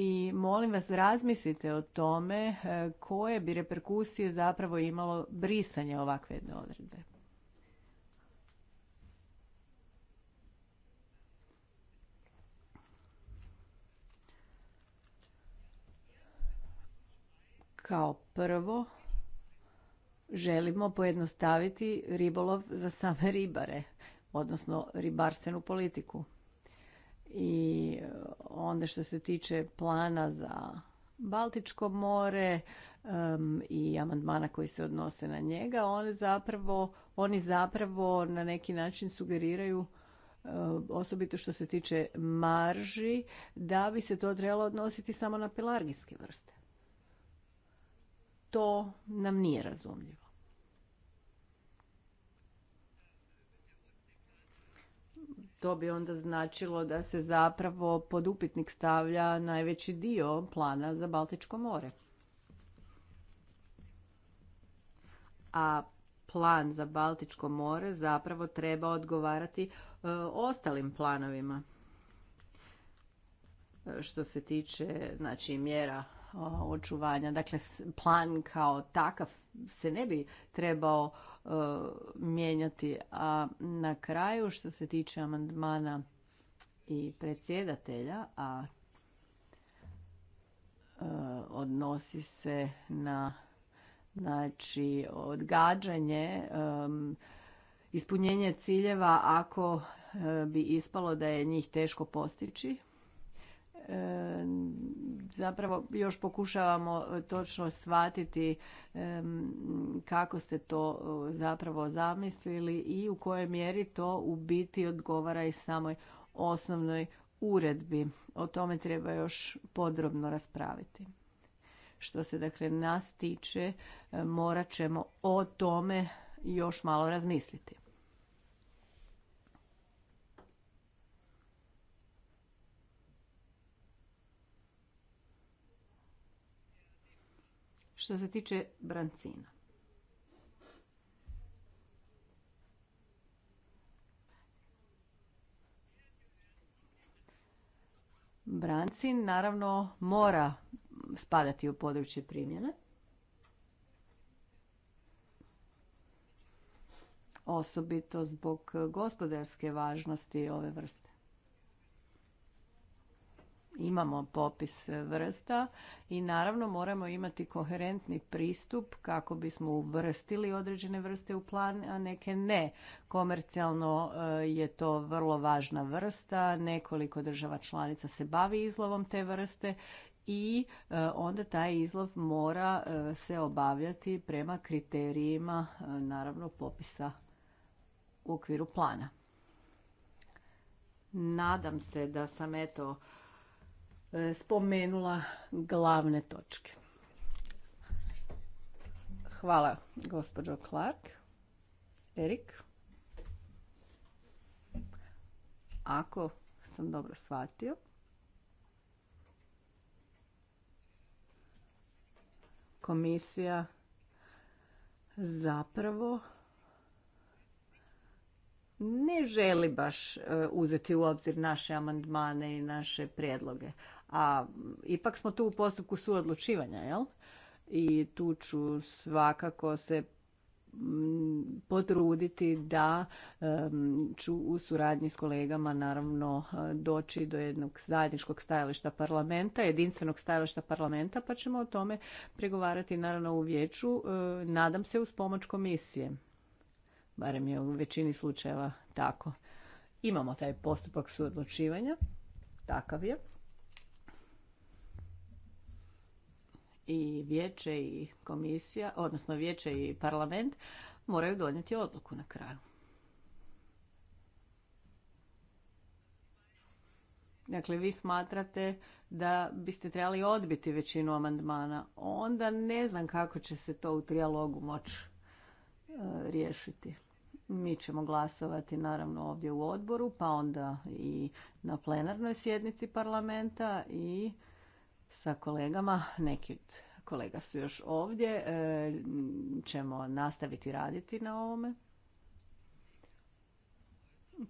i molim vas razmislite o tome e, koje bi reperkusije zapravo imalo brisanje ovakve jedne odredbe. Kao prvo, želimo pojednostaviti ribolov za same ribare, odnosno ribarstvenu politiku. I e, onda što se tiče plana za Baltičko more i amandmana koji se odnose na njega, zapravo, oni zapravo na neki način sugeriraju e, osobito što se tiče marži, da bi se to trebalo odnositi samo na pelargijske vrste. To nam nije razumljivo. to bi onda značilo da se zapravo pod upitnik stavlja najveći dio plana za Baltičko more. A plan za Baltičko more zapravo treba odgovarati e, ostalim planovima. E, što se tiče znači, mjera očuvanja. Dakle, plan kao takav se ne bi trebao e, mijenjati. A na kraju, što se tiče amandmana i predsjedatelja, a e, odnosi se na znači, odgađanje e, ispunjenje ciljeva ako bi ispalo da je njih teško postići zapravo još pokušavamo točno shvatiti kako ste to e, zapravo zamislili i u kojoj mjeri to u biti odgovara i samoj osnovnoj uredbi. O tome treba još podrobno raspraviti. Što se dakle nas tiče, e, morat ćemo o tome još malo razmisliti. što se tiče brancina. Brancin naravno mora spadati u područje primjene. Osobito zbog gospodarske važnosti ove vrste imamo popis vrsta i naravno moramo imati koherentni pristup kako bismo uvrstili određene vrste u plan, a neke ne. Komercijalno e, je to vrlo važna vrsta, nekoliko država članica se bavi izlovom te vrste i e, onda taj izlov mora e, se obavljati prema kriterijima naravno popisa u okviru plana. Nadam se da sam eto E, spomenula glavne točke. Hvala, gospođo Clark. Erik? Ako sam dobro shvatio. Komisija zapravo ne želi baš e, uzeti u obzir naše amandmane i naše prijedloge a ipak smo tu u postupku suodlučivanja, jel? I tu ću svakako se mm, potruditi da ću u suradnji s kolegama naravno eh, doći do jednog zajedničkog stajališta parlamenta, jedinstvenog stajališta parlamenta, pa ćemo o tome pregovarati naravno u vijeću, eh, nadam se uz pomoć komisije. Barem je u većini slučajeva tako. Imamo taj postupak suodlučivanja, takav je. i vijeće i komisija, odnosno vijeće i parlament moraju donijeti odluku na kraju. Dakle, vi smatrate da biste trebali odbiti većinu amandmana. Onda ne znam kako će se to u trijalogu moći e, riješiti. Mi ćemo glasovati naravno ovdje u odboru, pa onda i na plenarnoj sjednici parlamenta i sa kolegama, neki kolega su još ovdje, e, ćemo nastaviti raditi na ovome.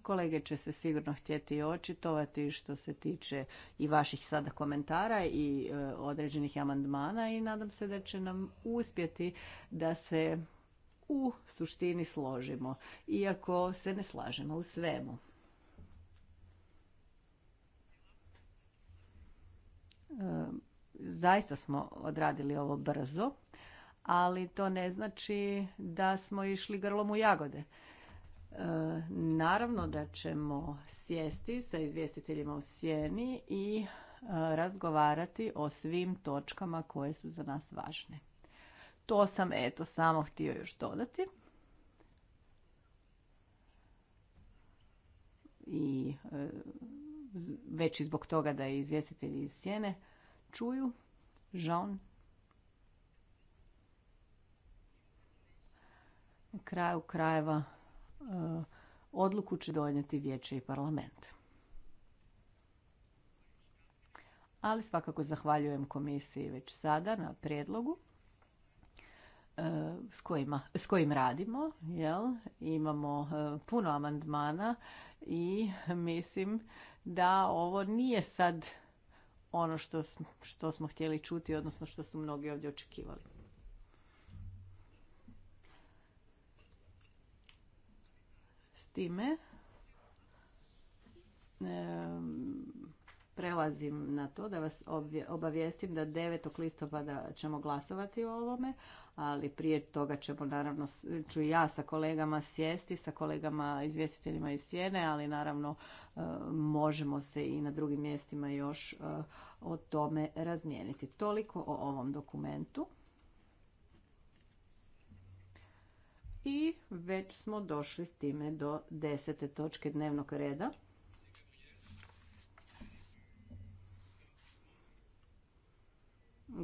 Kolege će se sigurno htjeti očitovati što se tiče i vaših sada komentara i e, određenih amandmana i nadam se da će nam uspjeti da se u suštini složimo, iako se ne slažemo u svemu. zaista smo odradili ovo brzo, ali to ne znači da smo išli grlom u jagode. E, naravno da ćemo sjesti sa izvjestiteljima u sjeni i e, razgovarati o svim točkama koje su za nas važne. To sam eto samo htio još dodati. I e, već i zbog toga da je izvjestitelj iz sjene čuju. žao. Na kraju krajeva e, odluku će donijeti vijeće i parlament. Ali svakako zahvaljujem komisiji već sada na prijedlogu e, s, s kojim radimo. Jel? Imamo e, puno amandmana i mislim da ovo nije sad ono što, što smo htjeli čuti, odnosno što su mnogi ovdje očekivali. S time prelazim na to da vas obavijestim da 9. listopada ćemo glasovati o ovome, ali prije toga ćemo naravno, ću ja sa kolegama sjesti, sa kolegama izvjestiteljima iz Sjene, ali naravno e, možemo se i na drugim mjestima još e, o tome razmijeniti. Toliko o ovom dokumentu. I već smo došli s time do desete točke dnevnog reda.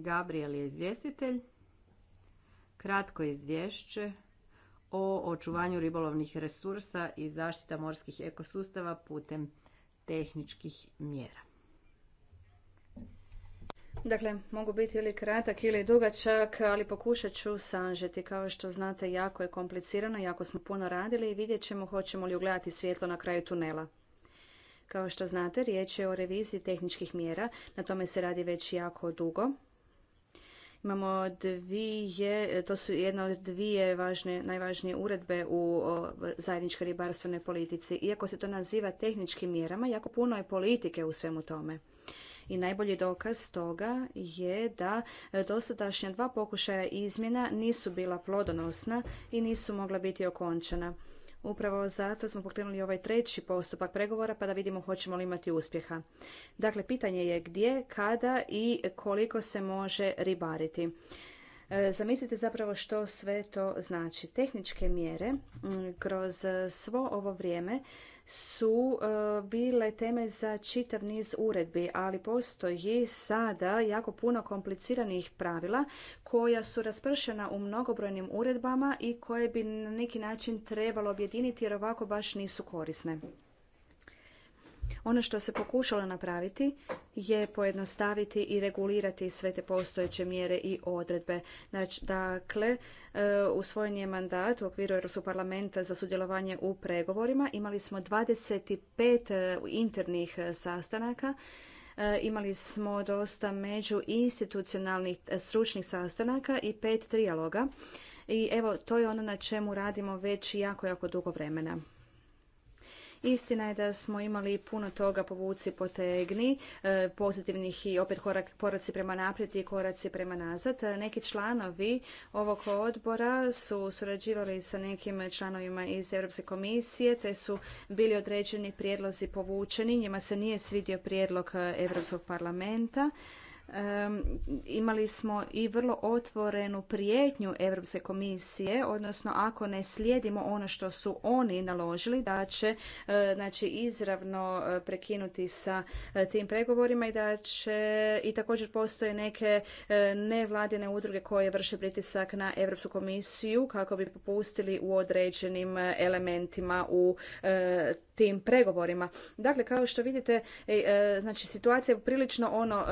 Gabriel je izvjestitelj. Kratko izvješće o očuvanju ribolovnih resursa i zaštita morskih ekosustava putem tehničkih mjera. Dakle, mogu biti ili kratak ili dugačak, ali pokušat ću sanžeti. Kao što znate, jako je komplicirano, jako smo puno radili i vidjet ćemo hoćemo li ugledati svjetlo na kraju tunela. Kao što znate, riječ je o reviziji tehničkih mjera, na tome se radi već jako dugo. Imamo dvije, to su jedna od dvije važne, najvažnije uredbe u zajedničkoj ribarstvenoj politici. Iako se to naziva tehničkim mjerama, jako puno je politike u svemu tome. I najbolji dokaz toga je da e, dosadašnja dva pokušaja izmjena nisu bila plodonosna i nisu mogla biti okončana. Upravo zato smo pokrenuli ovaj treći postupak pregovora pa da vidimo hoćemo li imati uspjeha. Dakle, pitanje je gdje, kada i koliko se može ribariti. E, zamislite zapravo što sve to znači. Tehničke mjere kroz svo ovo vrijeme su e, bile teme za čitav niz uredbi, ali postoji sada jako puno kompliciranih pravila koja su raspršena u mnogobrojnim uredbama i koje bi na neki način trebalo objediniti jer ovako baš nisu korisne. Ono što se pokušalo napraviti je pojednostaviti i regulirati sve te postojeće mjere i odredbe. Znači, dakle, e, usvojen je mandat u okviru Europskog parlamenta za sudjelovanje u pregovorima. Imali smo 25 e, internih e, sastanaka imali smo dosta međuinstitucionalnih stručnih sastanaka i pet trijaloga. I evo, to je ono na čemu radimo već jako, jako dugo vremena. Istina je da smo imali puno toga povuci potegni, e, pozitivnih i opet korak, koraci prema naprijed i koraci prema nazad. E, neki članovi ovog odbora su surađivali sa nekim članovima iz Europske komisije, te su bili određeni prijedlozi povučeni. Njima se nije svidio prijedlog e, Europskog parlamenta imali smo i vrlo otvorenu prijetnju Europske komisije, odnosno ako ne slijedimo ono što su oni naložili, da će e, znači, izravno e, prekinuti sa e, tim pregovorima i da će i također postoje neke nevladine udruge koje vrše pritisak na Europsku komisiju kako bi popustili u određenim elementima u tim pregovorima. Dakle, kao što vidite, znači situacija je prilično ono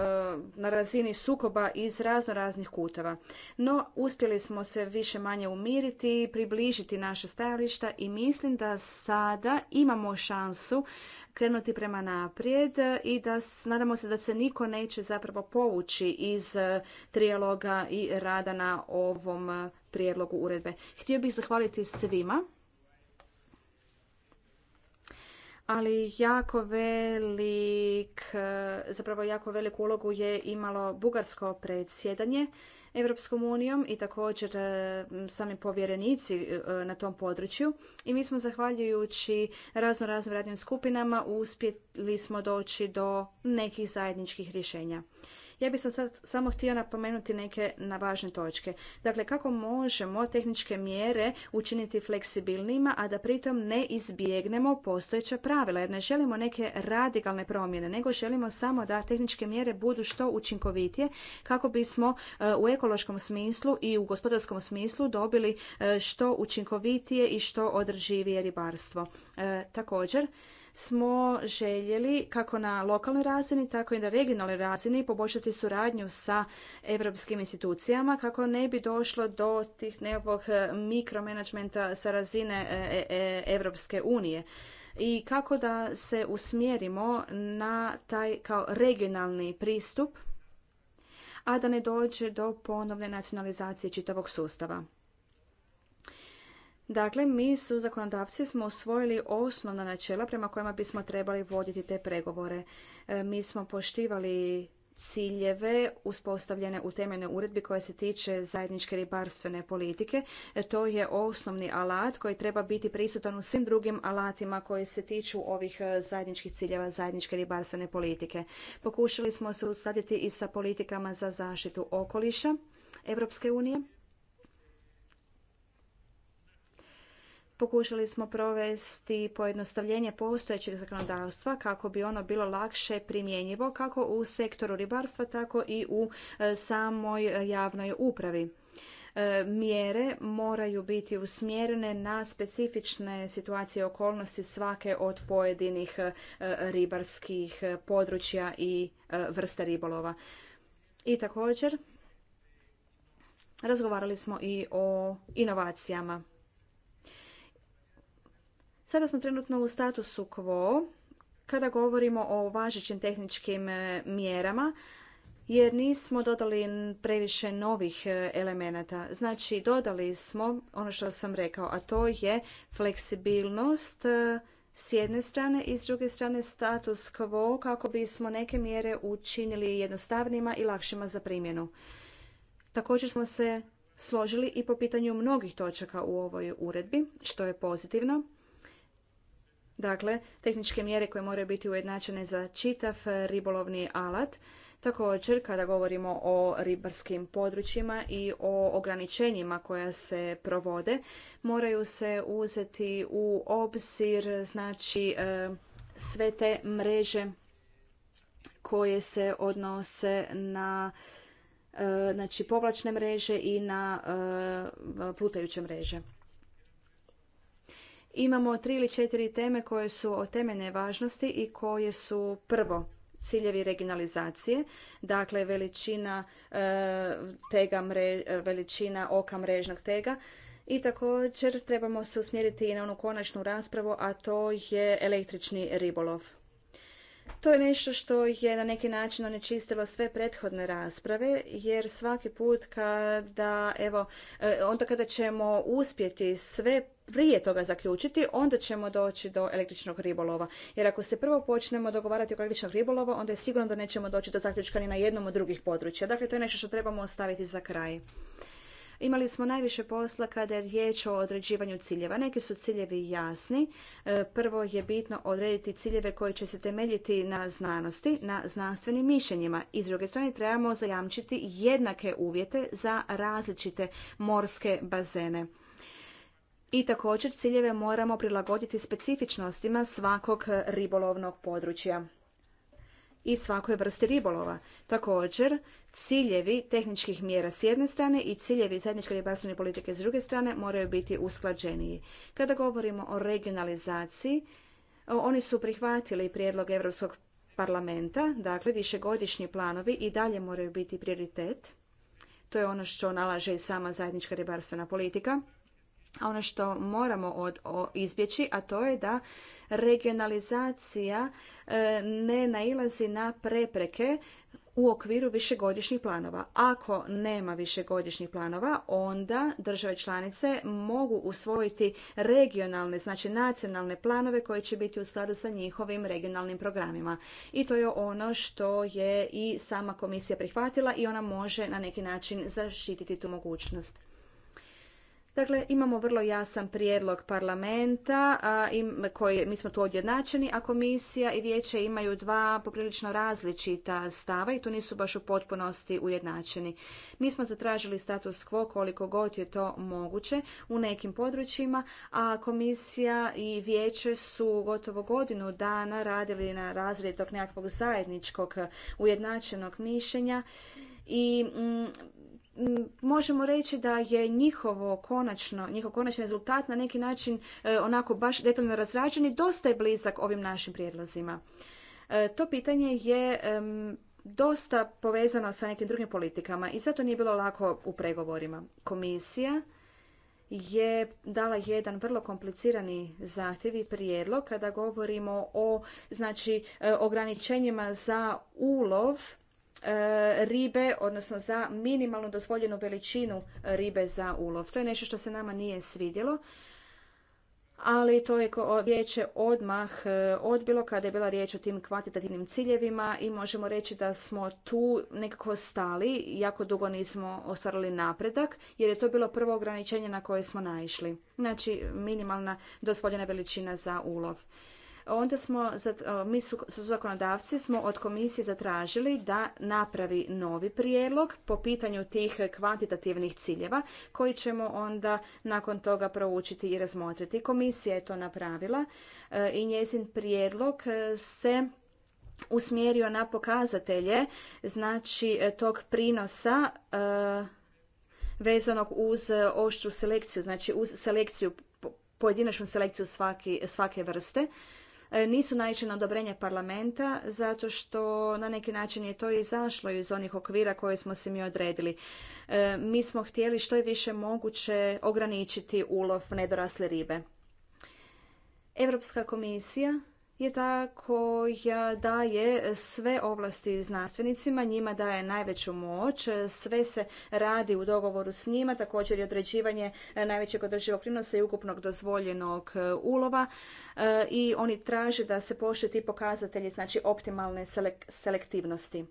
na razini sukoba iz razno raznih kutova. No, uspjeli smo se više manje umiriti, približiti naše stajališta i mislim da sada imamo šansu krenuti prema naprijed i da nadamo se da se niko neće zapravo povući iz e, trijaloga i rada na ovom e, prijedlogu uredbe. Htio bih zahvaliti svima ali jako velik, zapravo jako veliku ulogu je imalo bugarsko predsjedanje Europskom unijom i također e, sami povjerenici e, na tom području. I mi smo zahvaljujući razno raznim radnim skupinama uspjeli smo doći do nekih zajedničkih rješenja. Ja bih sam sad samo htio napomenuti neke na važne točke. Dakle, kako možemo tehničke mjere učiniti fleksibilnijima, a da pritom ne izbjegnemo postojeća pravila, jer ne želimo neke radikalne promjene, nego želimo samo da tehničke mjere budu što učinkovitije kako bismo e, u ekološkom smislu i u gospodarskom smislu dobili e, što učinkovitije i što održivije ribarstvo. E, također, smo željeli kako na lokalnoj razini, tako i na regionalnoj razini poboljšati suradnju sa europskim institucijama kako ne bi došlo do tih nekakvog mikromanagementa sa razine Europske e, e, unije i kako da se usmjerimo na taj kao regionalni pristup, a da ne dođe do ponovne nacionalizacije čitavog sustava. Dakle, mi su zakonodavci smo usvojili osnovna načela prema kojima bismo trebali voditi te pregovore. E, mi smo poštivali ciljeve uspostavljene u temeljnoj uredbi koja se tiče zajedničke ribarstvene politike. E, to je osnovni alat koji treba biti prisutan u svim drugim alatima koji se tiču ovih e, zajedničkih ciljeva zajedničke ribarstvene politike. Pokušali smo se uskladiti i sa politikama za zaštitu okoliša Europske unije Pokušali smo provesti pojednostavljenje postojećeg zakonodavstva kako bi ono bilo lakše primjenjivo kako u sektoru ribarstva tako i u e, samoj javnoj upravi e, mjere moraju biti usmjerene na specifične situacije i okolnosti svake od pojedinih e, ribarskih područja i vrsta ribolova. I također razgovarali smo i o inovacijama. Sada smo trenutno u statusu quo kada govorimo o važećim tehničkim e, mjerama jer nismo dodali previše novih e, elemenata. Znači, dodali smo ono što sam rekao, a to je fleksibilnost e, s jedne strane i s druge strane status quo kako bismo neke mjere učinili jednostavnima i lakšima za primjenu. Također smo se složili i po pitanju mnogih točaka u ovoj uredbi, što je pozitivno. Dakle, tehničke mjere koje moraju biti ujednačene za čitav ribolovni alat. Također, kada govorimo o ribarskim područjima i o ograničenjima koja se provode, moraju se uzeti u obzir znači, e, sve te mreže koje se odnose na e, znači, povlačne mreže i na e, plutajuće mreže imamo tri ili četiri teme koje su od temene važnosti i koje su prvo ciljevi regionalizacije, dakle veličina e, tega, veličina oka mrežnog tega, i također trebamo se usmjeriti i na onu konačnu raspravu, a to je električni ribolov. To je nešto što je na neki način onečistilo sve prethodne rasprave, jer svaki put kada, evo, e, onda kada ćemo uspjeti sve prije toga zaključiti, onda ćemo doći do električnog ribolova. Jer ako se prvo počnemo dogovarati o električnog ribolova, onda je sigurno da nećemo doći do zaključka ni na jednom od drugih područja. Dakle, to je nešto što trebamo ostaviti za kraj. Imali smo najviše posla kada je riječ o određivanju ciljeva. Neki su ciljevi jasni. E, prvo je bitno odrediti ciljeve koji će se temeljiti na znanosti, na znanstvenim mišljenjima. I s druge strane trebamo zajamčiti jednake uvjete za različite morske bazene i također ciljeve moramo prilagoditi specifičnostima svakog ribolovnog područja i svakoj vrsti ribolova. Također, ciljevi tehničkih mjera s jedne strane i ciljevi zajedničke ribarstvene politike s druge strane moraju biti usklađeniji. Kada govorimo o regionalizaciji, oni su prihvatili prijedlog Europskog parlamenta, dakle višegodišnji planovi i dalje moraju biti prioritet. To je ono što nalaže i sama zajednička ribarstvena politika a ono što moramo od, izbjeći, a to je da regionalizacija e, ne nailazi na prepreke u okviru višegodišnjih planova. Ako nema višegodišnjih planova, onda države članice mogu usvojiti regionalne, znači nacionalne planove koji će biti u skladu sa njihovim regionalnim programima. I to je ono što je i sama komisija prihvatila i ona može na neki način zaštititi tu mogućnost. Dakle, imamo vrlo jasan prijedlog parlamenta, a, koji, mi smo tu odjednačeni, a komisija i vijeće imaju dva poprilično različita stava i tu nisu baš u potpunosti ujednačeni. Mi smo zatražili status quo koliko god je to moguće u nekim područjima, a komisija i vijeće su gotovo godinu dana radili na razredu tog nekakvog zajedničkog ujednačenog mišljenja i mm, možemo reći da je njihovo konačno, njihov konačni rezultat na neki način e, onako baš detaljno razrađen i dosta je blizak ovim našim prijedlozima. E, to pitanje je dosta povezano sa nekim drugim politikama i zato nije bilo lako u pregovorima. Komisija je dala jedan vrlo komplicirani zahtjev i prijedlog kada govorimo o znači, e, ograničenjima za ulov E, ribe, odnosno za minimalnu dozvoljenu veličinu e, ribe za ulov. To je nešto što se nama nije svidjelo ali to je vijeće odmah e, odbilo kada je bila riječ o tim kvantitativnim ciljevima i možemo reći da smo tu nekako stali, jako dugo nismo ostvarili napredak jer je to bilo prvo ograničenje na koje smo naišli. Znači minimalna dozvoljena veličina za ulov onda smo, e, mi zakonodavci smo od komisije zatražili da napravi novi prijedlog po pitanju tih kvantitativnih ciljeva koji ćemo onda nakon toga proučiti i razmotriti. Komisija je to napravila e, i njezin prijedlog e, se usmjerio na pokazatelje znači tog prinosa vezanog uz ošću selekciju, znači uz selekciju pojedinačnu selekciju svake vrste E, nisu naišli na odobrenje parlamenta zato što na neki način je to izašlo iz onih okvira koje smo se mi odredili. E, mi smo htjeli što je više moguće ograničiti ulov nedorasle ribe. Europska komisija je ta koja daje sve ovlasti znanstvenicima, njima daje najveću moć, sve se radi u dogovoru s njima, također i određivanje najvećeg održivog prinosa i ukupnog dozvoljenog e, ulova e, i oni traže da se poštuju ti pokazatelji, znači optimalne selektivnosti.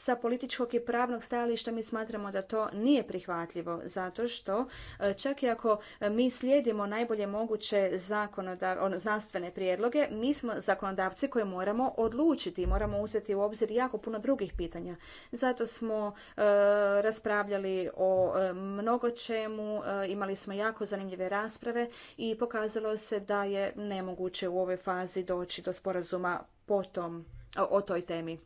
Sa političkog i pravnog stajališta mi smatramo da to nije prihvatljivo zato što e, čak i ako e, mi slijedimo najbolje moguće ono, znanstvene prijedloge, mi smo zakonodavci koje moramo odlučiti i moramo uzeti u obzir jako puno drugih pitanja. Zato smo e, raspravljali o mnogo čemu, imali smo jako zanimljive rasprave i pokazalo se da je nemoguće u ovoj fazi doći do sporazuma o toj temi.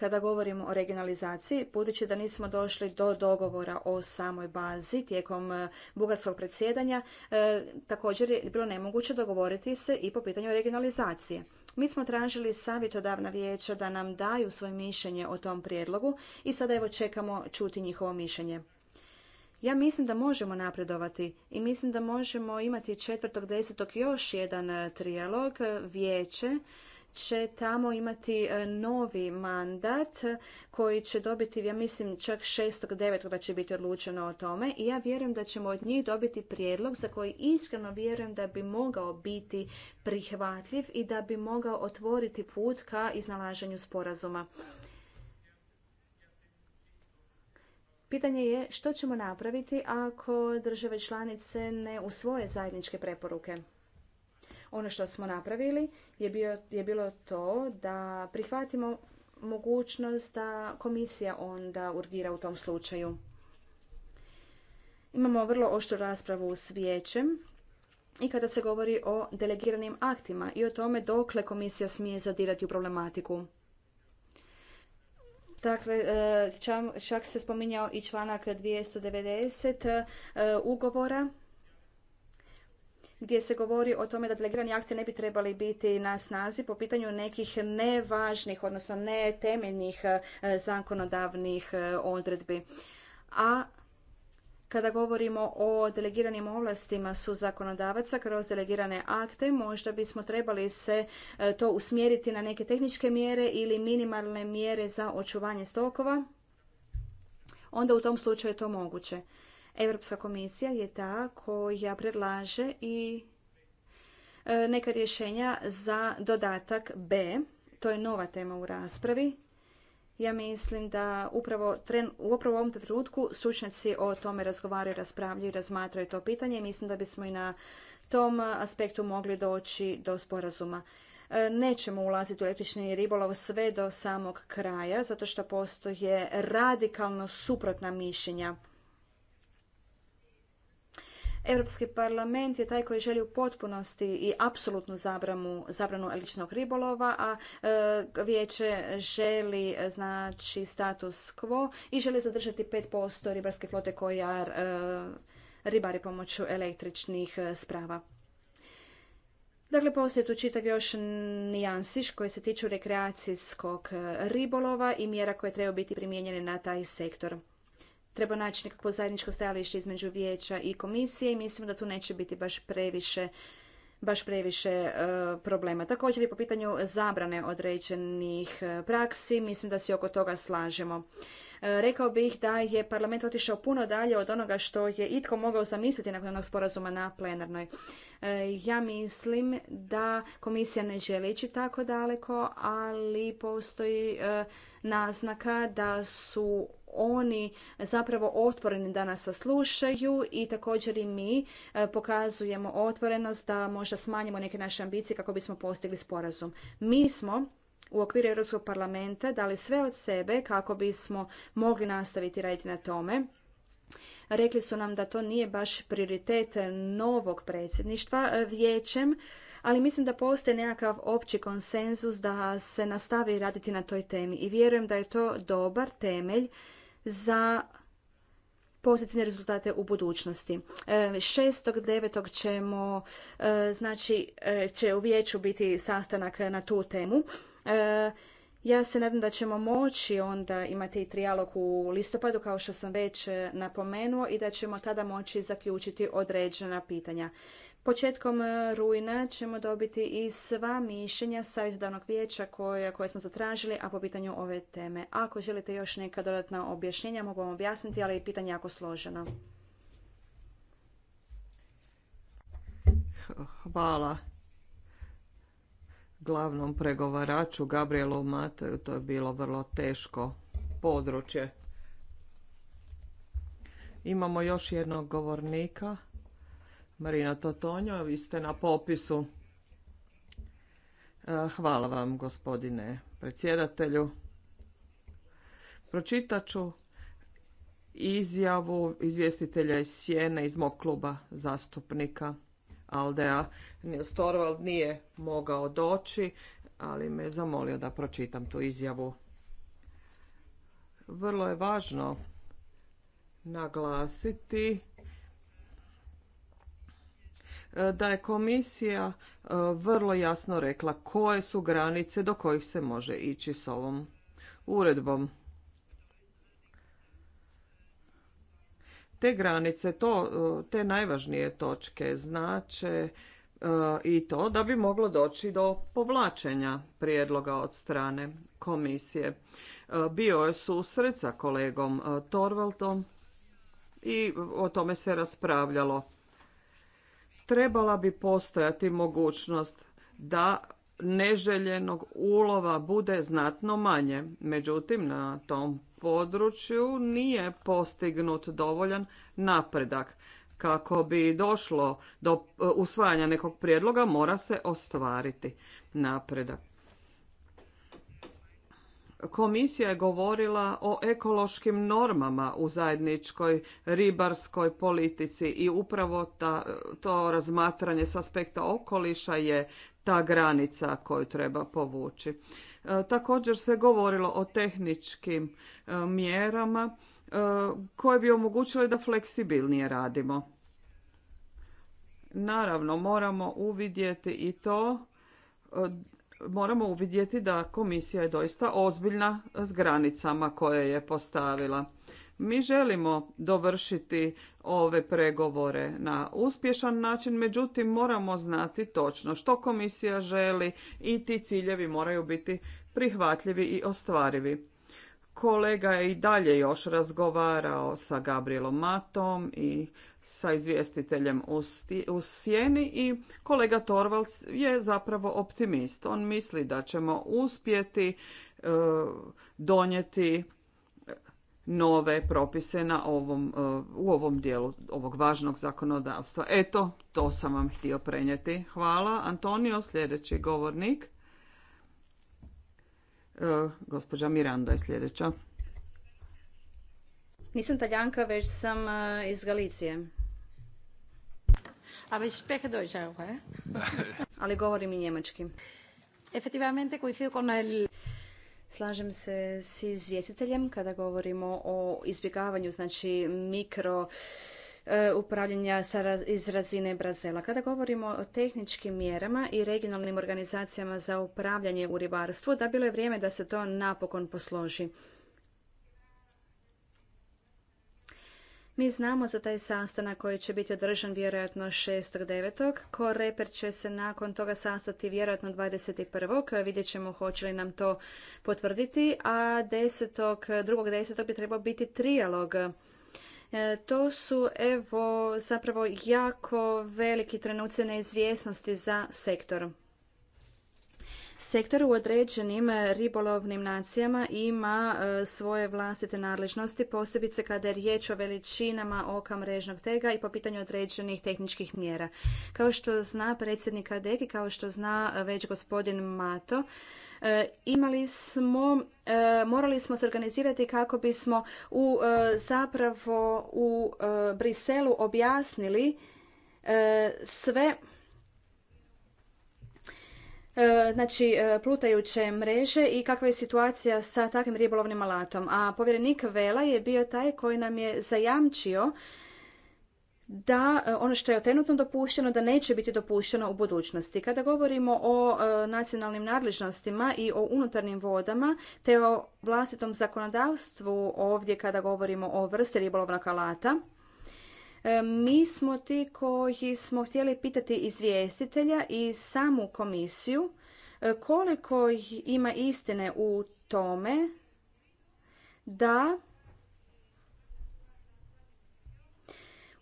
Kada govorimo o regionalizaciji, budući da nismo došli do dogovora o samoj bazi tijekom e, bugarskog predsjedanja, e, također je bilo nemoguće dogovoriti se i po pitanju regionalizacije. Mi smo tražili savjetodavna vijeća da nam daju svoje mišljenje o tom prijedlogu i sada evo čekamo čuti njihovo mišljenje. Ja mislim da možemo napredovati i mislim da možemo imati 4.10. još jedan trijalog e, vijeće će tamo imati e, novi mandat koji će dobiti, ja mislim, čak 6.9. kada će biti odlučeno o tome i ja vjerujem da ćemo od njih dobiti prijedlog za koji iskreno vjerujem da bi mogao biti prihvatljiv i da bi mogao otvoriti put ka iznalaženju sporazuma. Pitanje je što ćemo napraviti ako države članice ne usvoje zajedničke preporuke. Ono što smo napravili je, bio, je bilo to da prihvatimo mogućnost da komisija onda urgira u tom slučaju. Imamo vrlo oštru raspravu s vijećem i kada se govori o delegiranim aktima i o tome dokle komisija smije zadirati u problematiku. Dakle, e, čak se spominjao i članak 290 e, ugovora gdje se govori o tome da delegirani akti ne bi trebali biti na snazi po pitanju nekih nevažnih, odnosno netemeljnih e, zakonodavnih e, odredbi. A kada govorimo o delegiranim ovlastima su zakonodavaca kroz delegirane akte, možda bismo trebali se e, to usmjeriti na neke tehničke mjere ili minimalne mjere za očuvanje stokova. Onda u tom slučaju je to moguće. Europska komisija je ta koja predlaže i e, neka rješenja za dodatak B. To je nova tema u raspravi. Ja mislim da upravo, tren, upravo u ovom trenutku stručnjaci o tome razgovaraju, raspravljaju i razmatraju to pitanje mislim da bismo i na tom aspektu mogli doći do sporazuma. E, nećemo ulaziti u električni ribolov sve do samog kraja, zato što postoje radikalno suprotna mišljenja Europski parlament je taj koji želi u potpunosti i apsolutnu zabranu, zabranu ličnog ribolova, a e, vijeće želi e, znači status quo i želi zadržati 5% ribarske flote koja e, ribari pomoću električnih sprava. Dakle, poslije tu čitak još nijansiš koji se tiču rekreacijskog ribolova i mjera koje trebaju biti primijenjene na taj sektor treba naći nekakvo zajedničko stajalište između vijeća i komisije i mislim da tu neće biti baš previše baš previše e, problema. Također i po pitanju zabrane određenih e, praksi, mislim da se oko toga slažemo. E, rekao bih da je parlament otišao puno dalje od onoga što je itko mogao zamisliti nakon onog sporazuma na plenarnoj. ja mislim da komisija ne želi ići tako daleko, ali postoji naznaka da su oni zapravo otvoreni da nas saslušaju i također i mi e, pokazujemo otvorenost da možda smanjimo neke naše ambicije kako bismo postigli sporazum. Mi smo u okviru Europskog parlamenta dali sve od sebe kako bismo mogli nastaviti raditi na tome. Rekli su nam da to nije baš prioritet novog predsjedništva e, vijećem, ali mislim da postoji nekakav opći konsenzus da se nastavi raditi na toj temi i vjerujem da je to dobar temelj za pozitivne rezultate u budućnosti. 6.9. E, ćemo, e, znači, e, će u vijeću biti sastanak na tu temu. Ja se nadam da ćemo moći onda imati trijalog u listopadu, kao što sam već napomenuo, i da ćemo tada moći zaključiti određena pitanja. Početkom e, rujna ćemo dobiti i sva mišljenja savjetodavnog vijeća koje, koje smo zatražili, a po pitanju ove teme. Ako želite još neka dodatna objašnjenja, mogu vam objasniti, ali je pitanje jako složeno. Hvala glavnom pregovaraču Gabrielu Mateju. To je bilo vrlo teško područje. Imamo još jednog govornika. Marina Totonjo, vi ste na popisu. E, hvala vam, gospodine predsjedatelju. Pročitat ću izjavu izvjestitelja iz Sjene iz mog kluba zastupnika Aldea. Nils nije mogao doći, ali me zamolio da pročitam tu izjavu. Vrlo je važno naglasiti E, da je komisija e, vrlo jasno rekla koje su granice do kojih se može ići s ovom uredbom. Te granice, to, e, te najvažnije točke znače i to da bi moglo doći do povlačenja prijedloga od strane komisije. Bio je susret sa kolegom Torvaldom i o tome se raspravljalo trebala bi postojati mogućnost da neželjenog ulova bude znatno manje. Međutim, na tom području nije postignut dovoljan napredak. Kako bi došlo do e, usvajanja nekog prijedloga mora se ostvariti napredak. Komisija je govorila o ekološkim normama u zajedničkoj ribarskoj politici i upravo to razmatranje s aspekta okoliša je ta granica koju treba povući. E, također se govorilo o tehničkim e, mjerama e, koje bi omogućile da fleksibilnije radimo. Naravno, moramo uvidjeti i to moramo uvidjeti da komisija je doista ozbiljna s granicama koje je postavila. Mi želimo dovršiti ove pregovore na uspješan način, međutim moramo znati točno što komisija želi i ti ciljevi moraju biti prihvatljivi i ostvarivi. Kolega je i dalje još razgovarao sa Gabrielom Matom i sa izvjestiteljem u sjeni i kolega Torvalds je zapravo optimist. On misli da ćemo uspjeti e, donijeti nove propise na ovom, e, u ovom dijelu ovog važnog zakonodavstva. Eto, to sam vam htio prenijeti. Hvala. Antonio, sljedeći govornik. E, gospođa Miranda je sljedeća. Nisam Taljanka, već sam e, iz Galicije. A Ali govorim i njemački. Slažem se s izvjestiteljem kada govorimo o izbjegavanju znači mikro e, upravljanja sa iz razine Brazela. Kada govorimo o tehničkim mjerama i regionalnim organizacijama za upravljanje u ribarstvu, da bilo je vrijeme da se to napokon posloži. Mi znamo za taj sastanak koji će biti održan vjerojatno 6.9. Koreper će se nakon toga sastati vjerojatno 21. Vidjet ćemo hoće li nam to potvrditi, a 10. 2.10. bi trebao biti trijalog. E, to su evo zapravo jako veliki trenuci neizvjesnosti za sektor. Sektor u određenim e, ribolovnim nacijama ima e, svoje vlastite nadležnosti, posebice kada je riječ o veličinama oka mrežnog tega i po pitanju određenih tehničkih mjera. Kao što zna predsjednik i kao što zna e, već gospodin Mato, imali smo, morali smo se organizirati kako bismo u, zapravo u Briselu objasnili sve E, znači e, plutajuće mreže i kakva je situacija sa takvim ribolovnim alatom. A povjerenik Vela je bio taj koji nam je zajamčio da e, ono što je trenutno dopušteno da neće biti dopušteno u budućnosti. Kada govorimo o nacionalnim nadležnostima i o unutarnjim vodama te o vlastitom zakonodavstvu ovdje kada govorimo o vrsti ribolovnog alata, E, mi smo ti koji smo htjeli pitati izvjestitelja i samu komisiju e, koliko ima istine u tome da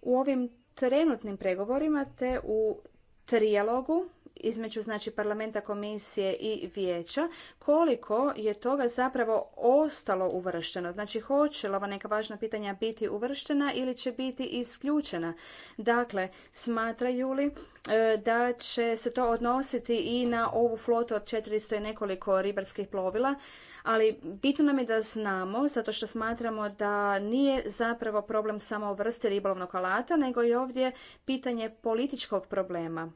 u ovim trenutnim pregovorima te u trijalogu između znači parlamenta, komisije i vijeća, koliko je toga zapravo ostalo uvršteno. Znači, hoće li ova neka važna pitanja biti uvrštena ili će biti isključena? Dakle, smatraju li e, da će se to odnositi i na ovu flotu od 400 i nekoliko ribarskih plovila, ali bitno nam je da znamo, zato što smatramo da nije zapravo problem samo vrste ribolovnog alata, nego i ovdje pitanje političkog problema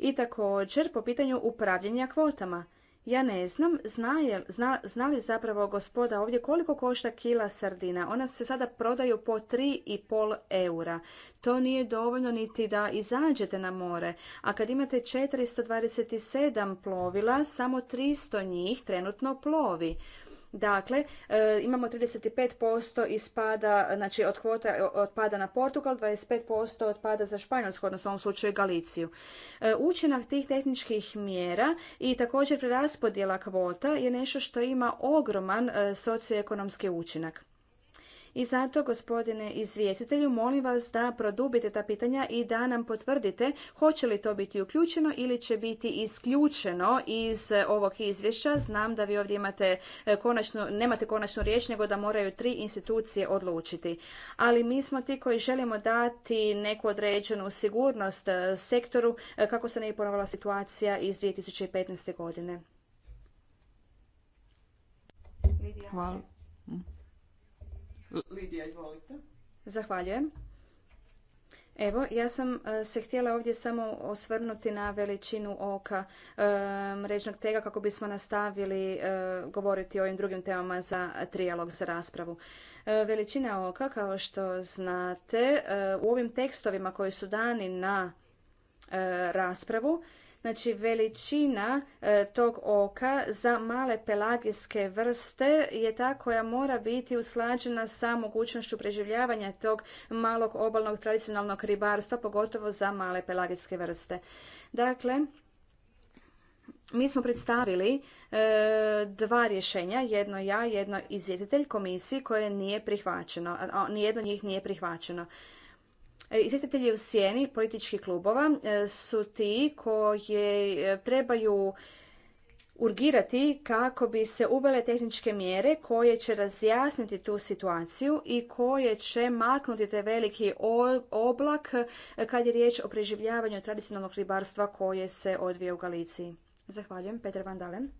i također po pitanju upravljanja kvotama. Ja ne znam, zna, je, li zapravo gospoda ovdje koliko košta kila sardina? Ona se sada prodaju po 3,5 eura. To nije dovoljno niti da izađete na more. A kad imate 427 plovila, samo 300 njih trenutno plovi. Dakle, e, imamo 35% ispada, znači od kvota otpada na Portugal, 25% otpada za Španjolsku, odnosno u ovom slučaju Galiciju. E, učinak tih tehničkih mjera i također preraspodjela kvota je nešto što ima ogroman e, socioekonomski učinak. I zato, gospodine izvjestitelju, molim vas da produbite ta pitanja i da nam potvrdite hoće li to biti uključeno ili će biti isključeno iz ovog izvješća. Znam da vi ovdje imate e, konačno, nemate konačnu riječ, nego da moraju tri institucije odlučiti. Ali mi smo ti koji želimo dati neku određenu sigurnost e, sektoru e, kako se ne bi ponovila situacija iz 2015. godine. Hvala. Lidija, izvolite. Zahvaljujem. Evo, ja sam e, se htjela ovdje samo osvrnuti na veličinu oka e, mrežnog tega kako bismo nastavili e, govoriti o ovim drugim temama za trijalog za raspravu. veličina oka, kao što znate, u ovim tekstovima koji su dani na raspravu, Znači veličina e, tog oka za male pelagijske vrste je ta koja mora biti uslađena sa mogućnošću preživljavanja tog malog obalnog tradicionalnog ribarstva, pogotovo za male pelagijske vrste. Dakle, mi smo predstavili e, dva rješenja, jedno ja, jedno izvjetitelj komisiji koje nije prihvaćeno, a nijedno njih nije prihvaćeno. E, izvjestitelji u sjeni političkih klubova e, su ti koji e, trebaju urgirati kako bi se uvele tehničke mjere koje će razjasniti tu situaciju i koje će maknuti te veliki oblak kad je riječ o preživljavanju tradicionalnog ribarstva koje se odvija u Galiciji. Zahvaljujem. Petar Van Dalen.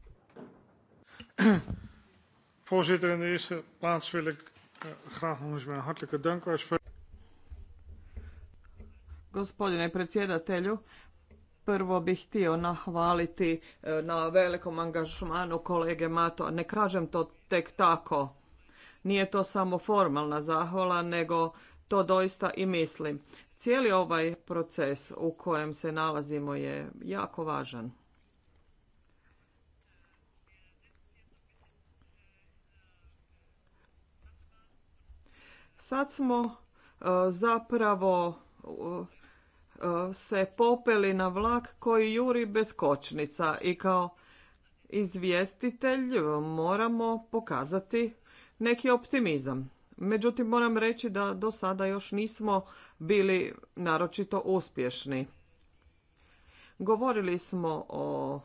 Voorzitter, in eerste plaats wil ik eh, graag nog hartelijke dank uitspreken. Gospodine predsjedatelju, prvo bih htio nahvaliti e, na velikom angažmanu kolege Mato. Ne kažem to tek tako. Nije to samo formalna zahvala, nego to doista i mislim. Cijeli ovaj proces u kojem se nalazimo je jako važan. Sad smo e, zapravo E, se popeli na vlak koji juri bez kočnica i kao izvjestitelj e, moramo pokazati neki optimizam. Međutim, moram reći da do sada još nismo bili naročito uspješni. Govorili smo o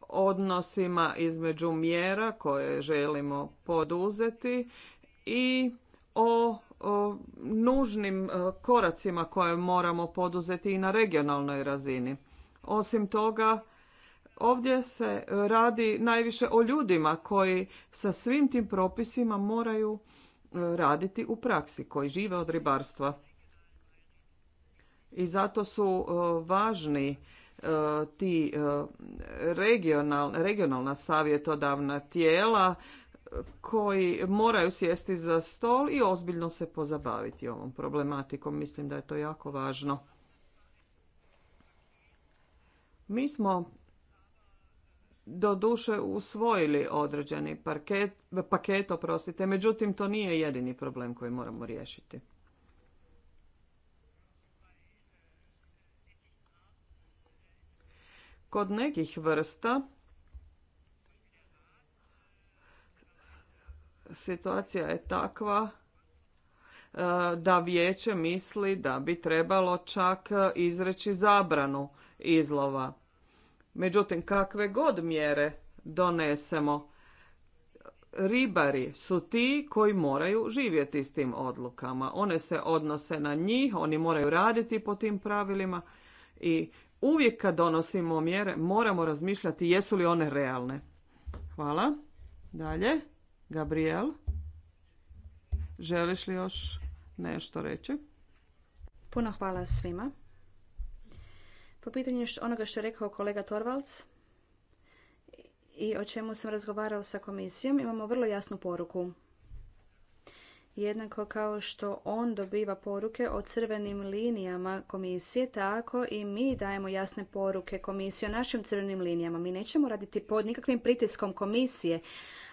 odnosima između mjera koje želimo poduzeti i o o nužnim e, koracima koje moramo poduzeti i na regionalnoj razini. Osim toga, ovdje se radi najviše o ljudima koji sa svim tim propisima moraju e, raditi u praksi, koji žive od ribarstva. I zato su e, važni ti regionalna savjetodavna tijela koji moraju sjesti za stol i ozbiljno se pozabaviti ovom problematikom. Mislim da je to jako važno. Mi smo doduše usvojili određeni parket, paket, oprostite, međutim to nije jedini problem koji moramo riješiti. Kod nekih vrsta situacija je takva e, da vijeće misli da bi trebalo čak izreći zabranu izlova. Međutim, kakve god mjere donesemo, ribari su ti koji moraju živjeti s tim odlukama. One se odnose na njih, oni moraju raditi po tim pravilima i uvijek kad donosimo mjere moramo razmišljati jesu li one realne. Hvala. Dalje. Gabriel, želiš li još nešto reći? Puno hvala svima. Po pitanju onoga što je rekao kolega Torvalds i o čemu sam razgovarao sa komisijom, imamo vrlo jasnu poruku. Jednako kao što on dobiva poruke o crvenim linijama komisije, tako i mi dajemo jasne poruke komisije o našim crvenim linijama. Mi nećemo raditi pod nikakvim pritiskom komisije,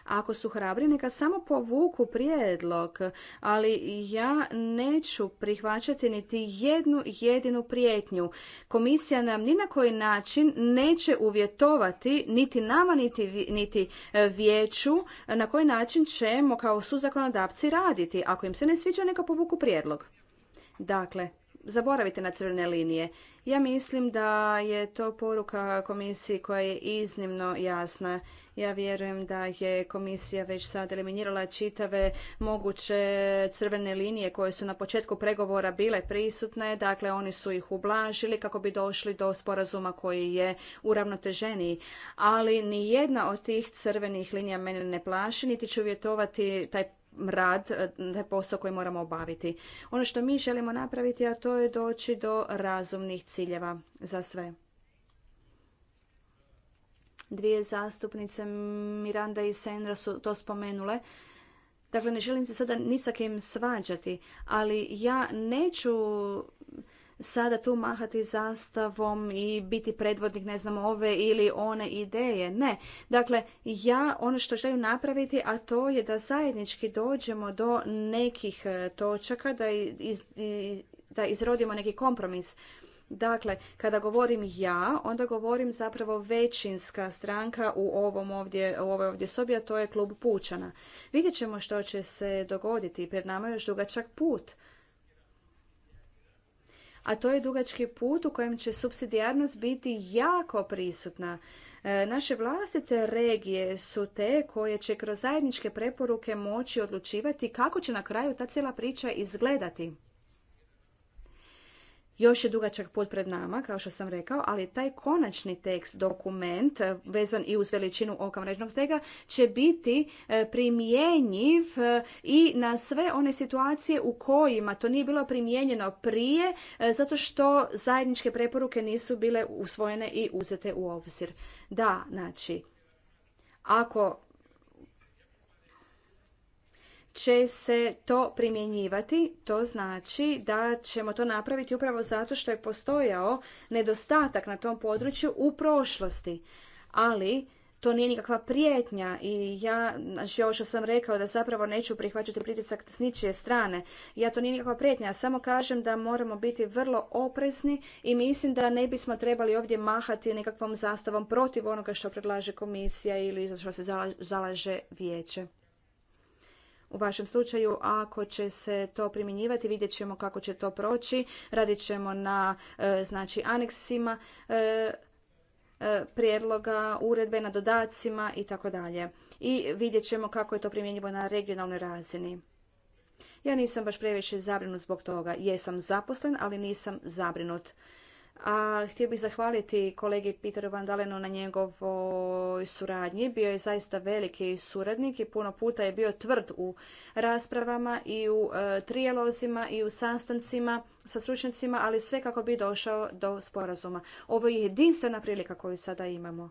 ako su hrabri, neka samo povuku prijedlog, ali ja neću prihvaćati niti jednu jedinu prijetnju. Komisija nam ni na koji način neće uvjetovati niti nama, niti, niti e, vijeću na koji način ćemo kao suzakonodavci raditi. Ako im se ne sviđa, neka povuku prijedlog. Dakle, zaboravite na crvene linije. Ja mislim da je to poruka komisiji koja je iznimno jasna. Ja vjerujem da je komisija već sad eliminirala čitave moguće crvene linije koje su na početku pregovora bile prisutne. Dakle, oni su ih ublažili kako bi došli do sporazuma koji je uravnoteženiji. Ali ni jedna od tih crvenih linija mene ne plaši, niti ću uvjetovati taj rad, e, taj posao koji moramo obaviti. Ono što mi želimo napraviti, a to je doći do razumnih ciljeva za sve. Dvije zastupnice Miranda i Sendra su to spomenule. Dakle, ne želim se sada ni sa kim svađati, ali ja neću sada tu mahati zastavom i biti predvodnik, ne znam, ove ili one ideje. Ne. Dakle, ja ono što želim napraviti, a to je da zajednički dođemo do nekih e, točaka, da, iz, da izrodimo neki kompromis. Dakle, kada govorim ja, onda govorim zapravo većinska stranka u ovom ovdje, u ovoj ovdje sobi, a to je klub Pučana. Vidjet ćemo što će se dogoditi. Pred nama je još dugačak put a to je dugački put u kojem će subsidijarnost biti jako prisutna. E, naše vlastite regije su te koje će kroz zajedničke preporuke moći odlučivati kako će na kraju ta cijela priča izgledati. Još je dugačak put pred nama, kao što sam rekao, ali taj konačni tekst, dokument, e, vezan i uz veličinu oka mrežnog tega, će biti e, primjenjiv e, i na sve one situacije u kojima to nije bilo primijenjeno prije, zato što zajedničke preporuke nisu bile usvojene i uzete u obzir. Da, znači, ako će se to primjenjivati. To znači da ćemo to napraviti upravo zato što je postojao nedostatak na tom području u prošlosti. Ali to nije nikakva prijetnja i ja, znači ovo što sam rekao da zapravo neću prihvaćati pritisak s ničije strane, ja to nije nikakva prijetnja, samo kažem da moramo biti vrlo oprezni i mislim da ne bismo trebali ovdje mahati nekakvom zastavom protiv onoga što predlaže komisija ili za što se zalaže vijeće u vašem slučaju, ako će se to primjenjivati, vidjet ćemo kako će to proći. Radit ćemo na e, znači, aneksima e, e, prijedloga, uredbe na dodacima i tako dalje. I vidjet ćemo kako je to primjenjivo na regionalnoj razini. Ja nisam baš previše zabrinut zbog toga. Jesam zaposlen, ali nisam zabrinut a htio bih zahvaliti kolegi Peteru Van na njegovoj suradnji. Bio je zaista veliki suradnik i puno puta je bio tvrd u raspravama i u trijelozima trijalozima i u sastancima sa stručnjacima, ali sve kako bi došao do sporazuma. Ovo je jedinstvena prilika koju sada imamo.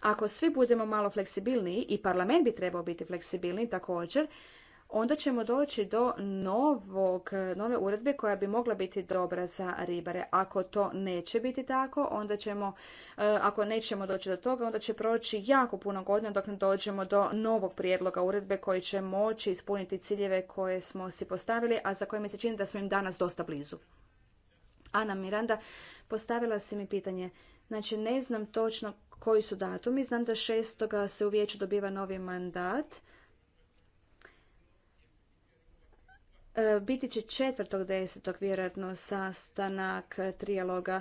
Ako svi budemo malo fleksibilniji i parlament bi trebao biti fleksibilniji također, onda ćemo doći do novog, nove uredbe koja bi mogla biti dobra za ribare. Ako to neće biti tako, onda ćemo, e, ako nećemo doći do toga, onda će proći jako puno godina dok ne dođemo do novog prijedloga uredbe koji će moći ispuniti ciljeve koje smo si postavili, a za koje mi se čini da smo im danas dosta blizu. Ana Miranda, postavila si mi pitanje. Znači, ne znam točno koji su datumi. Znam da šestoga se u vijeću dobiva novi mandat E, biti će četvrtog desetog vjerojatno sastanak trijaloga.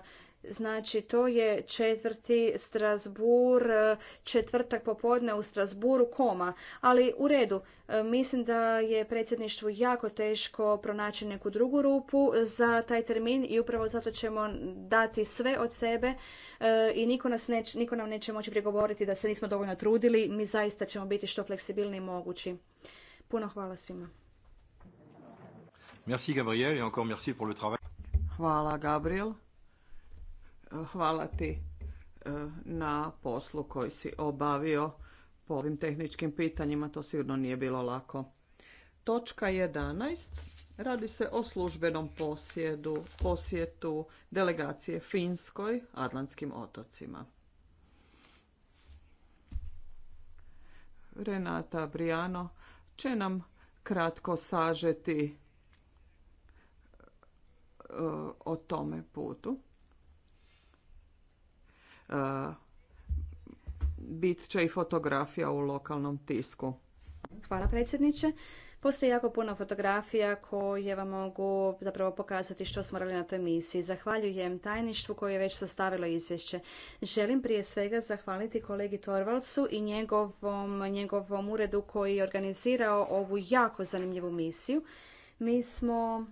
Znači, to je četvrti Strasbur, e, četvrtak popodne u Strasburu, koma. Ali u redu, e, mislim da je predsjedništvu jako teško pronaći neku drugu rupu za taj termin i upravo zato ćemo dati sve od sebe i niko, nas niko nam neće moći prigovoriti da se nismo dovoljno trudili. Mi zaista ćemo biti što fleksibilniji mogući. Puno hvala svima. Merci Gabriel et encore merci pour le travail. Hvala Gabriel. Hvala ti e, na poslu koji si obavio po ovim tehničkim pitanjima. To sigurno nije bilo lako. Točka 11. Radi se o službenom posjedu, posjetu delegacije Finskoj, Atlantskim otocima. Renata Briano će nam kratko sažeti o tome putu. E, bit će i fotografija u lokalnom tisku. Hvala predsjedniče. Postoji jako puno fotografija koje vam mogu zapravo pokazati što smo radili na toj misiji. Zahvaljujem tajništvu koje je već sastavilo izvješće. Želim prije svega zahvaliti kolegi Torvalcu i njegovom, njegovom uredu koji je organizirao ovu jako zanimljivu misiju. Mi smo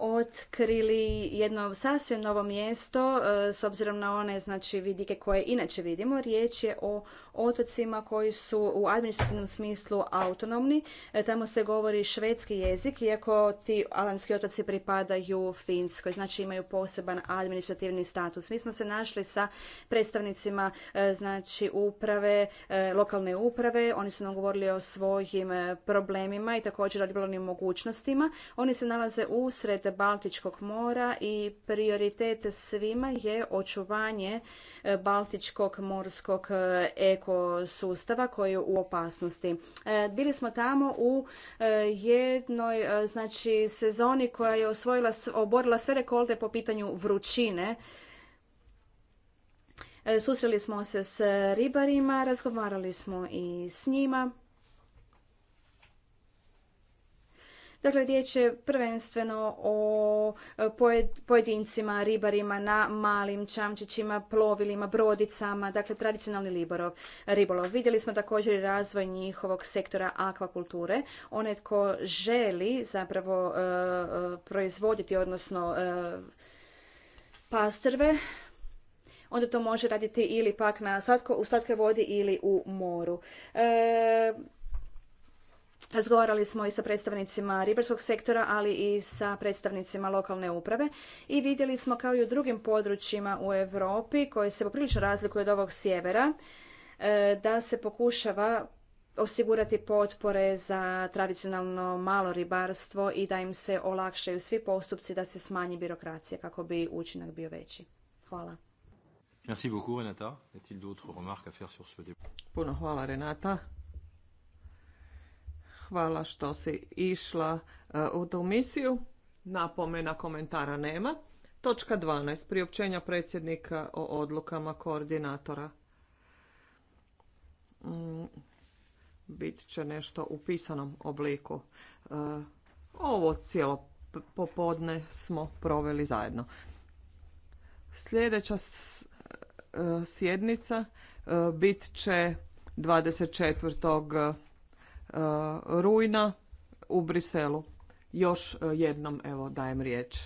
otkrili jedno sasvim novo mjesto e, s obzirom na one znači vidike koje inače vidimo. Riječ je o otocima koji su u administrativnom smislu autonomni. E, tamo se govori švedski jezik, iako ti alanski otoci pripadaju Finskoj, znači imaju poseban administrativni status. Mi smo se našli sa predstavnicima e, znači uprave, lokalne uprave, oni su nam govorili o svojim problemima i također o mogućnostima. Oni se nalaze usred Baltičkog mora i prioritet svima je očuvanje e, Baltičkog morskog e, ekosustava koji je u opasnosti. E, bili smo tamo u jednoj znači, sezoni koja je osvojila, oborila sve rekorde po pitanju vrućine. Susreli smo se s ribarima, razgovarali smo i s njima. Dakle, riječ je prvenstveno o e, pojedincima, ribarima na malim čamčićima, plovilima, brodicama, dakle tradicionalni ribolov. Vidjeli smo također i razvoj njihovog sektora akvakulture. Onaj tko želi zapravo e, e, proizvoditi, odnosno pastrve, onda to može raditi ili pak na slatko, u slatkoj vodi ili u moru. Razgovarali smo i sa predstavnicima ribarskog sektora, ali i sa predstavnicima lokalne uprave i vidjeli smo kao i u drugim područjima u Europi koje se poprilično razlikuju od ovog sjevera e, da se pokušava osigurati potpore za tradicionalno malo ribarstvo i da im se olakšaju svi postupci da se smanji birokracija kako bi učinak bio veći. Hvala. Renata. hvala Renata. Hvala što si išla e, u tu misiju. Napomena komentara nema. Točka 12. Priopćenja predsjednika o odlukama koordinatora. Mm, bit će nešto u pisanom obliku. E, ovo cijelo popodne smo proveli zajedno. Sljedeća e, sjednica bit će 24. E, rujna u Briselu. Još e, jednom evo dajem riječ.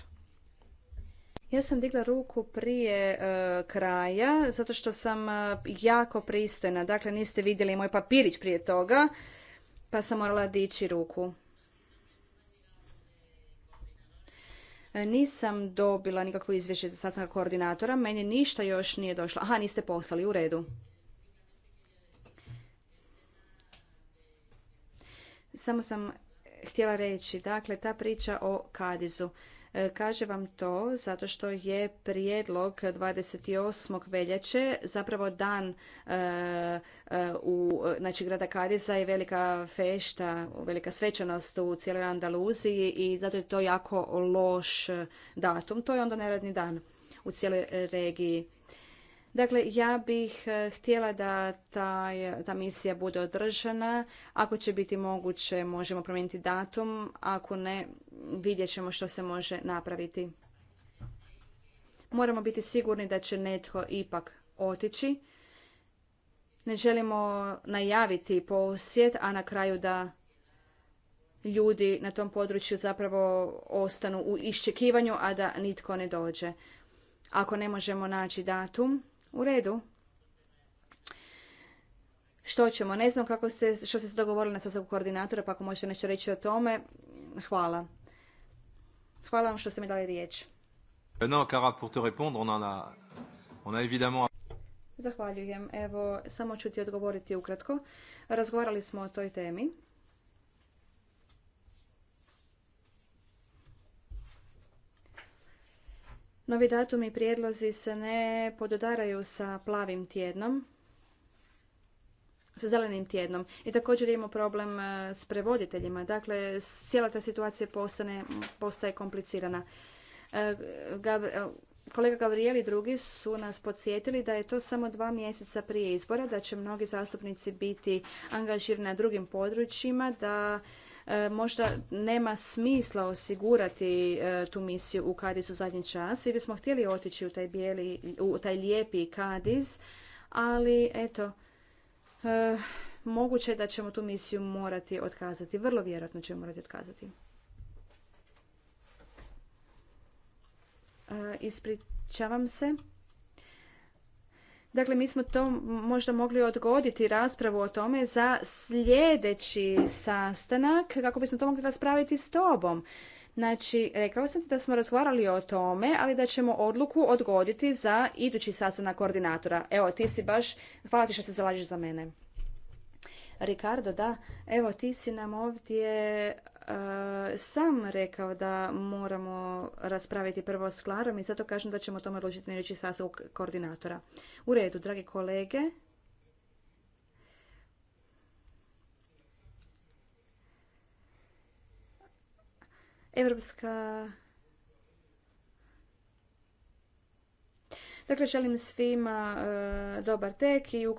Ja sam digla ruku prije e, kraja zato što sam jako pristojna. Dakle, niste vidjeli moj papirić prije toga, pa sam morala dići ruku. Nisam dobila nikakvo izvješće za sastanka koordinatora, meni ništa još nije došlo. Aha, niste poslali, u redu. Samo sam htjela reći, dakle, ta priča o Kadizu. E, kaže vam to zato što je prijedlog 28. veljače zapravo dan e, e, u znači grada Kadiza i velika fešta, velika svečanost u cijeloj Andaluziji i zato je to jako loš datum. To je onda neradni dan u cijeloj regiji. Dakle, ja bih e, htjela da ta ta misija bude održana. Ako će biti moguće, možemo promijeniti datum. Ako ne, vidjet ćemo što se može napraviti. Moramo biti sigurni da će netko ipak otići. Ne želimo najaviti posjet, a na kraju da ljudi na tom području zapravo ostanu u iščekivanju, a da nitko ne dođe. Ako ne možemo naći datum, u redu. Što ćemo? Ne znam kako se, što ste se dogovorili na sastavku koordinatora, pa ako možete nešto reći o tome, hvala. Hvala vam što ste mi dali riječ. No pour te répondre, on en a, on a évidemment... Zahvaljujem. Evo, samo ću ti odgovoriti ukratko. Razgovarali smo o toj temi. Novi datumi i prijedlozi se ne pododaraju sa plavim tjednom, sa zelenim tjednom. I također imamo problem e, s prevoditeljima. Dakle, cijela ta situacija postaje komplicirana. E, e, kolega Gavrijel i drugi su nas podsjetili da je to samo dva mjeseca prije izbora, da će mnogi zastupnici biti angažirani na drugim područjima, da E, možda nema smisla osigurati e, tu misiju u Kadizu u zadnji čas. Svi bismo htjeli otići u taj, bijeli, u taj lijepi Kadiz, ali eto, e, moguće je da ćemo tu misiju morati otkazati. Vrlo vjerojatno ćemo morati otkazati. ispričavam se. Dakle, mi smo to možda mogli odgoditi raspravu o tome za sljedeći sastanak, kako bismo to mogli raspraviti s tobom. Znači, rekao sam ti da smo razgovarali o tome, ali da ćemo odluku odgoditi za idući sastanak koordinatora. Evo, ti si baš, hvala ti što se zalažeš za mene. Ricardo, da, evo ti si nam ovdje E, sam rekao da moramo raspraviti prvo s Klarom i zato kažem da ćemo o tome odlučiti reći sastav koordinatora. U redu, dragi kolege. Evropska... Dakle, želim svima e, dobar tek i